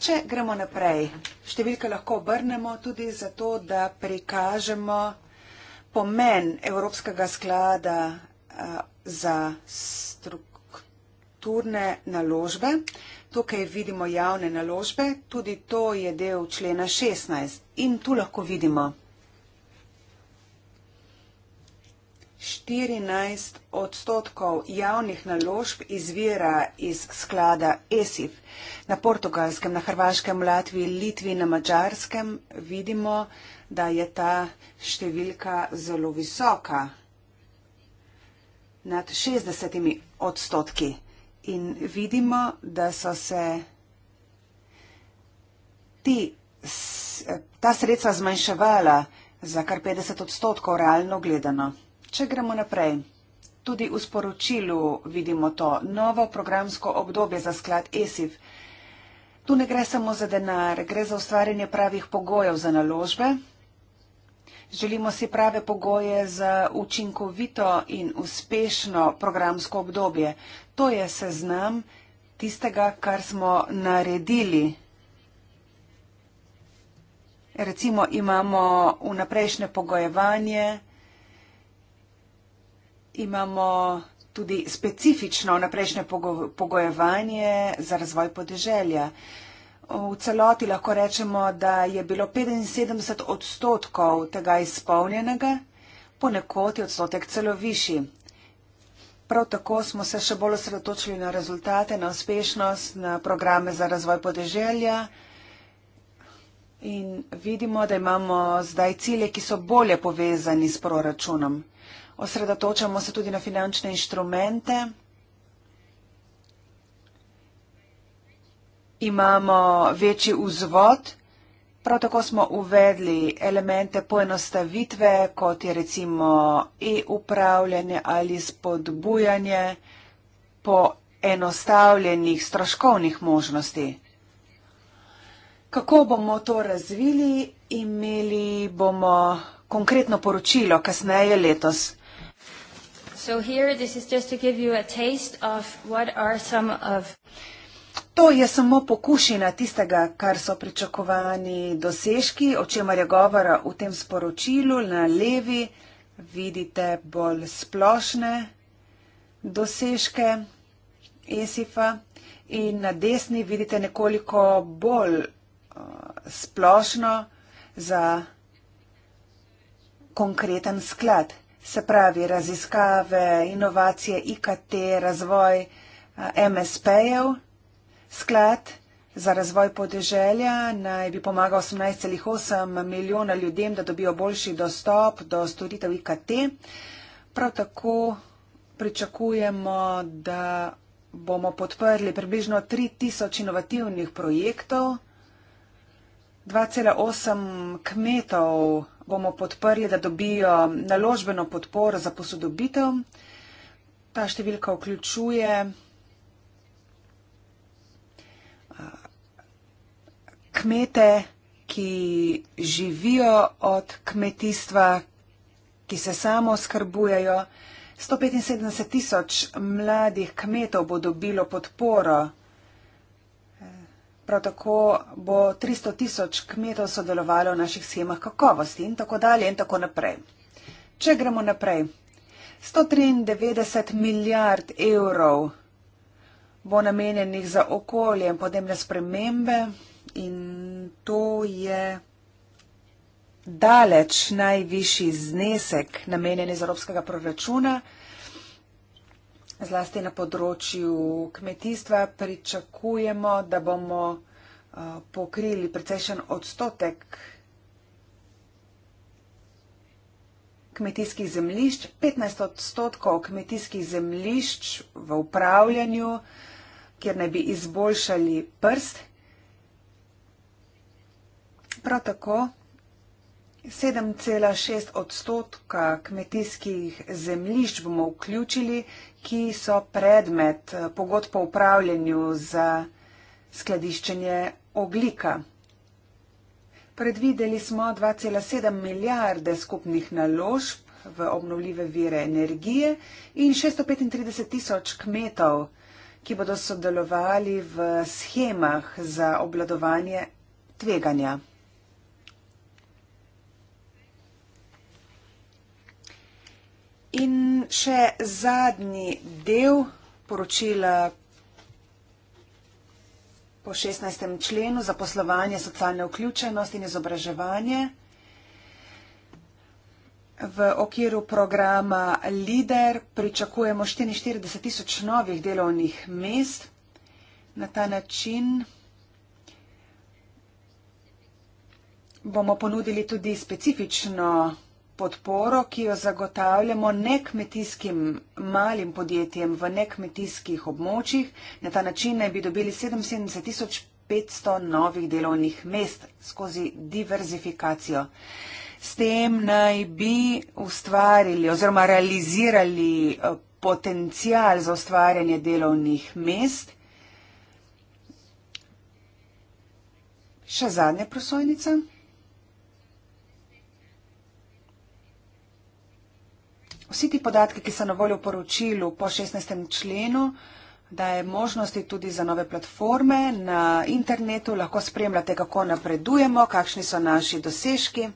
Če gremo naprej, številke lahko obrnemo tudi zato, da prikažemo pomen Evropskega sklada eh, za strukturne naložbe. Tukaj vidimo javne naložbe, tudi to je del člena 16 in tu lahko vidimo 14 odstotkov javnih naložb izvira iz sklada ESIF. Na portugalskem, na hrvaškem, Latviji, Litvi, na mačarskem vidimo, da je ta številka zelo visoka nad 60 odstotki in vidimo, da so se ti, eh, ta sredstva zmanjševala za kar 50 odstotkov realno gledano. Če gremo naprej, tudi v sporočilu vidimo to novo programsko obdobje za sklad ESIF. Tu ne gre samo za denar, gre za ustvarjanje pravih pogojev za naložbe. Želimo si prave pogoje za učinkovito in uspešno programsko obdobje to je seznam tistega, kar smo naredili. Recimo imamo vnaprejšnje pogojevanje, imamo tudi specifično vnaprejšnje pogojevanje za razvoj podeželja. V celoti lahko rečemo, da je bilo 75 odstotkov tega izpolnjenega, ponekod je odstotek celo višji. Prav tako smo se še bolj osredotočili na rezultate, na uspešnost, na programe za razvoj podeželja in vidimo, da imamo zdaj cilje, ki so bolje povezani s proračunom. Osredotočamo se tudi na finančne inštrumente. Imamo večji vzvod. Prav tako smo uvedli elemente poenostavitve, kot je recimo e-upravljanje ali spodbujanje poenostavljenih stroškovnih možnosti. Kako bomo to razvili? Imeli bomo konkretno poročilo kasneje letos. So here, this is just to give you a taste of what are some of To je samo pokušina tistega, kar so pričakovani dosežki, o čemer je govora v tem sporočilu. Na levi vidite bolj splošne dosežke ESIF-a in na desni vidite nekoliko bolj uh, splošno za konkreten sklad. Se pravi, raziskave, inovacije, IKT, razvoj uh, eh, MSP-jev. Sklad za razvoj podeželja naj bi pomagal 18,8 milijona ljudem, da dobijo boljši dostop do storitev IKT. Prav tako pričakujemo, da bomo podprli približno 3000 inovativnih projektov, 2,8 kmetov bomo podprli, da dobijo naložbeno podporo za posodobitev. Ta številka vključuje kmete, ki živijo od kmetijstva, ki se samo skrbujejo. 175 tisoč mladih kmetov bo dobilo podporo. Prav tako bo 300 tisoč kmetov sodelovalo v naših schemah kakovosti in tako dalje in tako naprej. Če gremo naprej, 193 milijard evrov bo namenjenih za okolje in podnebne spremembe, in to je daleč najvišji znesek namenjen iz evropskega proračuna. Zlasti na področju kmetijstva pričakujemo, da bomo eh, pokrili precejšen odstotek kmetijskih zemlišč. 15 odstotkov kmetijskih zemlišč v upravljanju, kjer naj bi izboljšali prst, prav tako 7,6 odstotka kmetijskih zemljišč bomo vključili, ki so predmet eh, pogodb po upravljanju za skladiščenje oglika. Predvideli smo 2,7 milijarde skupnih naložb v obnovljive vire energije in 635 tisoč kmetov, ki bodo sodelovali v schemah za obladovanje tveganja. In še zadnji del poročila po 16. členu za poslovanje socialne vključenosti in izobraževanje v okviru programa LIDER pričakujemo 44 tisoč novih delovnih mest. Na ta način bomo ponudili tudi specifično podporo, ki jo zagotavljamo nekmetijskim malim podjetjem v nekmetijskih območjih. Na ta način naj bi dobili 77 tisoč 500 novih delovnih mest skozi diverzifikacijo. S tem naj bi ustvarili oziroma realizirali eh, potencial za ustvarjanje delovnih mest. Še zadnja prosojnica. vsi ti podatki, ki so na voljo v poročilu po 16. členu, daje možnosti tudi za nove platforme na internetu, lahko spremljate, kako napredujemo, kakšni so naši dosežki.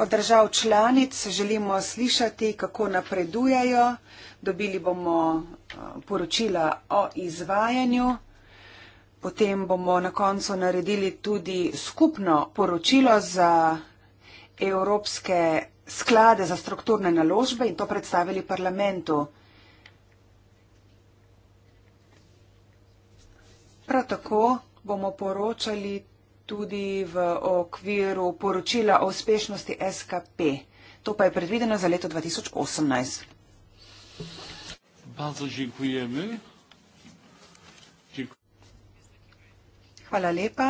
Od držav članic želimo slišati, kako napredujejo. Dobili bomo eh, poročila o izvajanju. Potem bomo na koncu naredili tudi skupno poročilo za evropske sklade za strukturne naložbe in to predstavili parlamentu. Prav tako bomo poročali tudi v okviru poročila o uspešnosti SKP. To pa je predvideno za leto 2018. Hvala lepa.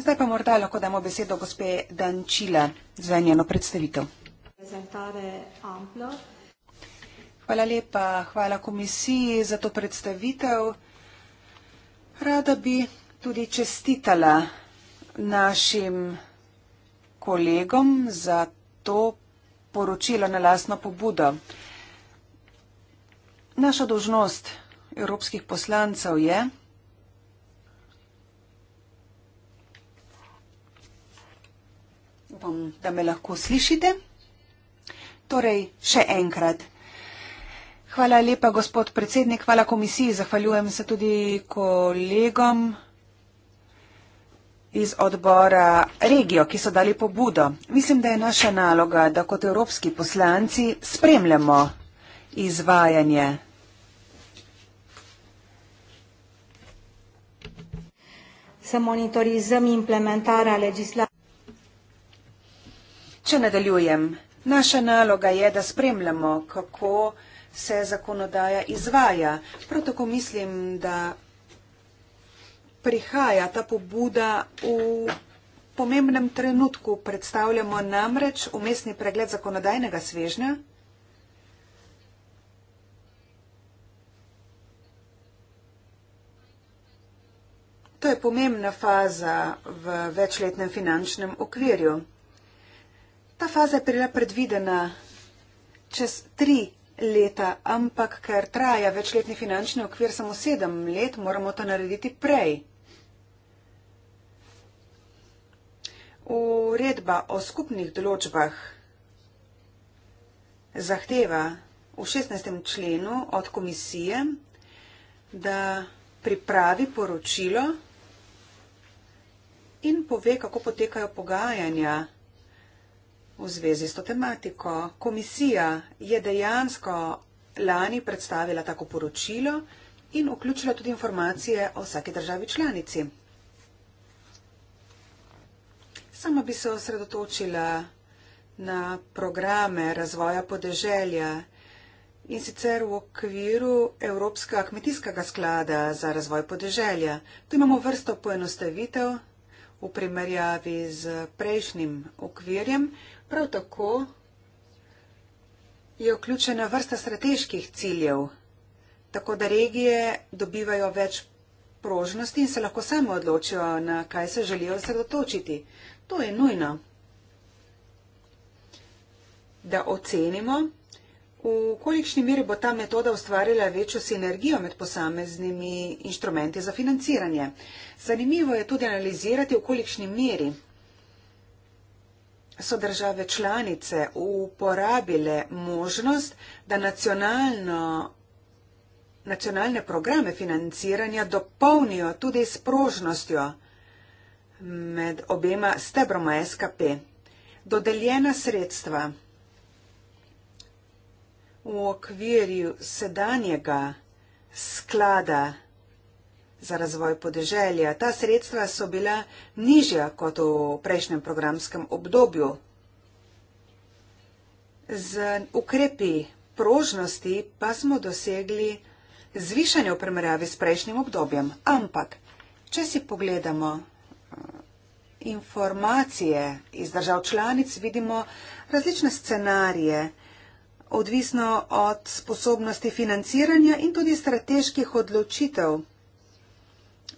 Zdaj pa morda lahko damo besedo gospe Dančila za njeno predstavitev. Hvala lepa, hvala komisiji za to predstavitev. Rada bi tudi čestitala našim kolegom za to poročilo na lasno pobudo. Naša dožnost evropskih poslancev je, upam, da me lahko slišite. Torej, še enkrat. Hvala lepa, gospod predsednik, hvala komisiji, zahvaljujem se tudi kolegom iz odbora regijo, ki so dali pobudo. Mislim, da je naša naloga, da kot evropski poslanci spremljamo izvajanje să monitorizăm implementarea legislației. Če nadaljujem, naša naloga je, da spremljamo, kako se zakonodaja izvaja. Prav tako mislim, da prihaja ta pobuda v pomembnem trenutku. Predstavljamo namreč umestni pregled zakonodajnega svežnja. To je pomembna faza v večletnem finančnem okvirju. Ta faza je bila predvidena čez tri leta, ampak ker traja večletni finančni okvir samo sedem let, moramo to narediti prej. Uredba o skupnih določbah zahteva v 16. členu od komisije, da pripravi poročilo, in pove, kako potekajo pogajanja v zvezi s to tematiko. Komisija je dejansko lani predstavila tako poročilo in vključila tudi informacije o vsaki državi članici. Sama bi se osredotočila na programe razvoja podeželja in sicer v okviru Evropskega kmetijskega sklada za razvoj podeželja. Tu imamo vrsto poenostavitev v primerjavi z prejšnjim okvirjem. Prav tako je vključena vrsta strateških ciljev, tako da regije dobivajo več prožnosti in se lahko samo odločijo, na kaj se želijo sredotočiti. To je nujno, da ocenimo, V kolikšni meri bo ta metoda ustvarila večjo sinergijo med posameznimi inštrumenti za financiranje? Zanimivo je tudi analizirati, v kolikšni meri so države članice uporabile možnost, da nacionalno nacionalne programe financiranja dopolnijo tudi s prožnostjo med obema stebroma SKP. Dodeljena sredstva v okviru sedanjega sklada za razvoj podeželja. Ta sredstva so bila nižja kot v prejšnjem programskem obdobju. Z ukrepi prožnosti pa smo dosegli zvišanje v primerjavi s prejšnjim obdobjem. Ampak, če si pogledamo eh, informacije iz držav članic, vidimo različne scenarije, odvisno od sposobnosti financiranja in tudi strateških odločitev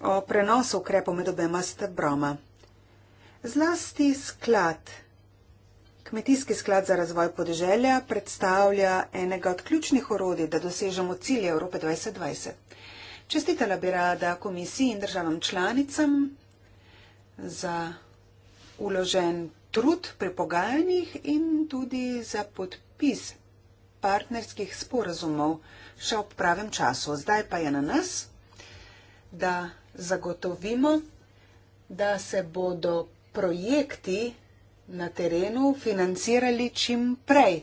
o prenosu ukrepov med obema stebroma. Zlasti sklad, kmetijski sklad za razvoj podeželja, predstavlja enega od ključnih orodij, da dosežemo cilje Evrope 2020. Čestitela bi rada komisiji in državam članicam za uložen trud pri pogajanjih in tudi za podpis partnerskih sporazumov še ob pravem času. Zdaj pa je na nas, da zagotovimo, da se bodo projekti na terenu financirali čim prej.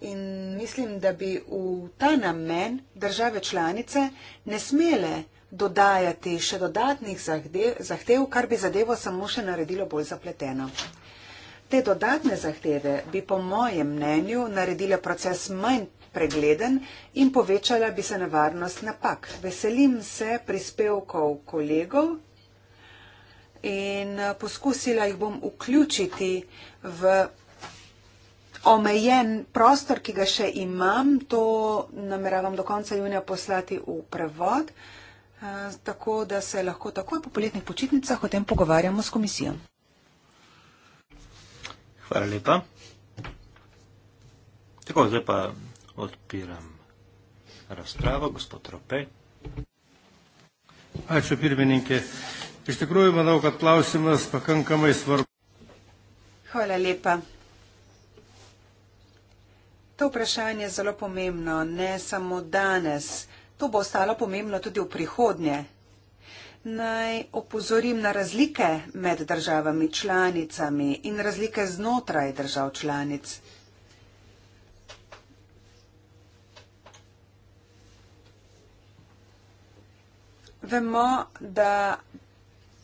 In mislim, da bi v ta namen države članice ne smele dodajati še dodatnih zahtev, kar bi zadevo samo še naredilo bolj zapleteno. Te dodatne zahteve bi po mojem mnenju naredile proces manj pregleden in povečala bi se nevarnost napak. Veselim se prispevkov kolegov in eh, poskusila jih bom vključiti v omejen prostor, ki ga še imam. To nameravam do konca junija poslati v prevod, eh, tako da se lahko takoj po poletnih počitnicah o tem pogovarjamo s komisijo. Hvala lepa. Tako, zdaj pa odpiram razpravo, gospod Rope. Ačo, pirmeninke, ištegrujemo na okrat plavsim nas, pa kam kam je svrb. Hvala lepa. To vprašanje je zelo pomembno, ne samo danes. To bo ostalo pomembno tudi v prihodnje naj opozorim na razlike med državami članicami in razlike znotraj držav članic. Vemo, da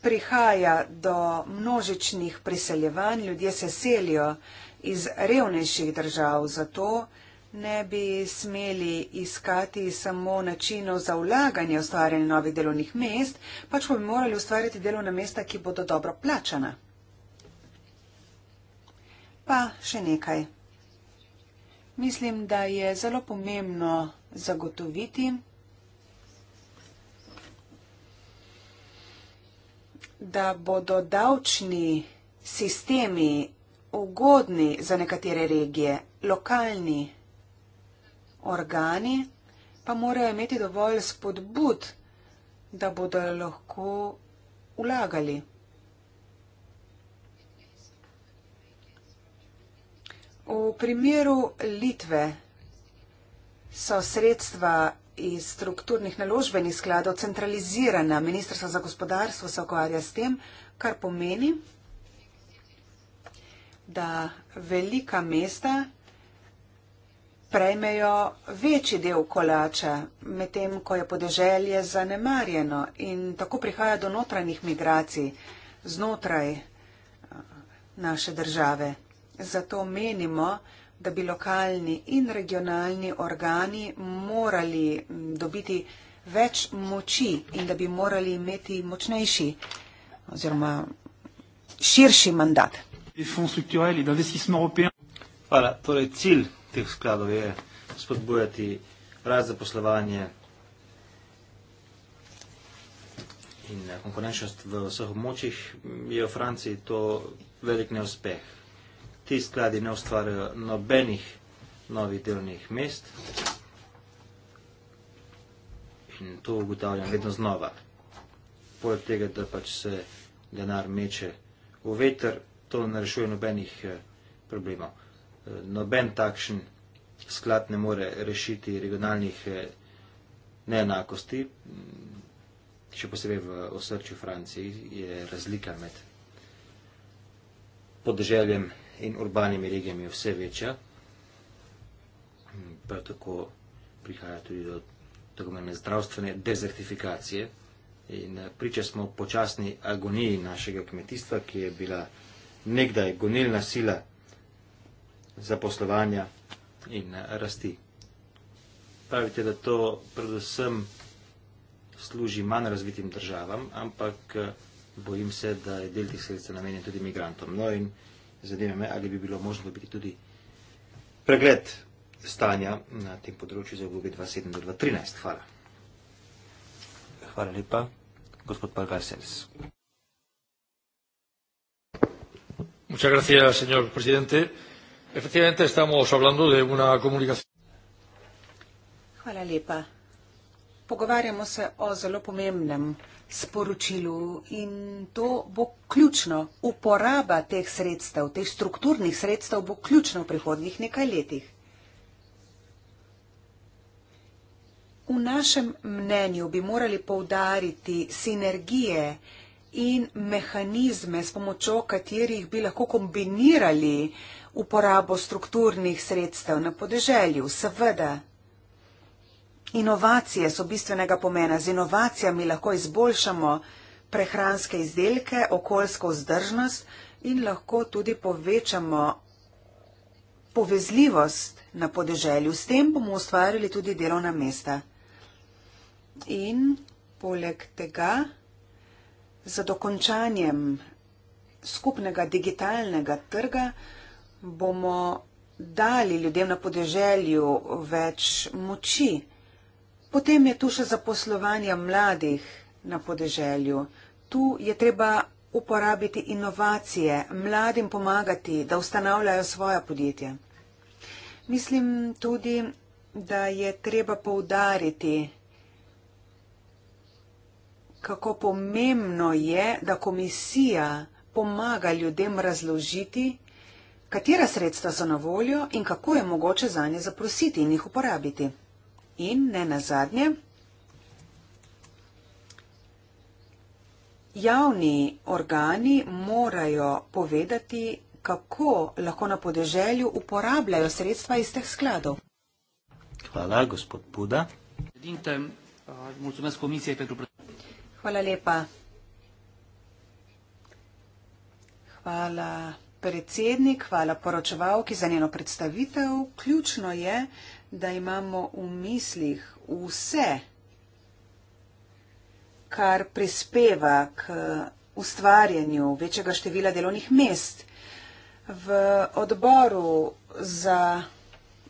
prihaja do množičnih priseljevanj, ljudje se selijo iz revnejših držav, zato ne bi smeli iskati samo načinov za vlaganje ustvarjanja novih delovnih mest, pač pa bi morali ustvarjati delovna mesta, ki bodo dobro plačana. Pa še nekaj. Mislim, da je zelo pomembno zagotoviti, da bodo davčni sistemi ugodni za nekatere regije, lokalni organi pa morajo imeti dovolj spodbud, da bodo lahko ulagali. V primeru Litve so sredstva iz strukturnih naložbenih skladov centralizirana. Ministrstvo za gospodarstvo se okvarja s tem, kar pomeni, da velika mesta prejmejo večji del kolača, medtem ko je podeželje zanemarjeno in tako prihaja do notranjih migracij znotraj eh, naše države. Zato menimo, da bi lokalni in regionalni organi morali dobiti več moči in da bi morali imeti močnejši oziroma širši mandat. Hvala. Torej, cilj teh skladov je spodbujati rast zaposlovanje in eh, konkurenčnost v vseh območjih, je v Franciji to velik neuspeh. Ti skladi ne ustvarjajo nobenih novih delovnih mest in to ugotavljam vedno znova. Poleg tega, da pač se denar meče v veter, to ne rešuje nobenih eh, problemov noben takšen sklad ne more rešiti regionalnih eh, neenakosti, še posebej v osrčju Franciji je razlika med podeželjem in urbanimi regijami vse večja. Prav tako prihaja tudi do tako imene zdravstvene dezertifikacije in eh, priča smo počasni agoniji našega kmetijstva, ki je bila nekdaj gonilna sila kmetijstva, zaposlovanja in eh, rasti. Pravite, da to predvsem služi manj razvitim državam, ampak eh, bojim se, da je del tih sredstev namenjen tudi migrantom. No in zanima me, ali bi bilo možno dobiti tudi pregled stanja na tem področju za obdobje 2007 do 2013. Hvala. Hvala lepa. Gospod Pargaseles. Muchas gracias, señor presidente. Efectivamente, estamos hablando de una comunicación. Hvala lepa. Pogovarjamo se o zelo pomembnem sporočilu in to bo ključno. Uporaba teh sredstev, teh strukturnih sredstev bo ključno v prihodnjih nekaj letih. V našem mnenju bi morali povdariti sinergije in mehanizme, s pomočjo katerih bi lahko kombinirali uporabo strukturnih sredstev na podeželju, seveda. Inovacije so bistvenega pomena. Z inovacijami lahko izboljšamo prehranske izdelke, okoljsko vzdržnost in lahko tudi povečamo povezljivost na podeželju. S tem bomo ustvarili tudi delovna mesta. In poleg tega, za dokončanjem skupnega digitalnega trga, bomo dali ljudem na podeželju več moči. Potem je tu še zaposlovanje mladih na podeželju. Tu je treba uporabiti inovacije, mladim pomagati, da ustanavljajo svoje podjetje. Mislim tudi, da je treba poudariti, kako pomembno je, da komisija pomaga ljudem razložiti, katera sredstva so na voljo in kako je mogoče za nje zaprositi in jih uporabiti. In ne nazadnje, javni organi morajo povedati, kako lahko na podeželju uporabljajo sredstva iz teh skladov. Hvala, gospod Puda. Hvala lepa. Hvala predsednik, hvala poročevalki za njeno predstavitev. Ključno je, da imamo v mislih vse, kar prispeva k ustvarjanju večjega števila delovnih mest. V odboru za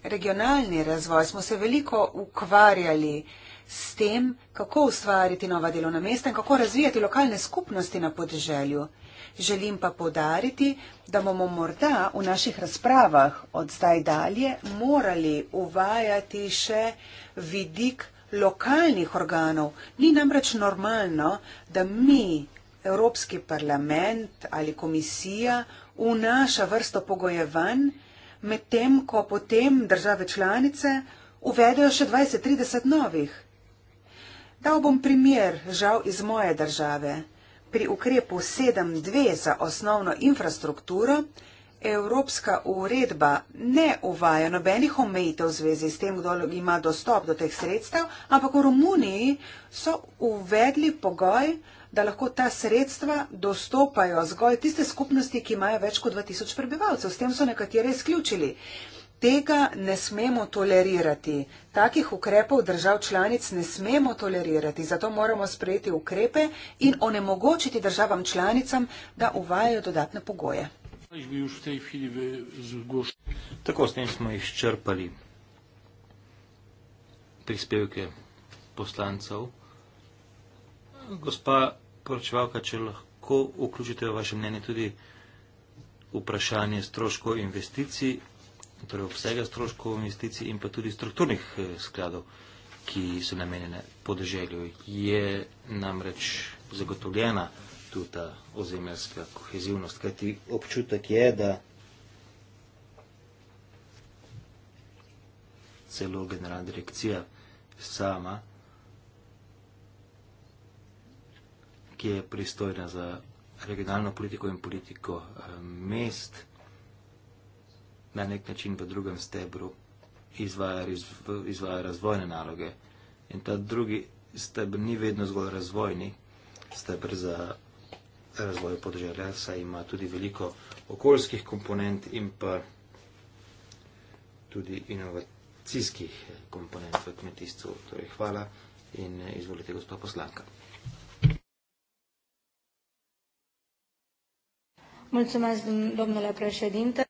regionalni razvoj smo se veliko ukvarjali s tem, kako ustvariti nova delovna mesta in kako razvijati lokalne skupnosti na podeželju. Želim pa povdariti, da bomo morda v naših razpravah od zdaj dalje morali uvajati še vidik lokalnih organov. Ni namreč normalno, da mi, Evropski parlament ali komisija, vnaša vrsto pogojevanj, medtem ko potem države članice uvedejo še 20-30 novih. Dal bom primer, žal, iz moje države pri ukrepu 7.2 za osnovno infrastrukturo Evropska uredba ne uvaja nobenih omejitev v zvezi s tem, kdo ima dostop do teh sredstev, ampak v Romuniji so uvedli pogoj, da lahko ta sredstva dostopajo zgolj tiste skupnosti, ki imajo več kot 2000 prebivalcev. S tem so nekatere izključili. Uh, Tega ne smemo tolerirati. Takih ukrepov držav članic ne smemo tolerirati, zato moramo sprejeti ukrepe in onemogočiti državam članicam, da uvajajo dodatne pogoje. Tako s tem smo izčrpali prispevke poslancev. Gospa poročevalka, če lahko vključite v vaše mnenje tudi vprašanje stroškov investicij torej obsega stroškov investicij in pa tudi strukturnih eh, skladov, ki so namenjene podeželju. Je namreč zagotovljena tudi ta ozemljarska kohezivnost, kajti občutek je, da celo generalna direkcija sama, ki je pristojna za regionalno politiko in politiko eh, mest, na nek način v drugem stebru izvaja, izvaja razvojne naloge. In ta drugi stebr ni vedno zgolj razvojni, stebr za razvoj podeželja, saj ima tudi veliko okoljskih komponent in pa tudi inovacijskih komponent v kmetijstvu. Torej, hvala in eh, izvolite, gospod poslanka. Mulțumesc, domnule președinte.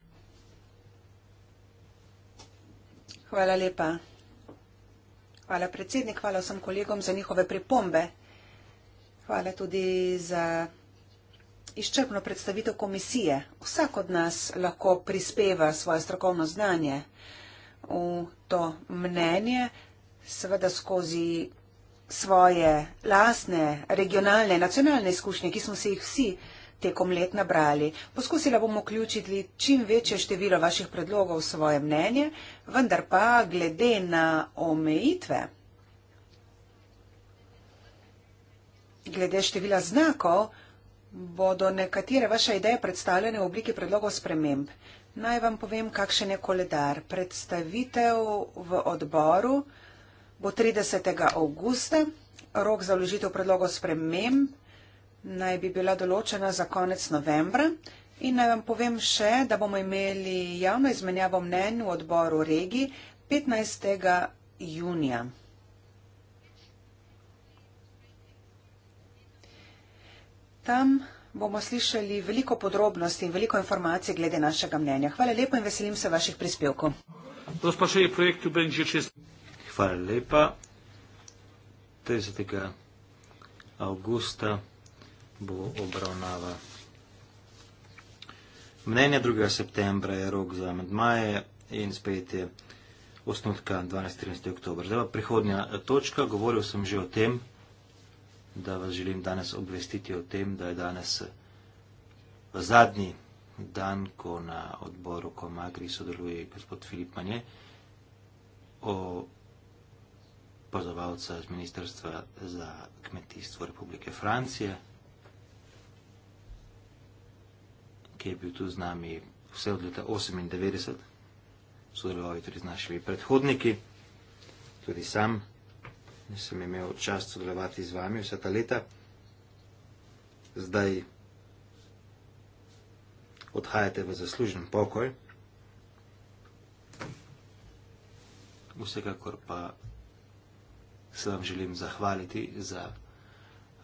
Hvala lepa. Hvala predsednik, hvala vsem kolegom za njihove pripombe. Hvala tudi za izčrpno predstavitev komisije. Vsak od nas lahko prispeva svoje strokovno znanje v to mnenje, seveda skozi svoje lasne regionalne, nacionalne izkušnje, ki smo se jih vsi tekom let nabrali. Poskusila bom vključiti čim večje število vaših predlogov v svoje mnenje, vendar pa glede na omejitve, glede števila znakov, bodo nekatere vaše ideje predstavljene v obliki predlogov sprememb. Naj vam povem, kakšen je koledar. Predstavitev v odboru bo 30. avgusta. Rok za vložitev predlogov sprememb naj bi bila določena za konec novembra. In naj vam povem še, da bomo imeli javno izmenjavo mnenj v odboru regi 15. junija. Tam bomo slišali veliko podrobnosti in veliko informacij glede našega mnenja. Hvala lepa in veselim se vaših prispevkov. Hvala lepa. 30. augusta bo obravnava. Mnenje 2. septembra je rok za amedmaje in spet je osnutka 12.13. oktober. Zdaj pa prihodnja točka, govoril sem že o tem, da vas želim danes obvestiti o tem, da je danes eh, zadnji dan, ko na odboru Komagri sodeluje gospod Filip Manje, opazovalca z Ministrstva za kmetijstvo Republike Francije. ki je bil tu z nami vse od leta 98, sodeloval je tudi z našimi predhodniki, tudi sam nisem imel čast sodelovati z vami vsa ta leta. Zdaj odhajate v zaslužen pokoj. Vsekakor pa se vam želim zahvaliti za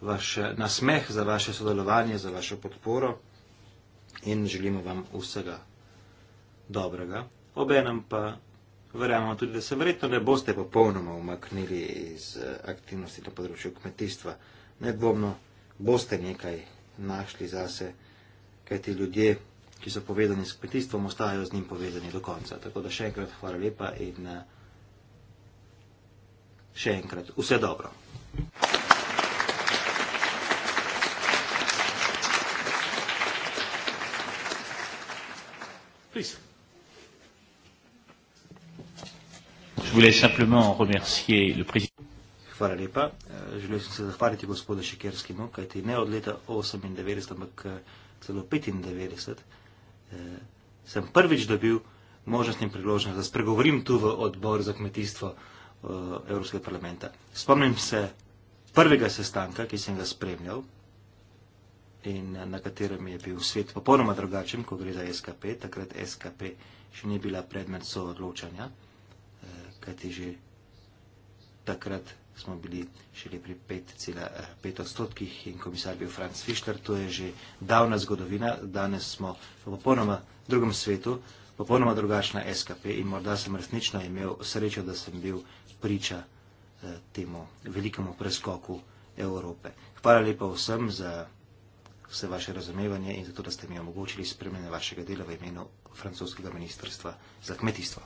vaš nasmeh, za vaše sodelovanje, za vašo podporo in želimo vam vsega dobrega. Obenem pa verjamemo tudi, da se verjetno ne boste popolnoma umaknili iz eh, aktivnosti na področju kmetijstva. Nedvomno boste nekaj našli zase, kaj ti ljudje, ki so povedani s kmetijstvom, ostajajo z njim povezani do konca. Tako da še enkrat hvala lepa in eh, še enkrat vse dobro. Thank you. Please. Je voulais simplement remercier le président. Hvala lepa. Eh, želel sem se zahvaliti gospodu Šekerskemu, kajti ne od leta 98, ampak eh, celo 95 eh, sem prvič dobil možnost in priložnost, da spregovorim tu v odbor za kmetijstvo Evropskega parlamenta. Spomnim se prvega sestanka, ki sem ga spremljal, in na katerem je bil svet popolnoma drugačen, ko gre za SKP. Takrat SKP še ni bila predmet soodločanja, eh, kajti že takrat smo bili šele pri 5,5 eh, odstotkih in komisar bil Franz Fischler. To je že davna zgodovina, danes smo v popolnoma drugem svetu, popolnoma drugačna SKP in morda sem resnično imel srečo, da sem bil priča eh, temu velikemu preskoku Evrope. Hvala lepa vsem za pozornost vse vaše razumevanje in zato, da ste mi omogočili spremljanje vašega dela v imenu francoskega ministrstva za kmetijstvo.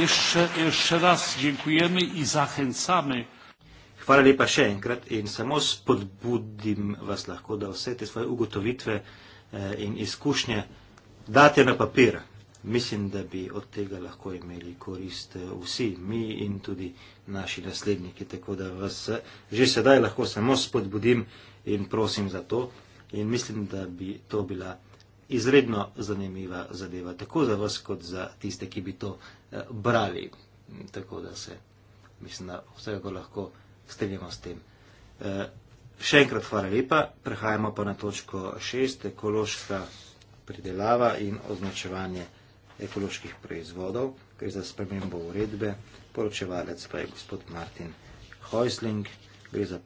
Ješče, ješče raz dziękujemy in zahencamy. Hvala lepa še enkrat in samo spodbudim vas lahko, da vse te svoje ugotovitve eh, in izkušnje date na papir, mislim, da bi od tega lahko imeli korist eh, vsi mi in tudi naši nasledniki. Tako da vas eh, že sedaj lahko samo spodbudim in prosim za to. In mislim, da bi to bila izredno zanimiva zadeva, tako za vas, kot za tiste, ki bi to eh, brali. Tako da se, mislim, da vsega lahko strinjamo s tem. Še enkrat hvala lepa, prehajamo pa na točko šest, ekološka pridelava in označevanje ekoloških proizvodov, gre za spremembo uredbe, poročevalec pa je gospod Martin Heusling, gre za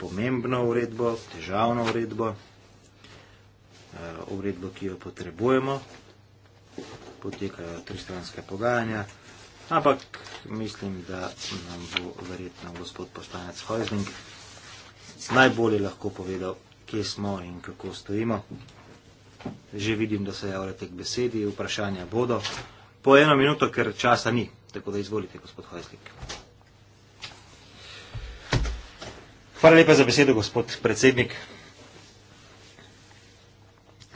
pomembno uredbo, težavno uredbo, eh, uredbo, ki jo potrebujemo, potekajo tristranske pogajanja, ampak mislim, da nam bo verjetno gospod poslanec Heusling najbolje lahko povedal, kje smo in kako stojimo. Že vidim, da se javljate k besedi, vprašanja bodo. Po eno minuto, ker časa ni, tako da izvolite, gospod Hojslik. Hvala lepa za besedo, gospod predsednik.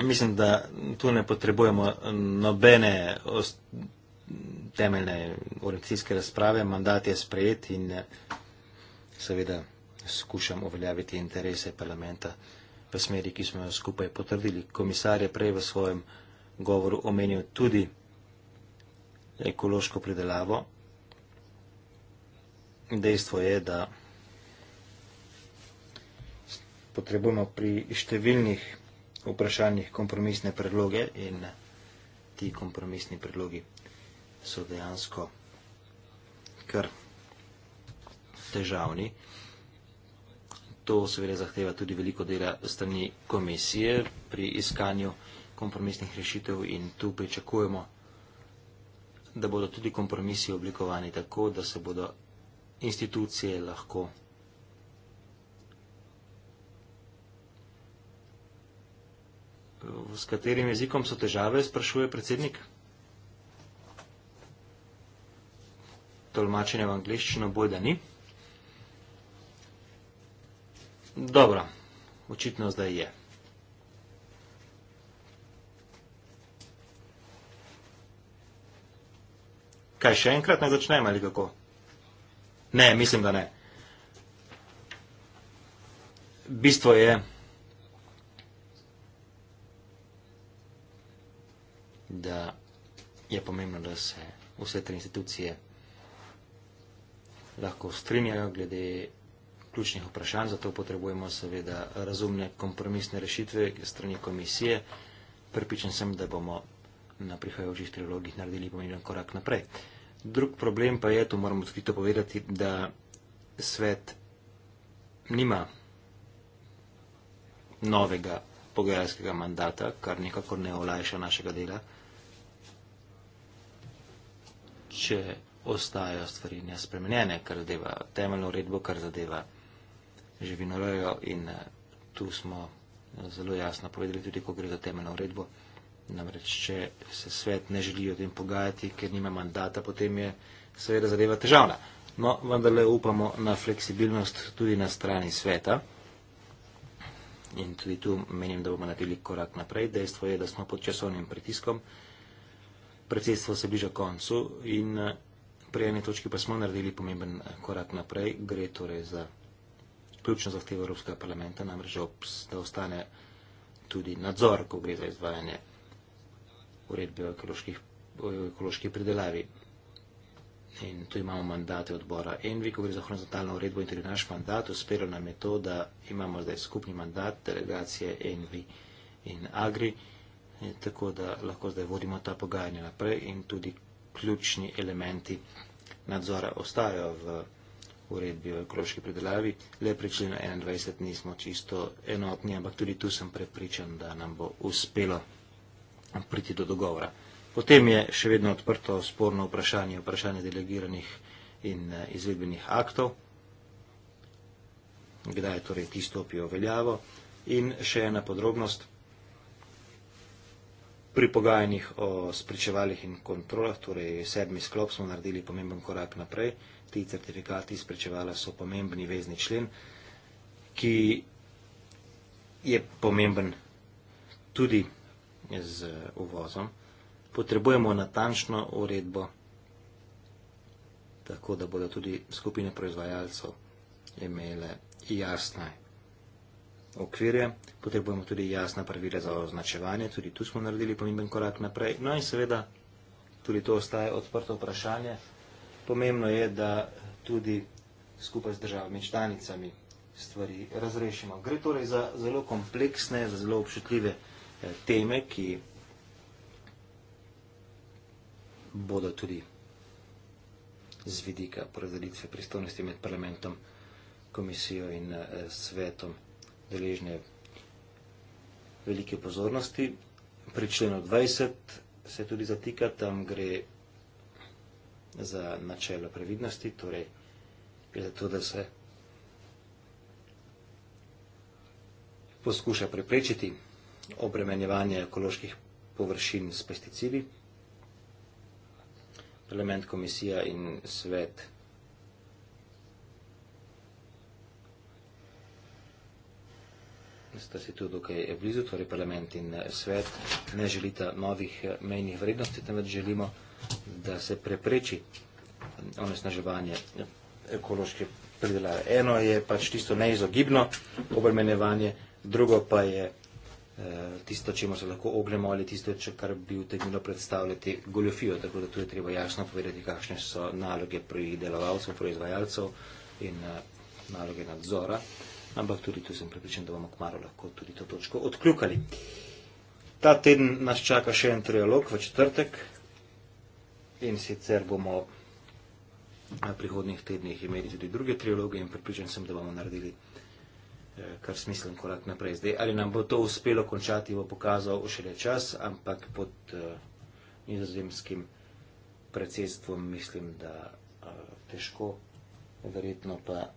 Mislim, da tu ne potrebujemo nobene temeljne orientacijske razprave. Mandat je sprejet in seveda skušam uveljaviti interese parlamenta v smeri, ki smo jo skupaj potrdili. Komisar je prej v svojem govoru omenil tudi ekološko pridelavo. Dejstvo je, da potrebujemo pri številnih vprašanjih kompromisne predloge in ti kompromisni predlogi so dejansko kar težavni to seveda zahteva tudi veliko dela strani komisije pri iskanju kompromisnih rešitev in tu pričakujemo, da bodo tudi kompromisi oblikovani tako, da se bodo institucije lahko S katerim jezikom so težave, sprašuje predsednik? Tolmačenje v angliščino bojda ni. Dobro, očitno zdaj je. Kaj, še enkrat ne začnem ali kako? Ne, mislim, da ne. Bistvo je, da je pomembno, da se vse te institucije lahko strinjajo glede ključnih vprašanj, zato potrebujemo seveda razumne kompromisne rešitve strani komisije. Pripričan sem, da bomo na prihajajočih trilogih naredili pomemben korak naprej. Drug problem pa je, tu moramo tudi to povedati, da svet nima novega pogajalskega mandata, kar nekako ne olajša našega dela, če ostajajo stvari nespremenjene, kar zadeva temeljno uredbo, kar zadeva živinorejo in eh, tu smo eh, zelo jasno povedali tudi, ko gre za temeljno uredbo. Namreč, če se svet ne želi o tem pogajati, ker nima mandata, potem je seveda zadeva težavna. No, vendarle upamo na fleksibilnost tudi na strani sveta. In tudi tu menim, da bomo naredili korak naprej. Dejstvo je, da smo pod časovnim pritiskom. Predsedstvo se bliža koncu in eh, pri eni točki pa smo naredili pomemben korak naprej. Gre torej za ključna zahteva Evropskega parlamenta, namreč da ostane tudi nadzor, ko gre za izvajanje uredbe o, o ekološki pridelavi. In tu imamo mandate odbora Envi, ko gre za horizontalno uredbo in tudi naš mandat. Uspelo nam je to, da imamo zdaj skupni mandat delegacije Envi in Agri, in eh, tako da lahko zdaj vodimo ta pogajanja naprej in tudi ključni elementi nadzora ostajajo v uredbi o ekološki predelavi, le pri členu 21 nismo čisto enotni, ampak tudi tu sem prepričan, da nam bo uspelo priti do dogovora. Potem je še vedno odprto sporno vprašanje, vprašanje delegiranih in eh, izvedbenih aktov, kdaj je torej ti stopijo veljavo in še ena podrobnost pri pogajanjih o spričevalih in kontrolah, torej sedmi sklop smo naredili pomemben korak naprej, ti certifikati izprečevala so pomembni vezni člen, ki je pomemben tudi z uvozom. Potrebujemo natančno uredbo, tako da bodo tudi skupine proizvajalcev imele jasne okvirje. Potrebujemo tudi jasna pravila za označevanje, tudi tu smo naredili pomemben korak naprej. No in seveda, tudi to ostaje odprto vprašanje pomembno je, da tudi skupaj z državami članicami stvari razrešimo. Gre torej za zelo kompleksne, za zelo občutljive eh, teme, ki bodo tudi z vidika porazdelitve pristojnosti med parlamentom, komisijo in eh, svetom deležne velike pozornosti. Pri členu 20 se tudi zatika, tam gre za načelo previdnosti, torej za to, da se poskuša preprečiti obremenjevanje ekoloških površin s pesticidi. Parlament, komisija in svet sta se tu dokaj blizu, torej parlament in svet ne želita novih mejnih vrednosti, temveč želimo, da da se prepreči onesnaževanje ekološke pridelave. Eno je pač tisto neizogibno obremenjevanje, drugo pa je eh, tisto, čemu se lahko ognemo ali tisto, kar bi utegnilo predstavljati goljofijo, tako da tu je treba jasno povedati, kakšne so naloge pri delovalcev, proizvajalcev in eh, naloge nadzora, ampak tudi tu sem pripričan, da bomo kmalo lahko tudi to točko odkljukali. Ta teden nas čaka še en trialog v četrtek, In sicer bomo v prihodnih tednih imeli tudi druge triologe in pripričan sem, da bomo naredili eh, kar smislen korak naprej. Zdaj, ali nam bo to uspelo končati, bo pokazal šele čas, ampak pod uh, nizozemskim predsedstvom mislim, da uh, težko, verjetno pa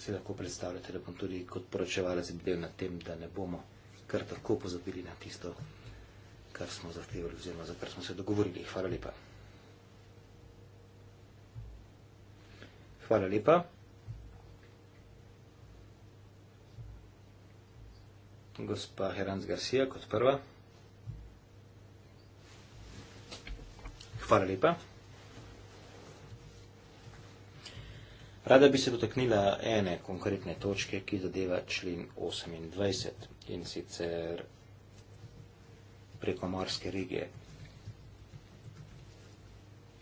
si lahko predstavljate, da bom tudi kot poročevalec bil na tem, da ne bomo kar tako pozabili na tisto kar smo zahtevali, oziroma za kar smo se dogovorili. Hvala lepa. Hvala lepa. Gospa Heranz Garcia kot prva. Hvala lepa. Rada bi se dotaknila ene konkretne točke, ki zadeva člen 28 in sicer preko morske regije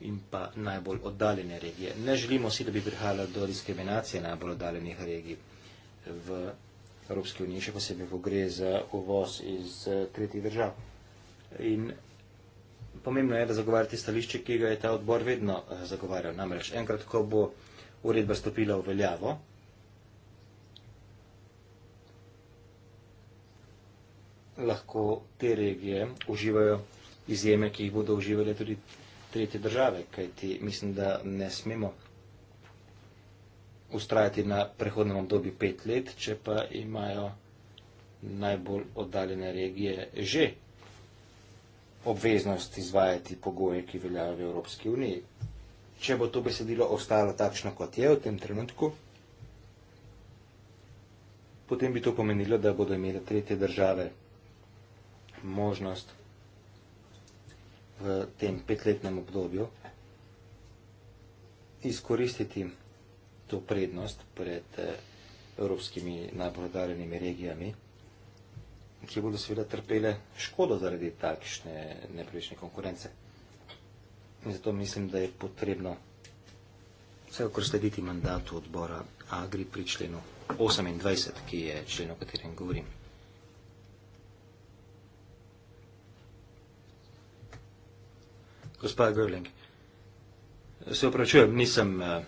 in pa najbolj oddaljene regije. Ne želimo si, da bi prihajala do diskriminacije najbolj oddaljenih regij v Evropski uniji, še posebej, ko gre za uvoz iz eh, tretjih držav. In pomembno je, da zagovarjate stališče, ki ga je ta odbor vedno eh, zagovarjal. Namreč enkrat, ko bo uredba stopila v veljavo, lahko te regije uživajo izjeme, ki jih bodo uživali tudi tretje države, kajti mislim, da ne smemo ustrajati na prehodnem obdobju pet let, če pa imajo najbolj oddaljene regije že obveznost izvajati pogoje, ki veljajo v Evropski uniji. Če bo to besedilo ostalo takšno, kot je v tem trenutku, potem bi to pomenilo, da bodo imele tretje države možnost v tem petletnem obdobju izkoristiti to prednost pred eh, evropskimi najbolj regijami, ki bodo seveda trpele škodo zaradi takšne nepravične konkurence. In zato mislim, da je potrebno vse okor slediti mandatu odbora Agri pri členu 28, ki je člen, o katerem govorim. Gospa Gerling, se opračujem, nisem eh,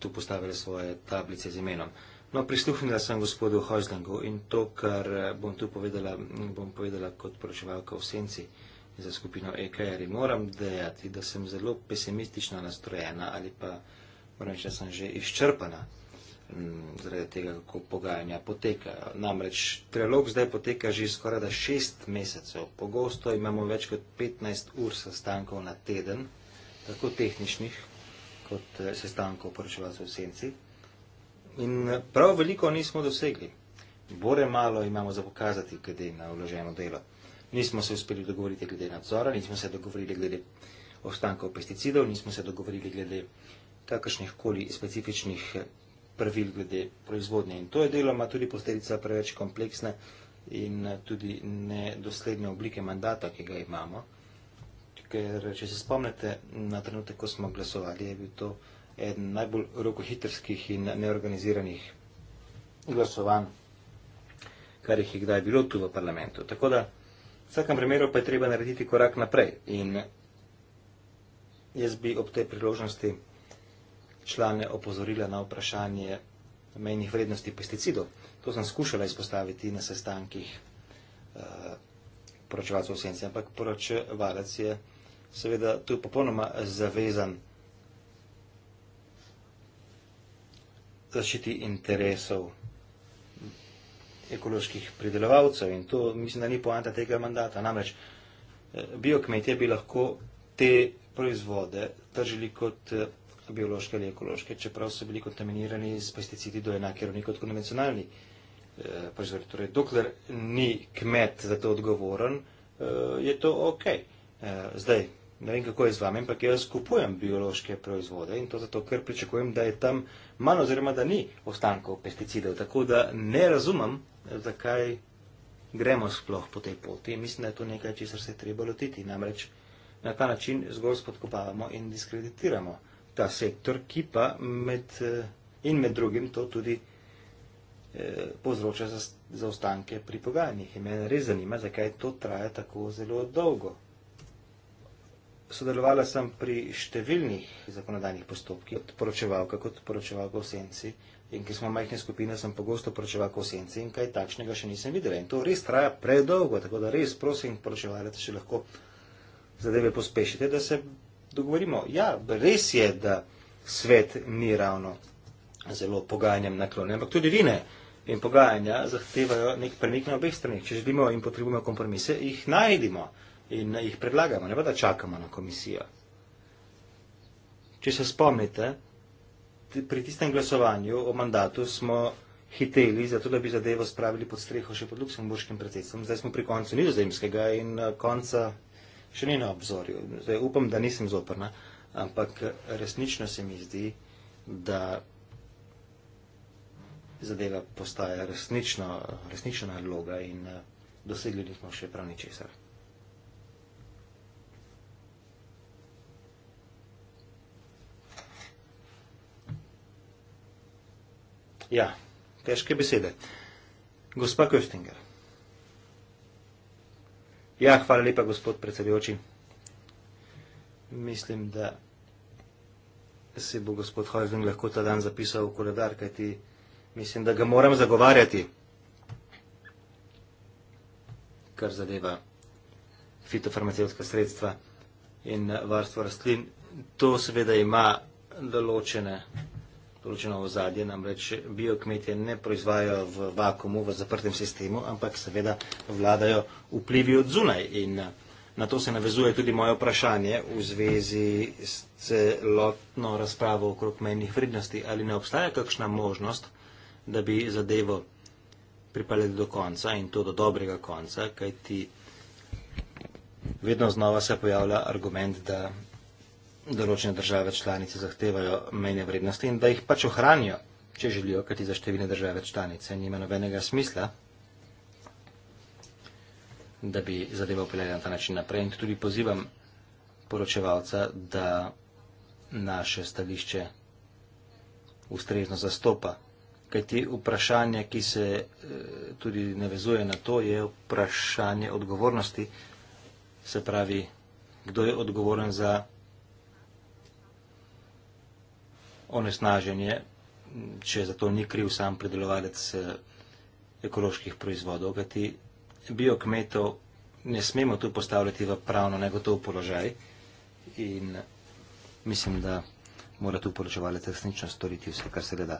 tu postavila svoje tablice z imenom. No, prisluhnila sem gospodu Hojzlingu in to, kar eh, bom tu povedala, bom povedala kot poročevalka v senci za skupino EKR. Moram dejati, da sem zelo pesimistično nastrojena ali pa moram reči, da sem že izčrpana Mm, zaradi tega, kako pogajanja potekajo. Namreč trilog zdaj poteka že skoraj da šest mesecev. Pogosto imamo več kot 15 ur sestankov na teden, tako tehničnih kot eh, sestankov poročevalcev v senci. In eh, prav veliko nismo dosegli. Bore malo imamo za pokazati, glede na vloženo delo. Nismo se uspeli dogovoriti glede nadzora, nismo se dogovorili glede ostankov pesticidov, nismo se dogovorili glede kakršnih koli specifičnih eh, pravil glede proizvodnje. In to je deloma tudi posledica preveč kompleksne in tudi nedosledne oblike mandata, ki ga imamo. Ker, če se spomnite na trenutek, ko smo glasovali, je bil to eden najbolj rokohitrskih in neorganiziranih glasovanj, kar jih je kdaj bilo tu v parlamentu. Tako da, v vsakem primeru pa je treba narediti korak naprej. In jaz bi ob tej priložnosti člane opozorila na vprašanje menjih vrednosti pesticidov. To sem skušala izpostaviti na sestankih eh, poročevalcev vsence, ampak poročevalec je seveda tu popolnoma zavezan zaščiti interesov ekoloških pridelovalcev in to mislim, da ni poanta tega mandata. Namreč eh, biokmetje bi lahko te proizvode držali kot eh, biološke ali ekološke, čeprav so bili kontaminirani z pesticidi do enake ravni kot konvencionalni eh, proizvodi. Torej, dokler ni kmet za to odgovoren, eh, je to ok. Eh, zdaj, ne vem kako je z vami, ampak jaz kupujem biološke proizvode in to zato, ker pričakujem, da je tam malo oziroma da ni ostankov pesticidov. Tako da ne razumem, eh, zakaj gremo sploh po tej poti. Mislim, da je to nekaj, česar se je treba lotiti. Namreč na ta način zgolj spodkopavamo in diskreditiramo ta sektor, ki pa med, eh, in med drugim to tudi eh, povzroča zaostanke pri pogajanjih. In me res zanima, zakaj to traja tako zelo dolgo. Sodelovala sem pri številnih zakonodajnih postopkih, od poročevalka kot poročevalka v senci in ki smo majhne skupine, sem pogosto poročevalka v senci in kaj takšnega še nisem videla. In to res traja predolgo, tako da res prosim poročevalce, če lahko zadeve pospešite, da se dogovorimo, ja, res je, da svet ni ravno zelo pogajanjem naklonjen, ampak tudi vi ne. In pogajanja zahtevajo nek premik na obeh stranih. Če želimo in potrebujemo kompromise, jih najdimo in jih predlagamo, ne pa da čakamo na komisijo. Če se spomnite, pri tistem glasovanju o mandatu smo hiteli, zato da bi zadevo spravili pod streho še pod luksemburškim predsedstvom. Zdaj smo pri koncu nizozemskega in eh, konca še ni na obzorju. Zdaj, upam, da nisem zoprna, ampak eh, resnično se mi zdi, da zadeva postaja resnično, resnično naloga in eh, dosegli nismo še prav ničesar. Ja, težke besede. Gospa Köstinger. Ja, hvala lepa, gospod predsedujoči. Mislim, da se bo gospod Hojzen lahko ta dan zapisal v koledar, kajti mislim, da ga moram zagovarjati, kar zadeva fitofarmacijska sredstva in varstvo rastlin. To seveda ima določene določeno ozadje, namreč biokmetje ne proizvajajo v vakumu, v zaprtem sistemu, ampak seveda vladajo vplivi od zunaj. In eh, na to se navezuje tudi moje vprašanje v zvezi s celotno razpravo okrog menjih vrednosti. Ali ne obstaja kakšna možnost, da bi zadevo pripeljali do konca in to do dobrega konca, kajti vedno znova se pojavlja argument, da določene države članice zahtevajo mejne vrednosti in da jih pač ohranijo, če želijo, kajti za številne države članice nima nobenega smisla, da bi zadevo upeljali na ta način naprej. In tudi pozivam poročevalca, da naše stališče ustrezno zastopa. Kajti vprašanje, ki se eh, tudi ne vezuje na to, je vprašanje odgovornosti. Se pravi, kdo je odgovoren za onesnaženje, če za to ni kriv sam predelovalec eh, ekoloških proizvodov, kajti biokmetov ne smemo tu postavljati v pravno negotov položaj in eh, mislim, da mora tu poročevalec resnično storiti vse, kar se da.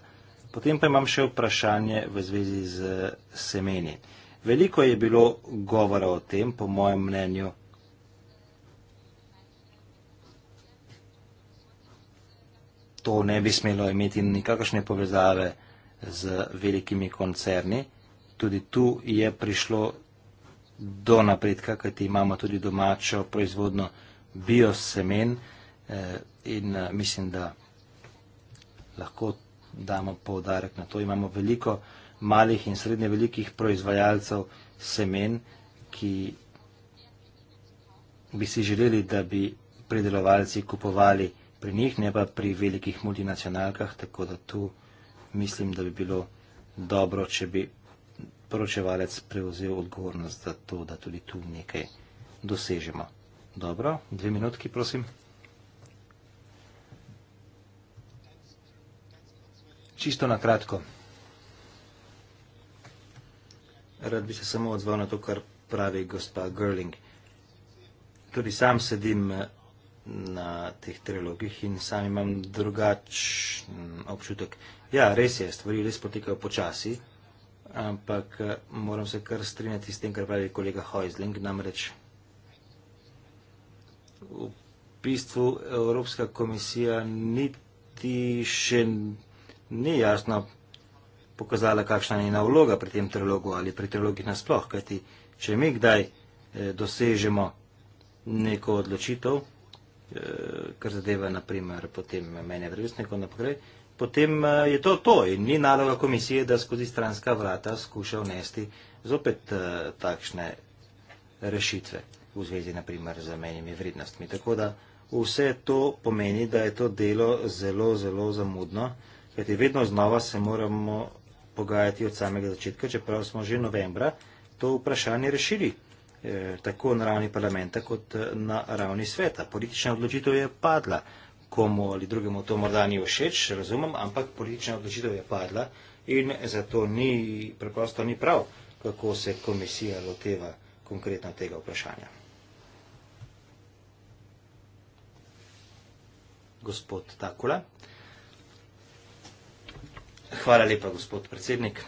Potem pa imam še vprašanje v zvezi z eh, semeni. Veliko je bilo govora o tem, po mojem mnenju, to ne bi smelo imeti nikakršne povezave z velikimi koncerni. Tudi tu je prišlo do napredka, kajti imamo tudi domačo proizvodno biosemen eh, in eh, mislim, da lahko damo povdarek na to. Imamo veliko malih in srednje velikih proizvajalcev semen, ki bi si želeli, da bi predelovalci kupovali semen pri njih, ne pa pri velikih multinacionalkah, tako da tu mislim, da bi bilo dobro, če bi poročevalec prevzel odgovornost za to, da tudi tu nekaj dosežemo. Dobro, dve minutki, prosim. Čisto na kratko. Rad bi se samo odzval na to, kar pravi gospa Gerling. Tudi sam sedim eh, na teh trilogih in sam imam drugačen občutek. Ja, res je, stvari res potekajo počasi, ampak eh, moram se kar strinjati s tem, kar pravi kolega Hoizling, namreč v bistvu Evropska komisija niti še ni jasno pokazala, kakšna je njena vloga pri tem trilogu ali pri trilogih nasploh, kajti če mi kdaj eh, dosežemo neko odločitev, Eh, kar zadeva naprimer potem mene vrednostne in tako naprej, potem eh, je to to in ni naloga komisije, da skozi stranska vrata skuša vnesti zopet eh, takšne rešitve v zvezi naprimer z menjimi vrednostmi. Tako da vse to pomeni, da je to delo zelo, zelo zamudno, kajti vedno znova se moramo pogajati od samega začetka, čeprav smo že novembra to vprašanje rešili. Eh, tako na ravni parlamenta kot eh, na ravni sveta. Politična odločitev je padla, komu ali drugemu to morda ni všeč, razumem, ampak politična odločitev je padla in zato ni, preprosto ni prav, kako se komisija loteva konkretno tega vprašanja. Gospod Takula. Hvala lepa, gospod predsednik.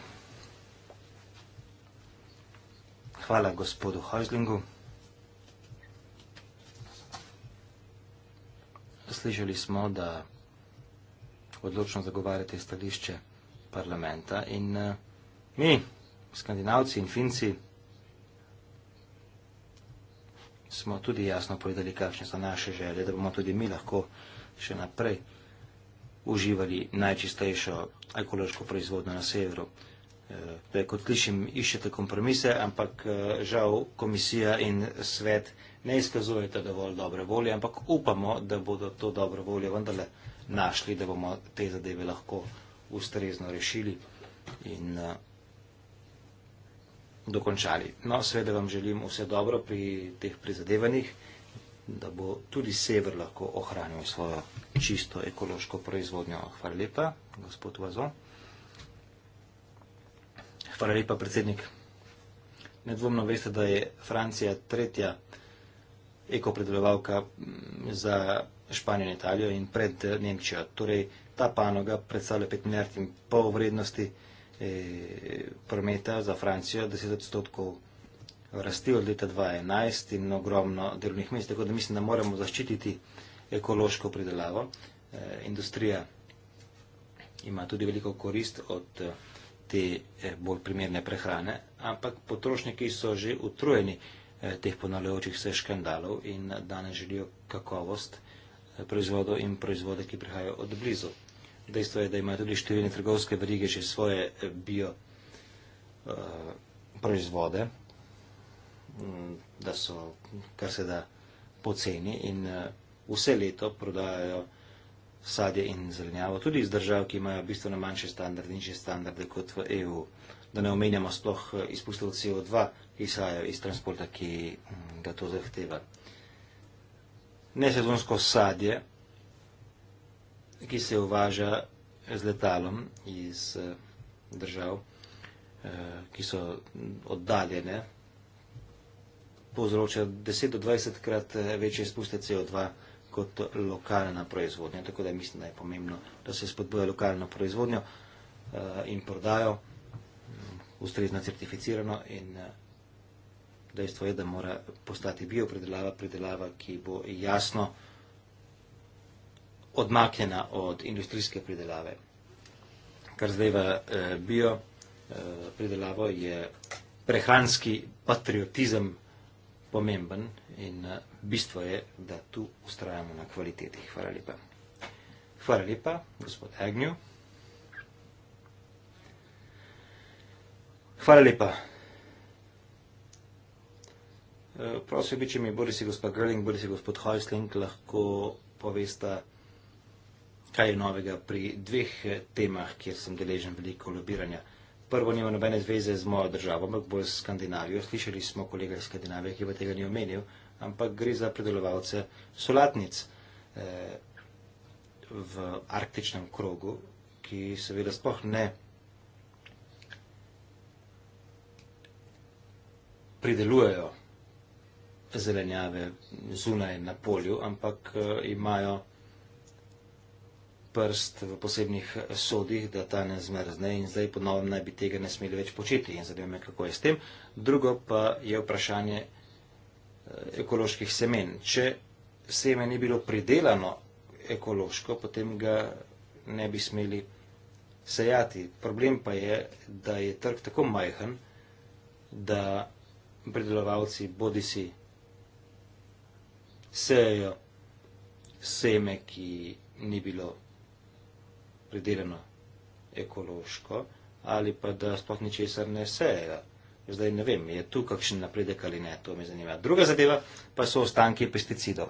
Hvala gospodu Hojzlingu. Slišali smo, da odločno zagovarjate stališče parlamenta in eh, mi, skandinavci in finci, smo tudi jasno povedali, kakšne so naše želje, da bomo tudi mi lahko še naprej uživali najčistejšo ekološko proizvodno na severu da eh, kot slišim, iščete kompromise, ampak eh, žal komisija in svet ne izkazujete dovolj dobre volje, ampak upamo, da bodo to dobro volje vendarle našli, da bomo te zadeve lahko ustrezno rešili in eh, dokončali. No, seveda vam želim vse dobro pri teh prizadevanjih, da bo tudi sever lahko ohranil svojo čisto ekološko proizvodnjo. Hvala lepa, gospod Vazon. Hvala lepa, predsednik. Nedvomno veste, da je Francija tretja ekopredelovalka mm, za Španijo in Italijo in pred eh, Nemčijo. Torej, ta panoga predstavlja 5 milijard in pol vrednosti eh, prometa za Francijo, 10 odstotkov rasti od leta 2011 in ogromno delovnih mest, tako da mislim, da moramo zaščititi ekološko predelavo. Eh, industrija ima tudi veliko korist od te eh, bolj primerne prehrane, ampak potrošniki so že utrujeni eh, teh ponavljajočih se škandalov in danes želijo kakovost eh, proizvodov in proizvode, ki prihajajo od blizu. Dejstvo je, da imajo tudi številne trgovske verige že svoje bio proizvode, mm, da so kar se da poceni in vse leto prodajajo proizvode sadje in zelenjavo, tudi iz držav, ki imajo bistveno manjše standarde, nižje standarde kot v EU. Da ne omenjamo sploh eh, izpustov CO2, ki izhajajo iz transporta, ki mm, ga to zahteva. Nesezonsko sadje, ki se uvaža z letalom iz eh, držav, eh, ki so mm, oddaljene, povzroča 10 do 20 krat večje izpuste CO2 kot lokalna proizvodnja. Tako da mislim, da je pomembno, da se spodbuja lokalno proizvodnjo eh, in prodajo, mm, ustrezno certificirano in eh, dejstvo je, da mora postati biopredelava, predelava, ki bo jasno odmaknjena od industrijske predelave. Kar zdajva eh, biopredelavo je prehranski patriotizem pomemben in eh, bistvo je, da tu ustrajamo na kvaliteti. Hvala lepa. Hvala lepa, gospod Agnew. Hvala lepa. Eh, Prosim, biče mi, bodi si gospod Gerling, bodi si gospod Heusling, lahko povesta, kaj je novega pri dveh eh, temah, kjer sem deležen veliko lobiranja prvo nima nobene zveze z mojo državo, ampak bolj s Skandinavijo. Slišali smo kolega iz Skandinavije, ki pa tega ni omenil, ampak gre za predelovalce solatnic eh, v arktičnem krogu, ki seveda spoh ne pridelujejo zelenjave zunaj na polju, ampak eh, imajo prst v posebnih sodih, da ta ne zmrzne in zdaj po novem naj bi tega ne smeli več početi in zanima me, kako je s tem. Drugo pa je vprašanje eh, ekoloških semen. Če seme ni bilo pridelano ekološko, potem ga ne bi smeli sejati. Problem pa je, da je trg tako majhen, da pridelovalci bodi si sejajo seme, ki ni bilo pridelano ekološko ali pa da sploh ničesar ne sejejo. Zdaj ne vem, je tu kakšen napredek ali ne, to me zanima. Druga zadeva pa so ostanki pesticidov.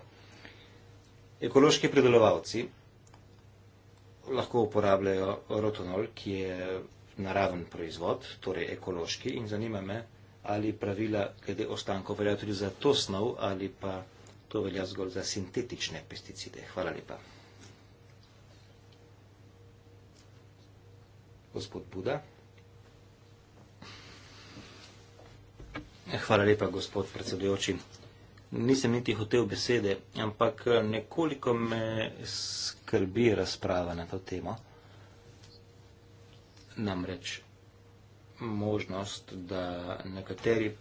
Ekološki pridelovalci lahko uporabljajo rotonol, ki je naraven proizvod, torej ekološki, in zanima me, ali pravila glede ostankov veljajo tudi za to snov ali pa to velja zgolj za sintetične pesticide. Hvala lepa. gospod Buda. Ja, hvala lepa, gospod predsedujoči. Nisem niti hotel besede, ampak eh, nekoliko me skrbi razprava na to temo. Namreč možnost, da nekateri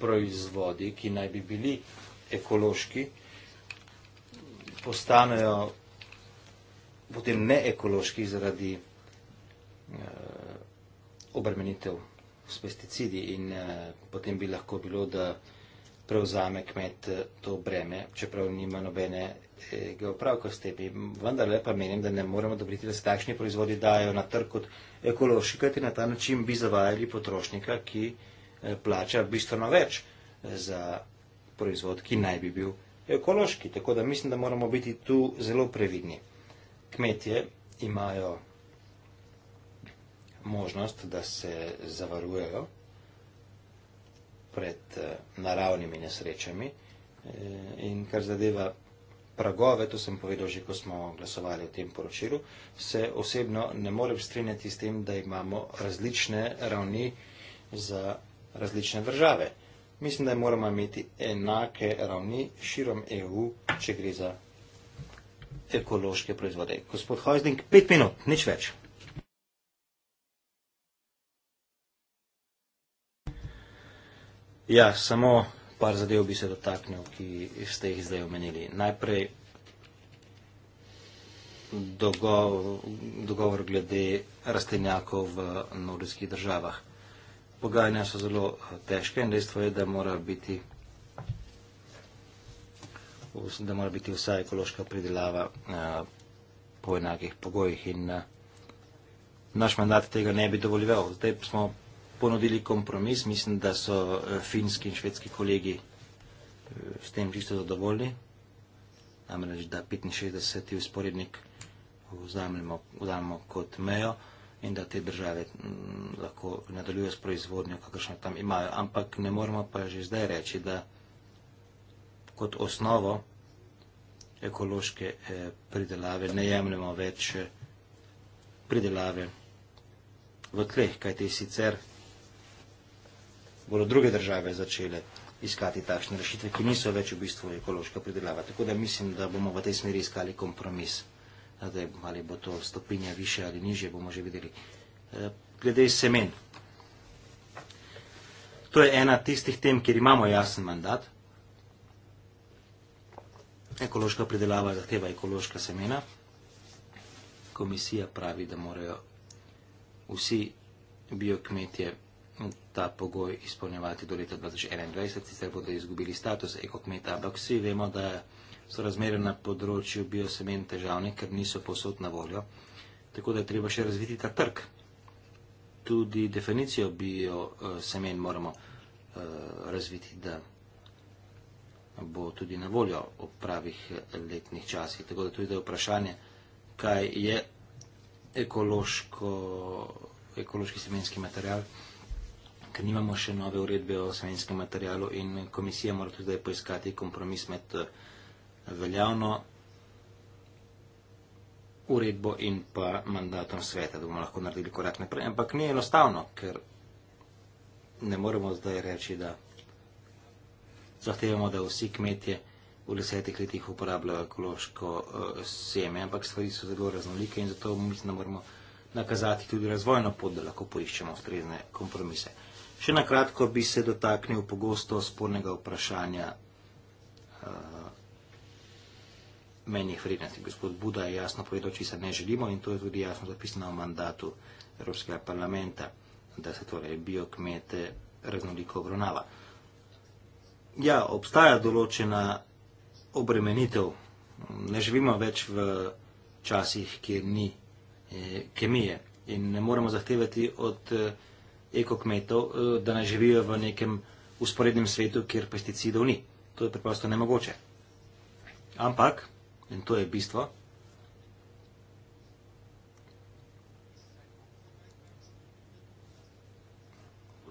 proizvodi, ki naj bi bili ekološki, postanejo potem neekološki zaradi Eh, obremenitev s pesticidi in eh, potem bi lahko bilo, da prevzame kmet eh, to breme, čeprav nima nobene geopravka s tebi. Vendar lepa menim, da ne moremo dobiti, da se takšni proizvodi dajo na trg kot ekološki, kajti na ta način bi zavajali potrošnika, ki plača bistveno več za proizvod, ki naj bi bil ekološki. Tako da mislim, da moramo biti tu zelo previdni. Kmetje imajo možnost, da se zavarujejo pred eh, naravnimi nesrečami. Eh, in kar zadeva pragove, to sem povedal že, ko smo glasovali o tem poročilu, se osebno ne morem strinjati s tem, da imamo različne ravni za različne države. Mislim, da moramo imeti enake ravni širom EU, če gre za ekološke proizvode. Gospod Hojzdink, pet minut, nič več. Ja, samo par zadev bi se dotaknil, ki ste jih zdaj omenili. Najprej dogovor, dogovor glede rastenjakov v nordijskih državah. Pogajanja so zelo eh, težke in dejstvo je, da mora biti, da mora biti vsa ekološka pridelava eh, po enakih pogojih in eh, naš mandat tega ne bi dovoljeval. Zdaj smo ponudili kompromis. Mislim, da so eh, finski in švedski kolegi eh, s tem čisto zadovoljni. Namreč, da 65. usporednik vzamemo kot mejo in da te države mm, lahko nadaljujejo s proizvodnjo, kakršno tam imajo. Ampak ne moremo pa že zdaj reči, da kot osnovo ekološke eh, pridelave ne jemljemo več pridelave v tleh, kajte sicer bodo druge države začele iskati takšne rešitve, ki niso več v bistvu ekološka pridelava. Tako da mislim, da bomo v tej smeri iskali kompromis. Zdaj, ali bo to stopinja više ali nižje, bomo že videli. E, glede semen. To je ena tistih tem, kjer imamo jasen mandat. Ekološka pridelava zahteva ekološka semena. Komisija pravi, da morajo vsi biokmetje kmetje ta pogoj izpolnjevati do leta 2021, sicer bodo izgubili status ekokmeta, ampak vsi vemo, da so razmere na področju biosemen težavne, ker niso posod na voljo, tako da je treba še razviti ta trg. Tudi definicijo biosemen moramo eh, razviti, da bo tudi na voljo v pravih eh, letnih časih. Tako da tudi da je vprašanje, kaj je ekološko, ekološki semenski materijal ker nimamo še nove uredbe o semenskem materialu in komisija mora tudi zdaj poiskati kompromis med eh, veljavno uredbo in pa mandatom sveta, da bomo lahko naredili korak naprej. Ampak ni enostavno, ker ne moremo zdaj reči, da zahtevamo, da vsi kmetje v desetih letih uporabljajo ekološko uh, seme, ampak stvari so zelo raznolike in zato mislim, da moramo nakazati tudi razvojno pot, da lahko poiščemo ustrezne kompromise. Še na kratko bi se dotaknil pogosto spornega vprašanja uh, eh, menjih vrednosti. Gospod Buda je jasno povedal, če se ne želimo in to je tudi jasno zapisano v mandatu Evropskega parlamenta, da se torej biokmete raznoliko obravnava. Ja, obstaja določena obremenitev. Ne živimo več v časih, kjer ni eh, kemije in ne moremo zahtevati od eh, ekokmetov, eh, da ne živijo v nekem usporednem svetu, kjer pesticidov ni. To je preprosto nemogoče. Ampak, in to je bistvo,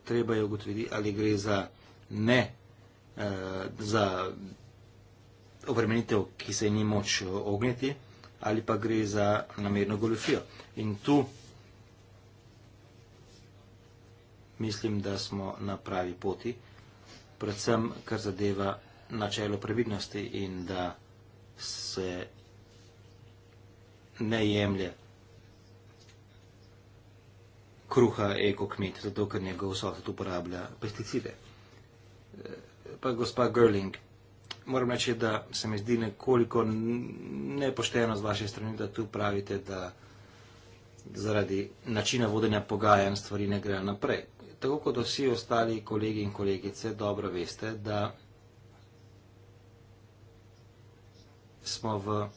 treba je ugotoviti, ali gre za ne eh, za obremenitev, ki se ni moč ogniti, ali pa gre za namerno goljofijo. In tu mislim, da smo na pravi poti, predvsem kar zadeva načelo previdnosti in da se ne jemlje kruha ekokmet, zato ker njegov sosed uporablja pesticide. Pa gospa Gerling, moram reči, da se mi zdi nekoliko nepošteno z vaše strani, da tu pravite, da zaradi načina vodenja pogajanj stvari ne grejo naprej tako kot vsi ostali kolegi in kolegice, dobro veste, da smo v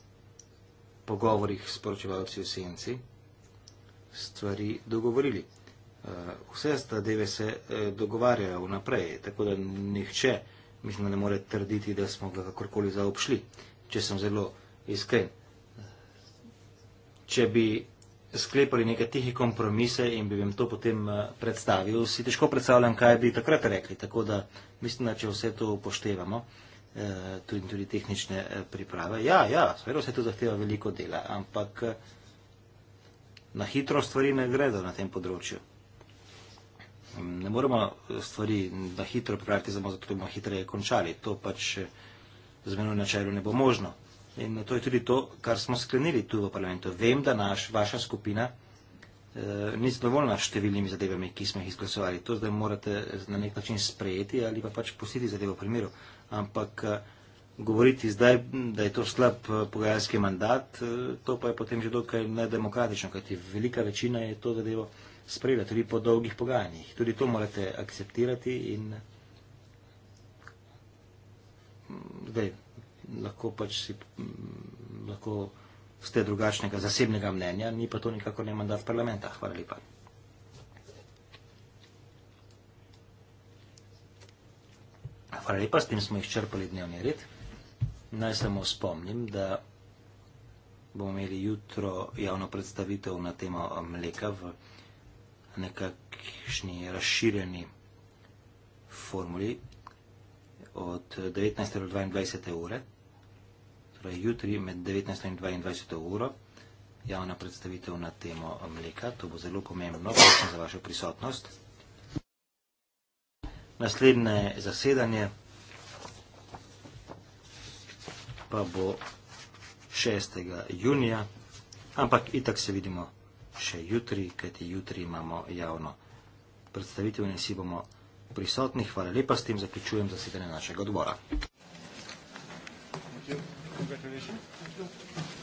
pogovorih s poročevalci v senci stvari dogovorili. Eh, vse zadeve se eh, dogovarjajo vnaprej, tako da nihče, mislim, ne more trditi, da smo ga kakorkoli zaobšli, če sem zelo iskren. Če bi sklepali neke tihe kompromise in bi vam to potem eh, predstavil. Si težko predstavljam, kaj bi takrat rekli. Tako da mislim, da če vse to upoštevamo, eh, tudi, tudi tehnične eh, priprave, ja, ja, seveda vse to zahteva veliko dela, ampak na hitro stvari ne gredo na tem področju. Ne moramo stvari na hitro pripraviti, samo zato, da bomo hitreje končali. To pač z menoj načelu ne bo možno. In to je tudi to, kar smo sklenili tu v parlamentu. Vem, da naš, vaša skupina eh, ni zadovoljna s številnimi zadevami, ki smo jih izglasovali. To zdaj morate na nek način sprejeti ali pa pač pustiti zadevo v primeru. Ampak eh, govoriti zdaj, da je to slab eh, pogajalski mandat, eh, to pa je potem že dokaj nedemokratično, kajti velika večina je to zadevo sprejela, tudi po dolgih pogajanjih. Tudi to morate akceptirati in mm, zdaj. Eh, lahko pač si, mm, lahko ste drugačnega zasebnega mnenja, ni pa to nikako ne mandat parlamenta. Hvala lepa. Hvala lepa, s tem smo izčrpali dnevni red. Naj samo spomnim, da bomo imeli jutro javno predstavitev na temo mleka v nekakšni razširjeni formuli od 19. do 22. ure torej jutri med 19 in 22 uro, javna predstavitev na temo mleka. To bo zelo pomembno, prosim za vašo prisotnost. Naslednje zasedanje pa bo 6. junija, ampak itak se vidimo še jutri, kajti jutri imamo javno predstavitev in si bomo prisotni. Hvala lepa, s tem zaključujem zasedanje našega odbora. Thank you congratulations. Thank you.